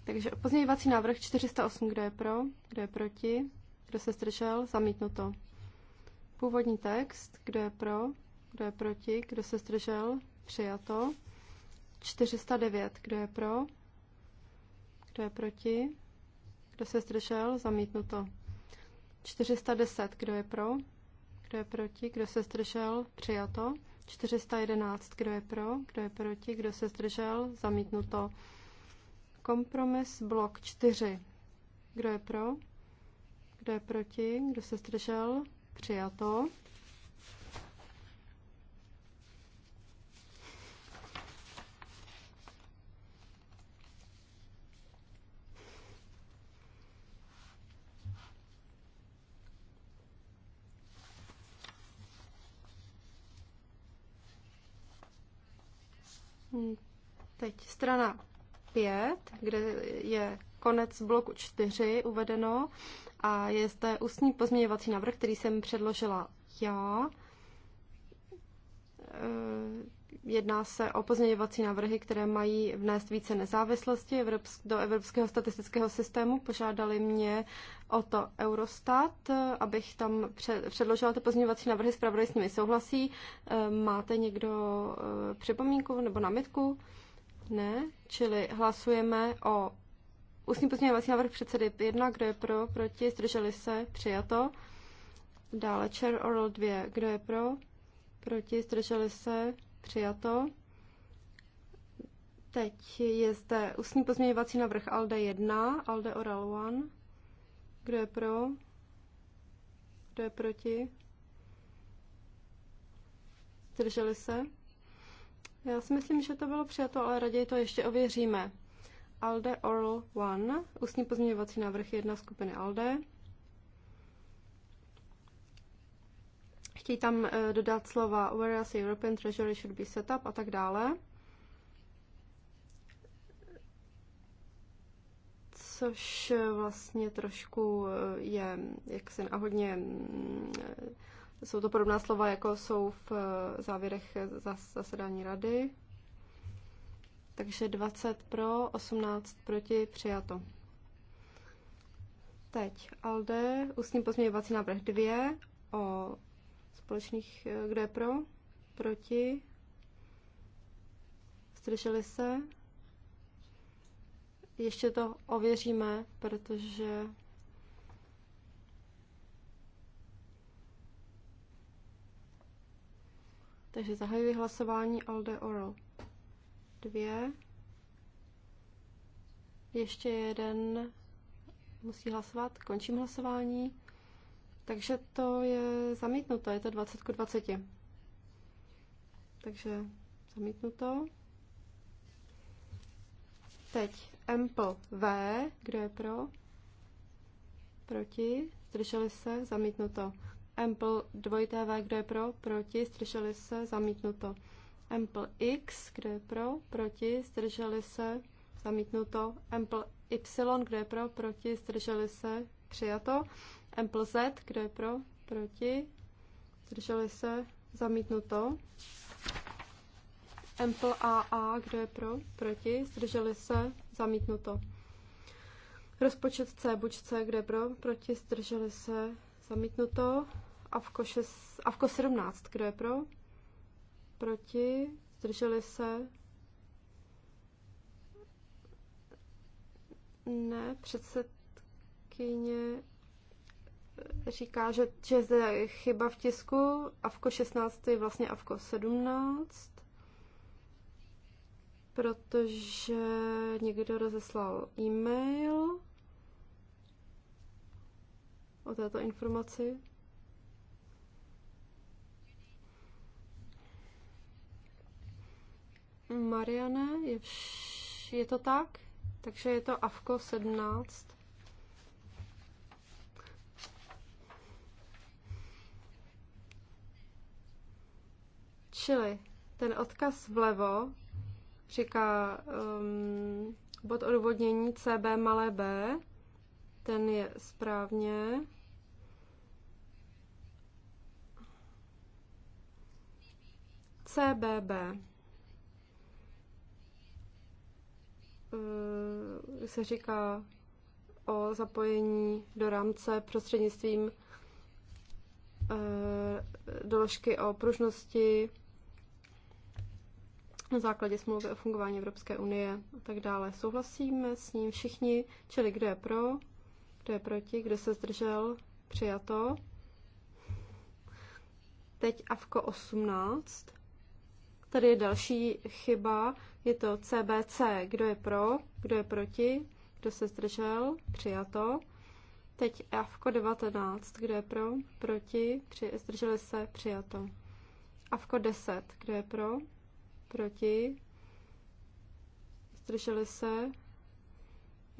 Takže pozměňovací návrh 408, kdo je pro, kdo je proti, kdo se zdržel, zamítnuto. Původní text, kdo je pro, kdo je proti, kdo se zdržel, přijato. 409, kdo je pro, kdo je proti? Kdo se zdržel? Zamítnuto. 410. Kdo je pro? Kdo je proti? Kdo se zdržel? Přijato. 411. Kdo je pro? Kdo je proti? Kdo se zdržel? Zamítnuto. Kompromis blok 4. Kdo je pro? Kdo je proti? Kdo se zdržel? Přijato. Teď strana 5, kde je konec bloku 4 uvedeno a je zde ústní pozměňovací návrh, který jsem předložila já. Eh, jedná se o pozměňovací návrhy, které mají vnést více nezávislosti do Evropského statistického systému. Požádali mě o to Eurostat, eh, abych tam předložila ty pozměňovací návrhy, zpravodaj s nimi souhlasí. Eh, máte někdo připomínku nebo námitku? Ne, čili hlasujeme o ústní pozměňovací návrh předsedy 1, kdo je pro, proti, zdrželi se, přijato. Dále Chair Oral 2, kdo je pro, proti, zdrželi se, přijato. Teď je zde ústní pozměňovací návrh ALDE 1, ALDE Oral 1. Kdo je pro? Kdo je proti? Zdrželi se? Já si myslím, že to bylo přijato, ale raději to ještě ověříme. ALDE ORL 1, ústní pozměňovací návrh jedna skupiny ALDE. Chtějí tam eh, dodat slova whereas European Treasury should be set up a tak dále. Což eh, vlastně trošku eh, je jaksi hodně mm, jsou to podobná slova, jako jsou v eh, závěrech zasedání rady. Takže 20 pro, 18 proti, přijato. Teď ALDE, ústní pozměňovací návrh 2 o společných, eh, kde pro, proti, zdrželi se. Ještě to ověříme, protože Takže zahajuji hlasování Alde Oral. Dvě. Ještě jeden musí hlasovat. Končím hlasování. Takže to je zamítnuto. Je to 20 k 20. Takže zamítnuto. Teď Ample V. Kdo je pro? Proti? Zdrželi se? Zamítnuto. Ample 2V, kdo je pro, proti, zdrželi se, zamítnuto. Ample X, kdo je pro, proti, zdrželi se, zamítnuto. Ample Y, kdo je pro, proti, zdrželi se, přijato. Ample Z, kdo je pro, proti, zdrželi se, zamítnuto. Ample AA, kdo je pro, proti, zdrželi se, zamítnuto. Rozpočet C, buď C, kde pro, proti, zdrželi se, Zamítnuto. Avko, šest, Avko 17. Kdo je pro? Proti? Zdrželi se? Ne, předsedkyně eh, říká, že, že zde je chyba v tisku. Avko 16 je vlastně Avko 17, protože někdo rozeslal e-mail o této informaci. Mariane, je, vš- je to tak? Takže je to AFKO 17. Čili ten odkaz vlevo říká um, bod odvodnění CB malé b ten je správně. CBB. Eh, se říká o zapojení do rámce prostřednictvím eh, doložky o pružnosti na základě smlouvy o fungování Evropské unie a tak dále. Souhlasíme s ním všichni, čili kdo je pro? Kdo je proti? Kdo se zdržel? Přijato. Teď AVKO 18. Tady je další chyba. Je to CBC. Kdo je pro? Kdo je proti? Kdo se zdržel? Přijato. Teď AVKO 19. Kdo je pro? Proti? Při, zdrželi se? Přijato. AVKO 10. Kdo je pro? Proti? Zdrželi se?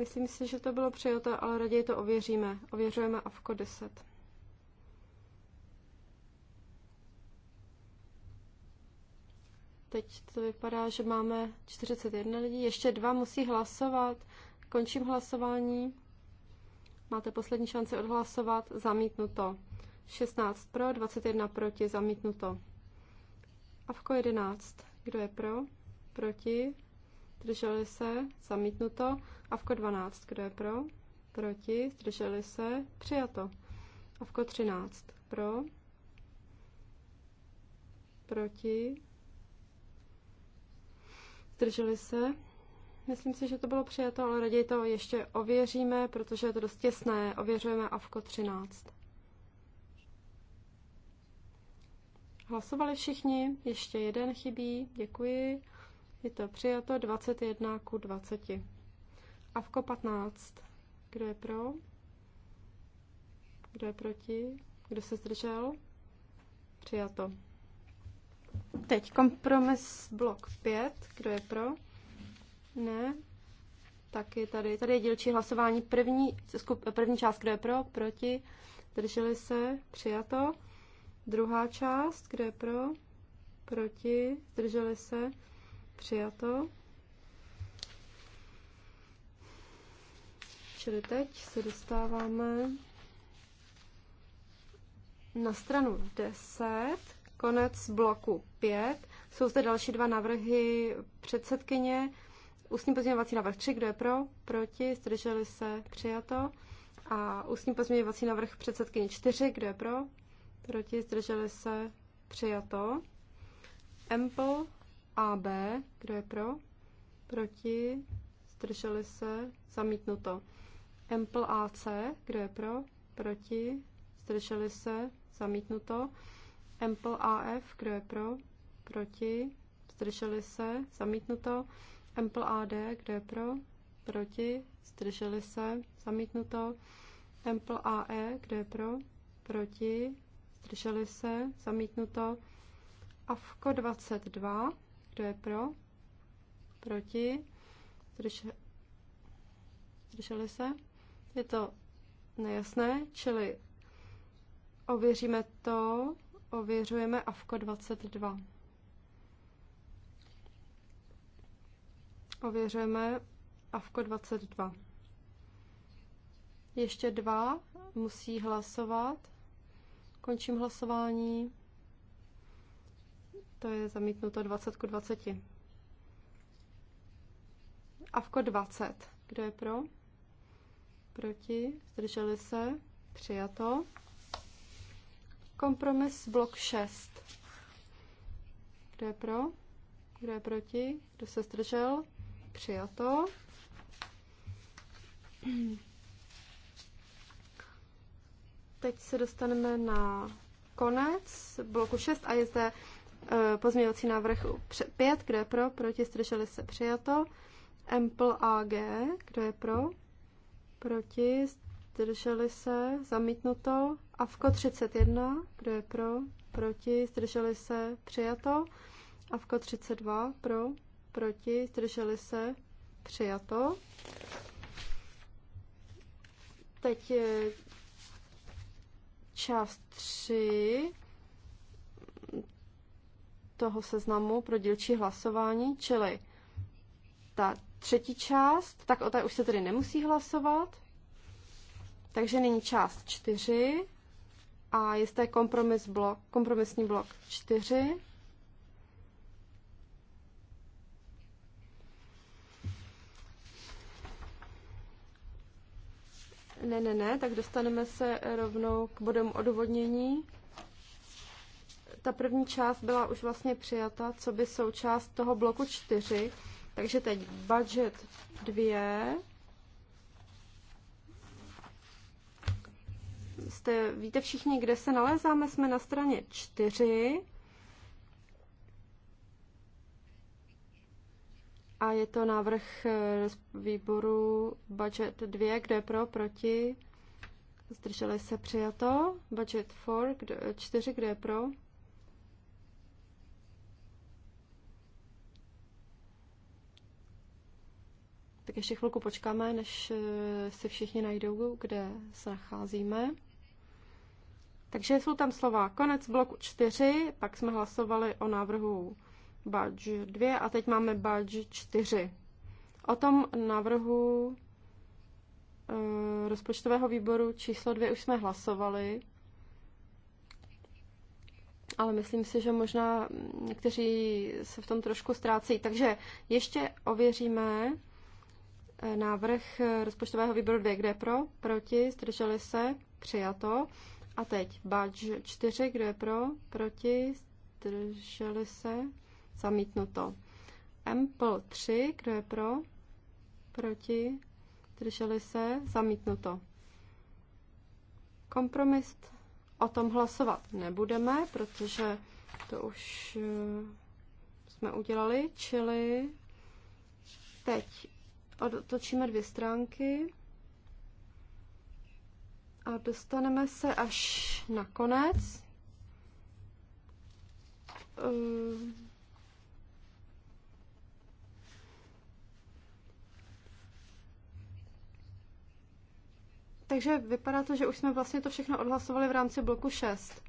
Myslím si, že to bylo přijato, ale raději to ověříme. Ověřujeme AVKO 10. Teď to vypadá, že máme 41 lidí. Ještě dva musí hlasovat. Končím hlasování. Máte poslední šanci odhlasovat. Zamítnuto. 16 pro, 21 proti. Zamítnuto. AVKO 11. Kdo je pro? Proti? zdrželi se, zamítnuto. vko 12, kdo je pro, proti, zdrželi se, přijato. vko 13, pro, proti, zdrželi se. Myslím si, že to bylo přijato, ale raději to ještě ověříme, protože je to dost těsné. Ověřujeme AVKO 13. Hlasovali všichni, ještě jeden chybí, děkuji. Je to přijato 21 ku 20. Avko 15. Kdo je pro? Kdo je proti? Kdo se zdržel? Přijato. Teď kompromis blok 5. Kdo je pro? Ne. je tady, tady je dílčí hlasování. První, první část, kdo je pro? Proti? Drželi se? Přijato. Druhá část, kdo je pro? Proti? Zdrželi se? Přijato. Čili teď se dostáváme na stranu 10, konec bloku 5. Jsou zde další dva návrhy předsedkyně. Ústní pozměňovací návrh 3, kdo je pro, proti, zdrželi se, přijato. A ústní pozměňovací návrh předsedkyně 4, kdo je pro, proti, zdrželi se, přijato. Ample AB, kdo je pro, proti, zdrželi se, zamítnuto. Ample AC, kdo je pro, proti, zdrželi se, zamítnuto. Ample AF, kdo je pro, proti, zdrželi se, zamítnuto. Ample AD, kdo je pro, proti, zdrželi se, zamítnuto. Ample AE, kdo je pro, proti, zdrželi se, zamítnuto. AFKO 22, kdo je pro? Proti? Zdrželi se? Je to nejasné, čili ověříme to, ověřujeme AFKO 22. Ověřujeme AFKO 22. Ještě dva musí hlasovat. Končím hlasování. To je zamítnuto 20 k 20. Avko 20. Kdo je pro? Proti? Zdrželi se? Přijato. Kompromis blok 6. Kdo je pro? Kdo je proti? Kdo se zdržel? Přijato. Teď se dostaneme na konec bloku 6 a je zde Eh, pozměňovací návrh 5, kdo je pro, proti, zdrželi se, přijato. Ample AG, kdo je pro, proti, zdrželi se, zamítnuto. Avko 31, kdo je pro, proti, zdrželi se, přijato. Avko 32, pro, proti, zdrželi se, přijato. Teď je část 3, toho seznamu pro dílčí hlasování, čili ta třetí část, tak o té už se tedy nemusí hlasovat. Takže nyní část čtyři a je zde kompromis blok, kompromisní blok čtyři. Ne, ne, ne, tak dostaneme se rovnou k bodem odvodnění ta první část byla už vlastně přijata, co by součást toho bloku 4, takže teď budget 2. Jste, víte všichni, kde se nalézáme? Jsme na straně 4. A je to návrh eh, výboru budget 2, kde je pro, proti. Zdrželi se přijato. Budget 4, 4, kde je pro, Tak ještě chvilku počkáme, než eh, se všichni najdou, kde se nacházíme. Takže jsou tam slova konec bloku 4, pak jsme hlasovali o návrhu badge 2 a teď máme badge 4. O tom návrhu e, rozpočtového výboru číslo 2 už jsme hlasovali, ale myslím si, že možná někteří se v tom trošku ztrácí. Takže ještě ověříme návrh rozpočtového výboru 2, kde pro, proti, zdrželi se, přijato. A teď badge 4, kde je pro, proti, zdrželi se, zamítnuto. Ample 3, kdo je pro, proti, zdrželi se, zamítnuto. Kompromis o tom hlasovat nebudeme, protože to už eh, jsme udělali, čili teď dotočíme dvě stránky a dostaneme se až na konec. Eh, takže vypadá to, že už jsme vlastně to všechno odhlasovali v rámci bloku 6.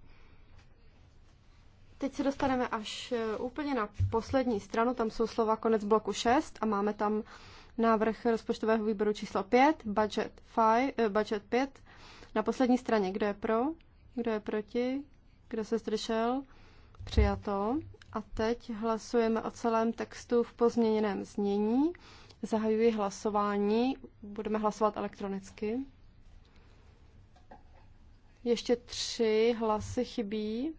Teď se dostaneme až eh, úplně na poslední stranu, tam jsou slova konec bloku 6 a máme tam návrh rozpočtového výboru číslo 5, budget, 5, eh, budget 5, na poslední straně, kdo je pro, kdo je proti, kdo se zdržel, přijato. A teď hlasujeme o celém textu v pozměněném znění. Zahajuji hlasování, budeme hlasovat elektronicky. Ještě tři hlasy chybí,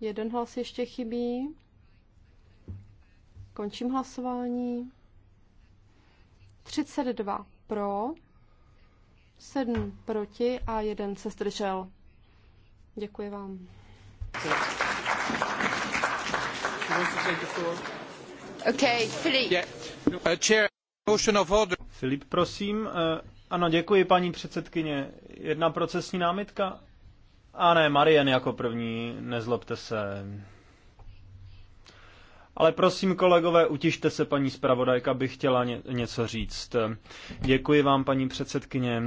jeden hlas ještě chybí. Končím hlasování. 32 pro, 7 proti a jeden se zdržel. Děkuji vám. Okay, Filip. Uh, chair, motion of order. Filip, prosím. Uh, ano, děkuji, paní předsedkyně. Jedna procesní námitka? A ne, Marian jako první, nezlobte se. Ale prosím, kolegové, utište se, paní zpravodajka by chtěla ně, něco říct. Děkuji vám, paní předsedkyně.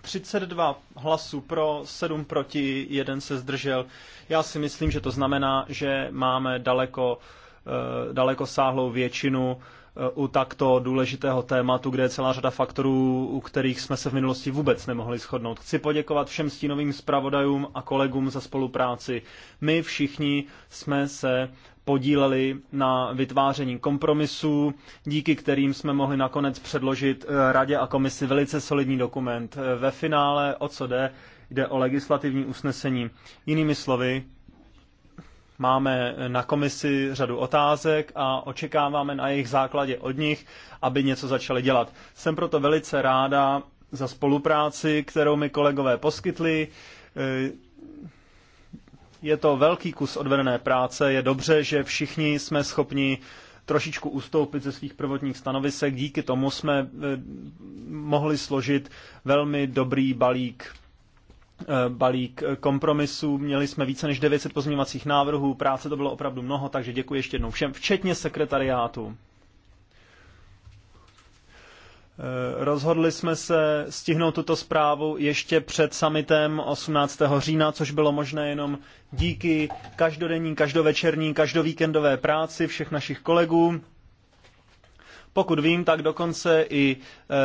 32 hlasů pro, 7 proti, jeden se zdržel. Já si myslím, že to znamená, že máme daleko, eh, daleko sáhlou většinu u takto důležitého tématu, kde je celá řada faktorů, u kterých jsme se v minulosti vůbec nemohli shodnout. Chci poděkovat všem stínovým zpravodajům a kolegům za spolupráci. My všichni jsme se podíleli na vytváření kompromisů, díky kterým jsme mohli nakonec předložit eh, Radě a komisi velice solidní dokument. Eh, ve finále, o co jde, jde o legislativní usnesení. Jinými slovy, Máme na komisi řadu otázek a očekáváme na jejich základě od nich, aby něco začali dělat. Jsem proto velice ráda za spolupráci, kterou mi kolegové poskytli. Je to velký kus odvedené práce, je dobře, že všichni jsme schopni trošičku ustoupit ze svých prvotních stanovisek. Díky tomu jsme eh, mohli složit velmi dobrý balík Eh, balík eh, kompromisů. Měli jsme více než 900 pozměňovacích návrhů, práce to bylo opravdu mnoho, takže děkuji ještě jednou všem, včetně sekretariátu. Eh, rozhodli jsme se stihnout tuto zprávu ještě před summitem 18. října, což bylo možné jenom díky každodenní, každovečerní, každovíkendové práci všech našich kolegů. Pokud vím, tak dokonce i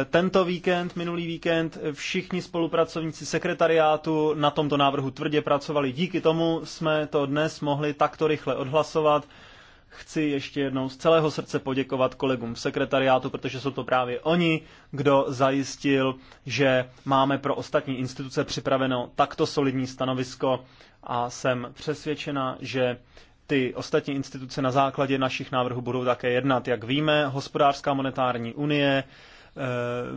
e, tento víkend, minulý víkend, všichni spolupracovníci sekretariátu na tomto návrhu tvrdě pracovali. Díky tomu jsme to dnes mohli takto rychle odhlasovat. Chci ještě jednou z celého srdce poděkovat kolegům v sekretariátu, protože jsou to právě oni, kdo zajistil, že máme pro ostatní instituce připraveno takto solidní stanovisko a jsem přesvědčena, že ty ostatní instituce na základě našich návrhů budou také jednat. Jak víme, hospodářská monetární unie Eh,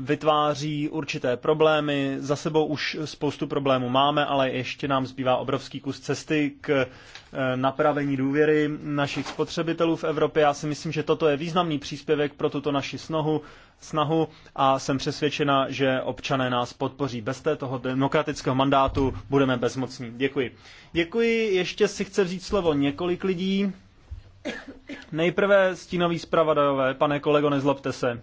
vytváří určité problémy. Za sebou už spoustu problémů máme, ale ještě nám zbývá obrovský kus cesty k eh, napravení důvěry našich spotřebitelů v Evropě. Já si myslím, že toto je významný příspěvek pro tuto naši snahu, snahu a jsem přesvědčena, že občané nás podpoří. Bez toho demokratického mandátu budeme bezmocní. Děkuji. Děkuji. Ještě si chce vzít slovo několik lidí. Nejprve stínový zpravodajové. Pane kolego, nezlobte se.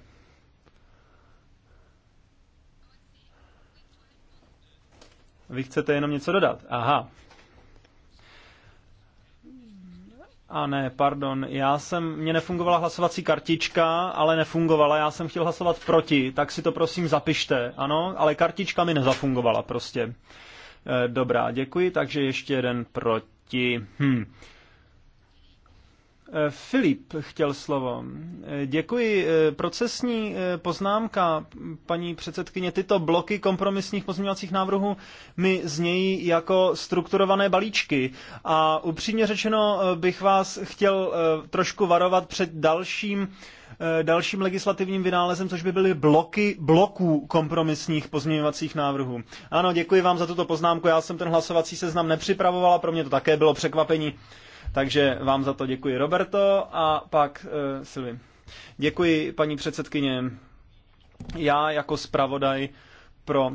Vy chcete jenom něco dodat? Aha. A ne, pardon, já jsem, mně nefungovala hlasovací kartička, ale nefungovala, já jsem chtěl hlasovat proti, tak si to prosím zapište, ano, ale kartička mi nezafungovala prostě. E, dobrá, děkuji, takže ještě jeden proti. Hm. Filip chtěl slovo. Děkuji. Procesní eh, poznámka, paní předsedkyně, tyto bloky kompromisních pozměňovacích návrhů mi znějí jako strukturované balíčky. A upřímně řečeno eh, bych vás chtěl eh, trošku varovat před dalším dalším legislativním vynálezem, což by byly bloky bloků kompromisních pozměňovacích návrhů. Ano, děkuji vám za tuto poznámku. Já jsem ten hlasovací seznam a pro mě to také bylo překvapení. Takže vám za to děkuji, Roberto, a pak uh, eh, Silvi. Děkuji, paní předsedkyně. Já jako zpravodaj pro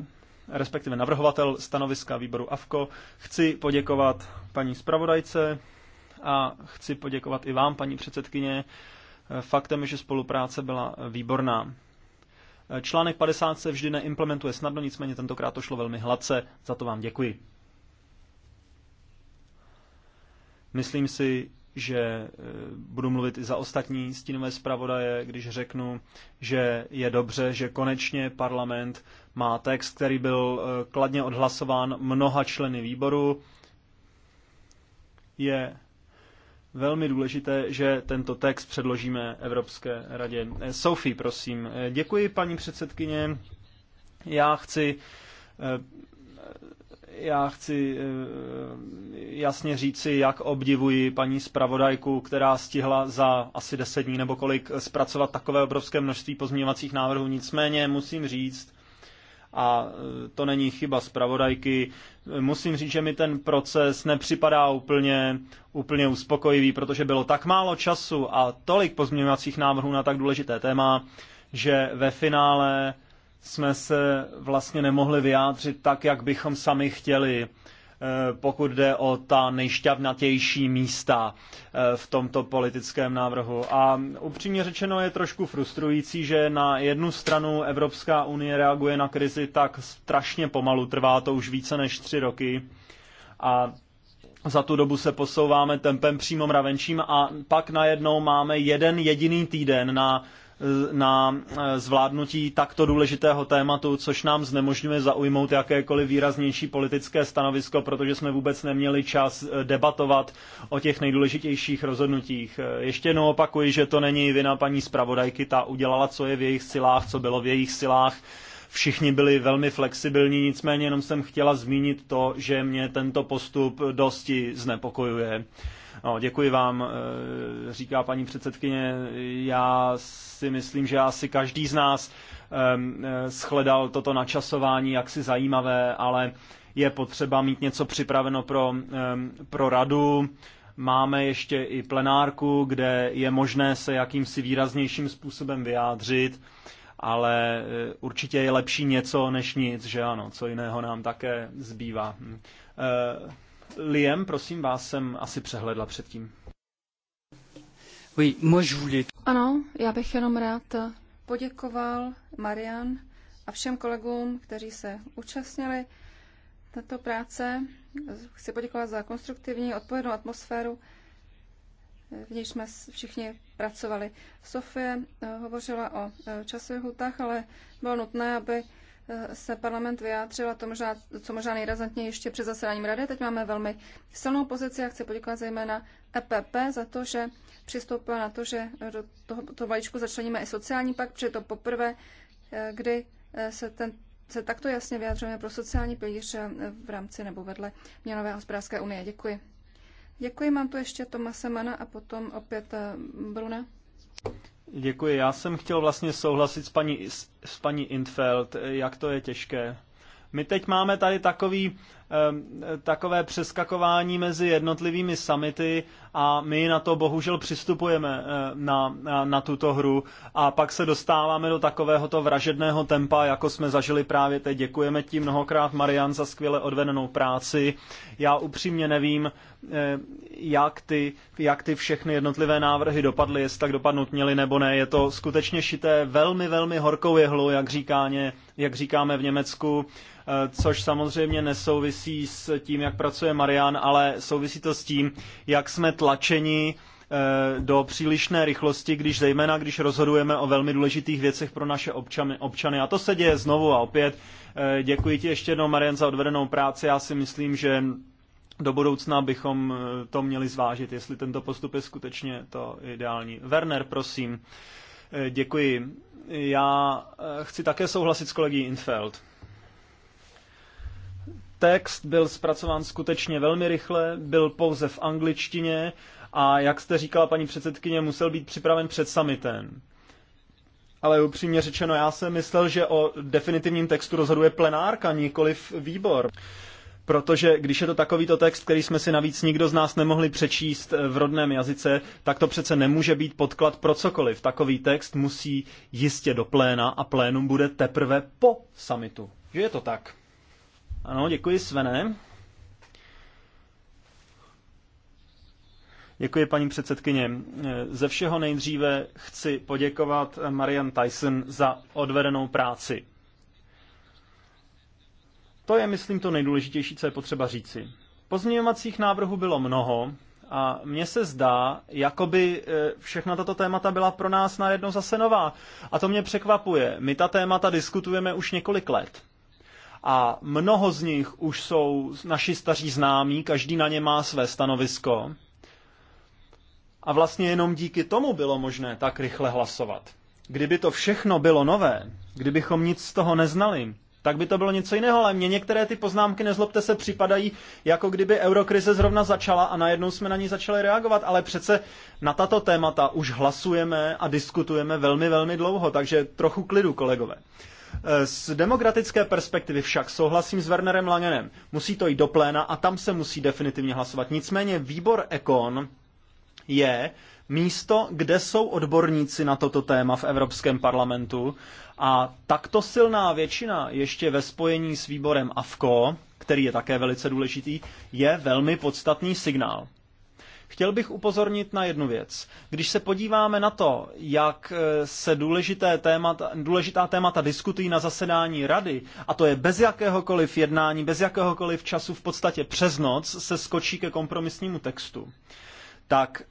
respektive navrhovatel stanoviska výboru AFKO. Chci poděkovat paní zpravodajce a chci poděkovat i vám, paní předsedkyně. Eh, faktem je, že spolupráce byla výborná. Eh, článek 50 se vždy neimplementuje snadno, nicméně tentokrát to šlo velmi hladce. Za to vám děkuji. Myslím si, že eh, budu mluvit i za ostatní stínové zpravodaje, když řeknu, že je dobře, že konečně parlament má text, který byl eh, kladně odhlasován mnoha členy výboru. Je velmi důležité, že tento text předložíme Evropské radě. Eh, Sophie, prosím. Děkuji, paní předsedkyně. Já chci já chci eh, jasně říci, jak obdivuji paní zpravodajku, která stihla za asi deset dní nebo kolik zpracovat takové obrovské množství pozměňovacích návrhů. Nicméně musím říct, a eh, to není chyba zpravodajky. Eh, musím říct, že mi ten proces nepřipadá úplně, úplně uspokojivý, protože bylo tak málo času a tolik pozměňovacích návrhů na tak důležité téma, že ve finále jsme se vlastně nemohli vyjádřit tak, jak bychom sami chtěli, eh, pokud jde o ta nejšťavnatější místa eh, v tomto politickém návrhu. A upřímně řečeno je trošku frustrující, že na jednu stranu Evropská unie reaguje na krizi tak strašně pomalu, trvá to už více než tři roky. A za tu dobu se posouváme tempem přímo mravenčím a pak najednou máme jeden jediný týden na na eh, zvládnutí takto důležitého tématu, což nám znemožňuje zaujmout jakékoliv výraznější politické stanovisko, protože jsme vůbec neměli čas eh, debatovat o těch nejdůležitějších rozhodnutích. Eh, ještě jednou opakuji, že to není vina paní zpravodajky, ta udělala, co je v jejich silách, co bylo v jejich silách. Všichni byli velmi flexibilní, nicméně jenom jsem chtěla zmínit to, že mě tento postup dosti znepokojuje No, děkuji vám, eh, říká paní předsedkyně. Já si myslím, že asi každý z nás ehm, eh, shledal toto načasování jaksi zajímavé, ale je potřeba mít něco připraveno pro, ehm, pro radu. Máme ještě i plenárku, kde je možné se jakýmsi výraznějším způsobem vyjádřit, ale eh, určitě je lepší něco než nic, že ano, co jiného nám také zbývá. Hm. Liam, prosím, vás jsem asi přehledla předtím. Ano, já bych jenom rád poděkoval Marian a všem kolegům, kteří se účastnili této práce. Chci poděkovat za konstruktivní, odpovědnou atmosféru, v níž jsme všichni pracovali. Sofie eh, hovořila o eh, časových hutách, ale bylo nutné, aby se parlament vyjádřil, a to možná, co možná nejrazantněji ještě před zasedáním rady. Teď máme velmi silnou pozici a chci poděkovat zejména EPP za to, že přistoupila na to, že do toho, toho balíčku začleníme i sociální pakt, protože to poprvé, eh, kdy eh, se, ten, se takto jasně vyjádřujeme pro sociální pilíř eh, v rámci nebo vedle měnové hospodářské unie. Děkuji. Děkuji, mám tu ještě Tomase Mana a potom opět Bruna. Děkuji. Já jsem chtěl vlastně souhlasit s paní, s paní Intfeld, jak to je těžké. My teď máme tady takový, ehm, takové přeskakování mezi jednotlivými summity a my na to bohužel přistupujeme eh, na, na, na tuto hru a pak se dostáváme do takovéhoto vražedného tempa, jako jsme zažili právě teď. Děkujeme ti mnohokrát, Marian, za skvěle odvedenou práci. Já upřímně nevím, eh, jak ty, jak ty všechny jednotlivé návrhy dopadly, jestli tak dopadnout měly nebo ne. Je to skutečně šité velmi, velmi horkou jehlou, jak říkáně jak říkáme v Německu, eh, což samozřejmě nesouvisí s tím, jak pracuje Marian, ale souvisí to s tím, jak jsme tlačeni eh, do přílišné rychlosti, když zejména když rozhodujeme o velmi důležitých věcech pro naše občany. občany. A to se děje znovu a opět. Eh, děkuji ti ještě jednou, Marian, za odvedenou práci. Já si myslím, že do budoucna bychom to měli zvážit, jestli tento postup je skutečně to ideální. Werner, prosím. Děkuji. Já eh, chci také souhlasit s kolegy Infeld. Text byl zpracován skutečně velmi rychle, byl pouze v angličtině a, jak jste říkala, paní předsedkyně, musel být připraven před summitem. Ale upřímně řečeno, já jsem myslel, že o definitivním textu rozhoduje plenárka, nikoli výbor. Protože když je to takovýto text, který jsme si navíc nikdo z nás nemohli přečíst v rodném jazyce, tak to přece nemůže být podklad pro cokoliv. Takový text musí jistě do pléna a plénum bude teprve po samitu. Že je to tak? Ano, děkuji Svené. Děkuji, paní předsedkyně. Ze všeho nejdříve chci poděkovat Marian Tyson za odvedenou práci. To je, myslím, to nejdůležitější, co je potřeba říci. Pozměňovacích návrhů bylo mnoho a mně se zdá, jako by e, všechna tato témata byla pro nás najednou zase nová. A to mě překvapuje. My ta témata diskutujeme už několik let. A mnoho z nich už jsou naši staří známí, každý na ně má své stanovisko. A vlastně jenom díky tomu bylo možné tak rychle hlasovat. Kdyby to všechno bylo nové, kdybychom nic z toho neznali, tak by to bylo něco jiného, ale mně některé ty poznámky, nezlobte se, připadají, jako kdyby eurokrize zrovna začala a najednou jsme na ní začali reagovat, ale přece na tato témata už hlasujeme a diskutujeme velmi, velmi dlouho, takže trochu klidu, kolegové. Eh, z demokratické perspektivy však souhlasím s Wernerem Langenem. Musí to jít do pléna a tam se musí definitivně hlasovat. Nicméně výbor Ekon je místo, kde jsou odborníci na toto téma v Evropském parlamentu. A takto silná většina ještě ve spojení s výborem AFKO, který je také velice důležitý, je velmi podstatný signál. Chtěl bych upozornit na jednu věc. Když se podíváme na to, jak eh, se důležité témata, důležitá témata diskutují na zasedání rady, a to je bez jakéhokoliv jednání, bez jakéhokoliv času, v podstatě přes noc se skočí ke kompromisnímu textu, tak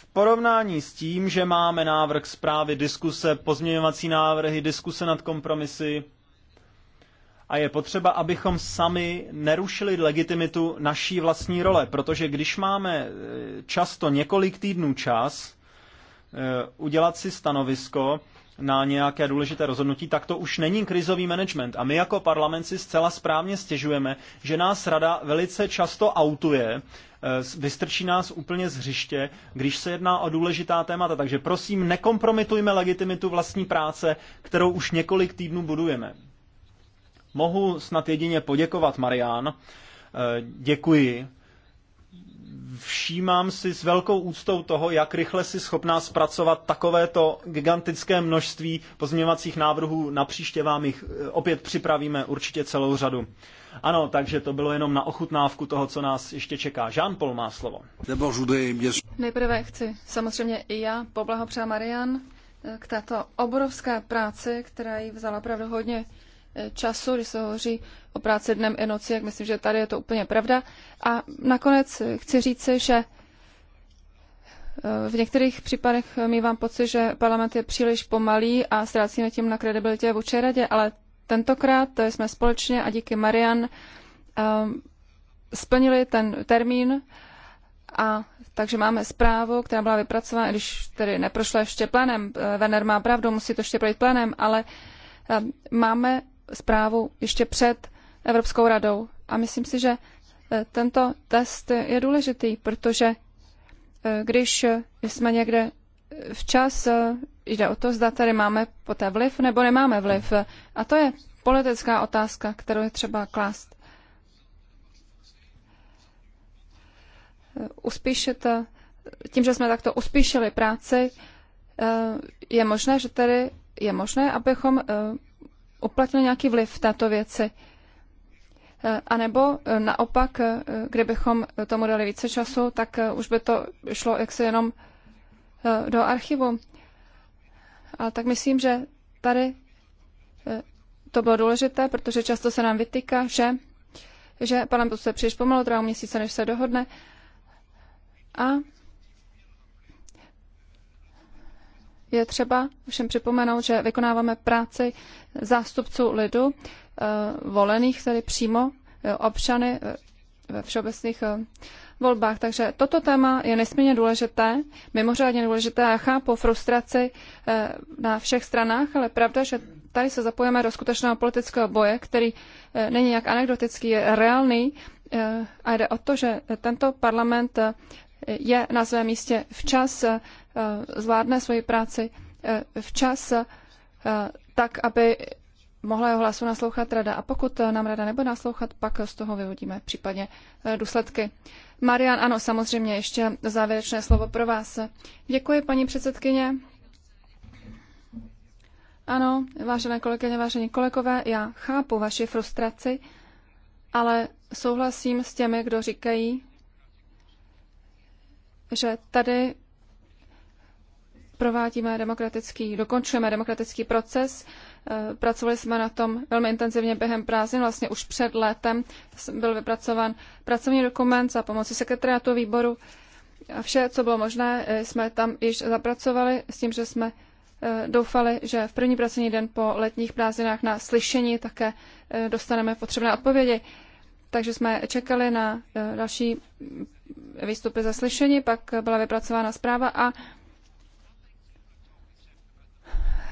v porovnání s tím, že máme návrh zprávy, diskuse, pozměňovací návrhy, diskuse nad kompromisy, a je potřeba, abychom sami nerušili legitimitu naší vlastní role, protože když máme e, často několik týdnů čas e, udělat si stanovisko, na nějaké důležité rozhodnutí, tak to už není krizový management. A my jako parlament si zcela správně stěžujeme, že nás rada velice často autuje, eh, vystrčí nás úplně z hřiště, když se jedná o důležitá témata. Takže prosím, nekompromitujme legitimitu vlastní práce, kterou už několik týdnů budujeme. Mohu snad jedině poděkovat, Marian. Eh, děkuji všímám si s velkou úctou toho, jak rychle si schopná zpracovat takovéto gigantické množství pozměňovacích návrhů. Na příště vám jich eh, opět připravíme určitě celou řadu. Ano, takže to bylo jenom na ochutnávku toho, co nás ještě čeká. Jean-Paul má slovo. Nejprve chci samozřejmě i já poblahopřát Marian eh, k této obrovské práci, která jí vzala opravdu hodně času, kdy se hovoří o práci dnem i noci, jak myslím, že tady je to úplně pravda. A nakonec chci říci, že eh, v některých případech mývám pocit, že parlament je příliš pomalý a ztrácíme tím na kredibilitě vůči radě, ale tentokrát jsme společně a díky Marian ehm, splnili ten termín a takže máme zprávu, která byla vypracována, když tedy neprošla ještě plénem. Vener eh, má pravdu, musí to ještě projít plénem, ale ehm, máme zprávu ještě před Evropskou radou. A myslím si, že eh, tento test je důležitý, protože eh, když jsme někde eh, včas, jde o to, zda tady máme poté vliv nebo nemáme vliv. A to je politická otázka, kterou je třeba klást. Uspíšit, tím, že jsme takto uspíšili práci, je možné, že tedy je možné, abychom uplatnil nějaký vliv v této věci. Eh, A nebo eh, naopak, eh, kdybychom tomu dali více času, tak už by to šlo jaksi jenom do archivu. Ale tak myslím, že tady to bylo důležité, protože často se nám vytýká, že, že panem to se příliš pomalu, trvá měsíce, než se dohodne. A Je třeba všem připomenout, že vykonáváme práci zástupců lidu, eh, volených tedy přímo eh, občany eh, ve všeobecných volbách. Takže toto téma je nesmírně důležité, mimořádně důležité. a chápu frustraci na všech stranách, ale pravda, že tady se zapojeme do skutečného politického boje, který není jak anekdotický, je reálný a jde o to, že tento parlament je na svém místě včas, eh, zvládne svoji práci eh, včas, eh, tak, aby mohla jeho hlasu naslouchat rada. A pokud nám rada nebude naslouchat, pak z toho vyvodíme případně důsledky. Marian, ano, samozřejmě, ještě závěrečné slovo pro vás. Děkuji, paní předsedkyně. Ano, vážené kolegyně, vážení kolegové, já chápu vaši frustraci, ale souhlasím s těmi, kdo říkají, že tady provádíme demokratický, dokončujeme demokratický proces. Eh, pracovali jsme na tom velmi intenzivně během prázdnin, vlastně už před létem byl vypracován pracovní dokument za pomoci sekretariátu výboru. A vše, co bylo možné, eh, jsme tam již zapracovali s tím, že jsme eh, doufali, že v první pracovní den po letních prázdninách na slyšení také dostaneme potřebné odpovědi. Takže jsme čekali na další výstupy ze slyšení, pak byla vypracována zpráva a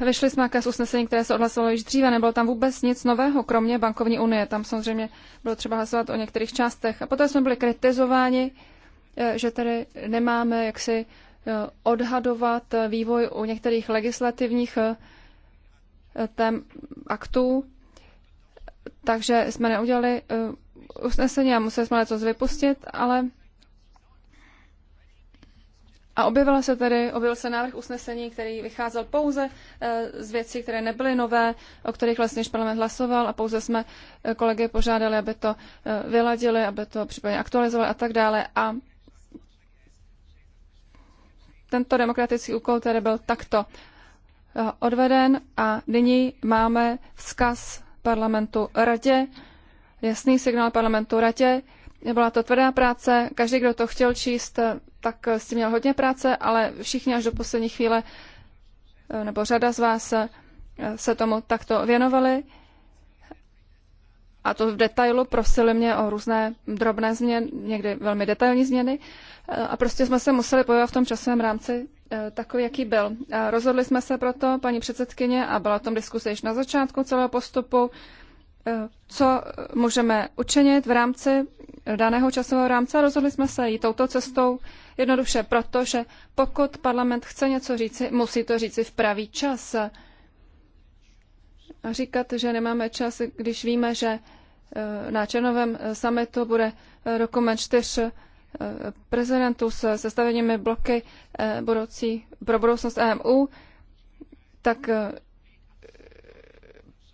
vyšli jsme ke usnesení, které se odhlasovalo již dříve. Nebylo tam vůbec nic nového, kromě bankovní unie. Tam samozřejmě bylo třeba hlasovat o některých částech. A poté jsme byli kritizováni, eh, že tady nemáme jaksi eh, odhadovat eh, vývoj u některých legislativních tém aktů, takže jsme neudělali usnesení a museli jsme něco vypustit, ale a objevila se tedy, objevil se návrh usnesení, který vycházel pouze eh, z věcí, které nebyly nové, o kterých vlastně parlament hlasoval a pouze jsme eh, kolegy požádali, aby to eh, vyladili, aby to případně aktualizovali a tak dále. A tento demokratický úkol tedy byl takto odveden a nyní máme vzkaz parlamentu radě, jasný signál parlamentu radě. Byla to tvrdá práce, každý, kdo to chtěl číst, tak jste měl hodně práce, ale všichni až do poslední chvíle, eh, nebo řada z vás eh, se tomu takto věnovali a to v detailu prosili mě o různé drobné změny, někdy velmi detailní změny eh, a prostě jsme se museli pohybovat v tom časovém rámci takový, jaký byl. A rozhodli jsme se proto, paní předsedkyně, a byla o tom diskuse již na začátku celého postupu, co můžeme učinit v rámci daného časového rámce a rozhodli jsme se jít touto cestou Jednoduše proto, že pokud parlament chce něco říci, musí to říci v pravý čas. A říkat, že nemáme čas, když víme, že e, na Černovém e, summitu bude e, dokument čtyř prezidentů se sestaveními bloky budoucí, pro budoucnost EMU, tak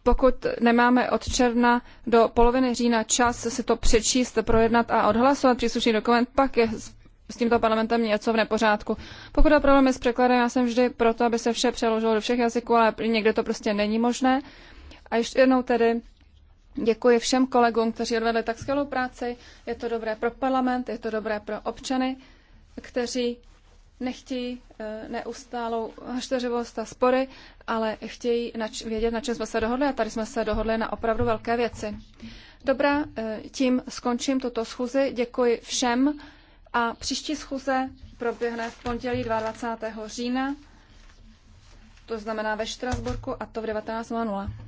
pokud nemáme od června do poloviny října čas si to přečíst, projednat a odhlasovat příslušný dokument, pak je s tímto parlamentem něco v nepořádku. Pokud je problémy s překladem, já jsem vždy proto, aby se vše přeložilo do všech jazyků, ale někde to prostě není možné. A ještě jednou tedy děkuji všem kolegům, kteří odvedli tak skvělou práci. Je to dobré pro parlament, je to dobré pro občany, kteří nechtějí eh, neustálou hašteřivost a spory, ale chtějí nač- vědět, na čem jsme se dohodli a tady jsme se dohodli na opravdu velké věci. Dobrá, eh, tím skončím tuto schůzi. Děkuji všem a příští schůze proběhne v pondělí 22. října, to znamená ve Štrasburku a to v 19.00.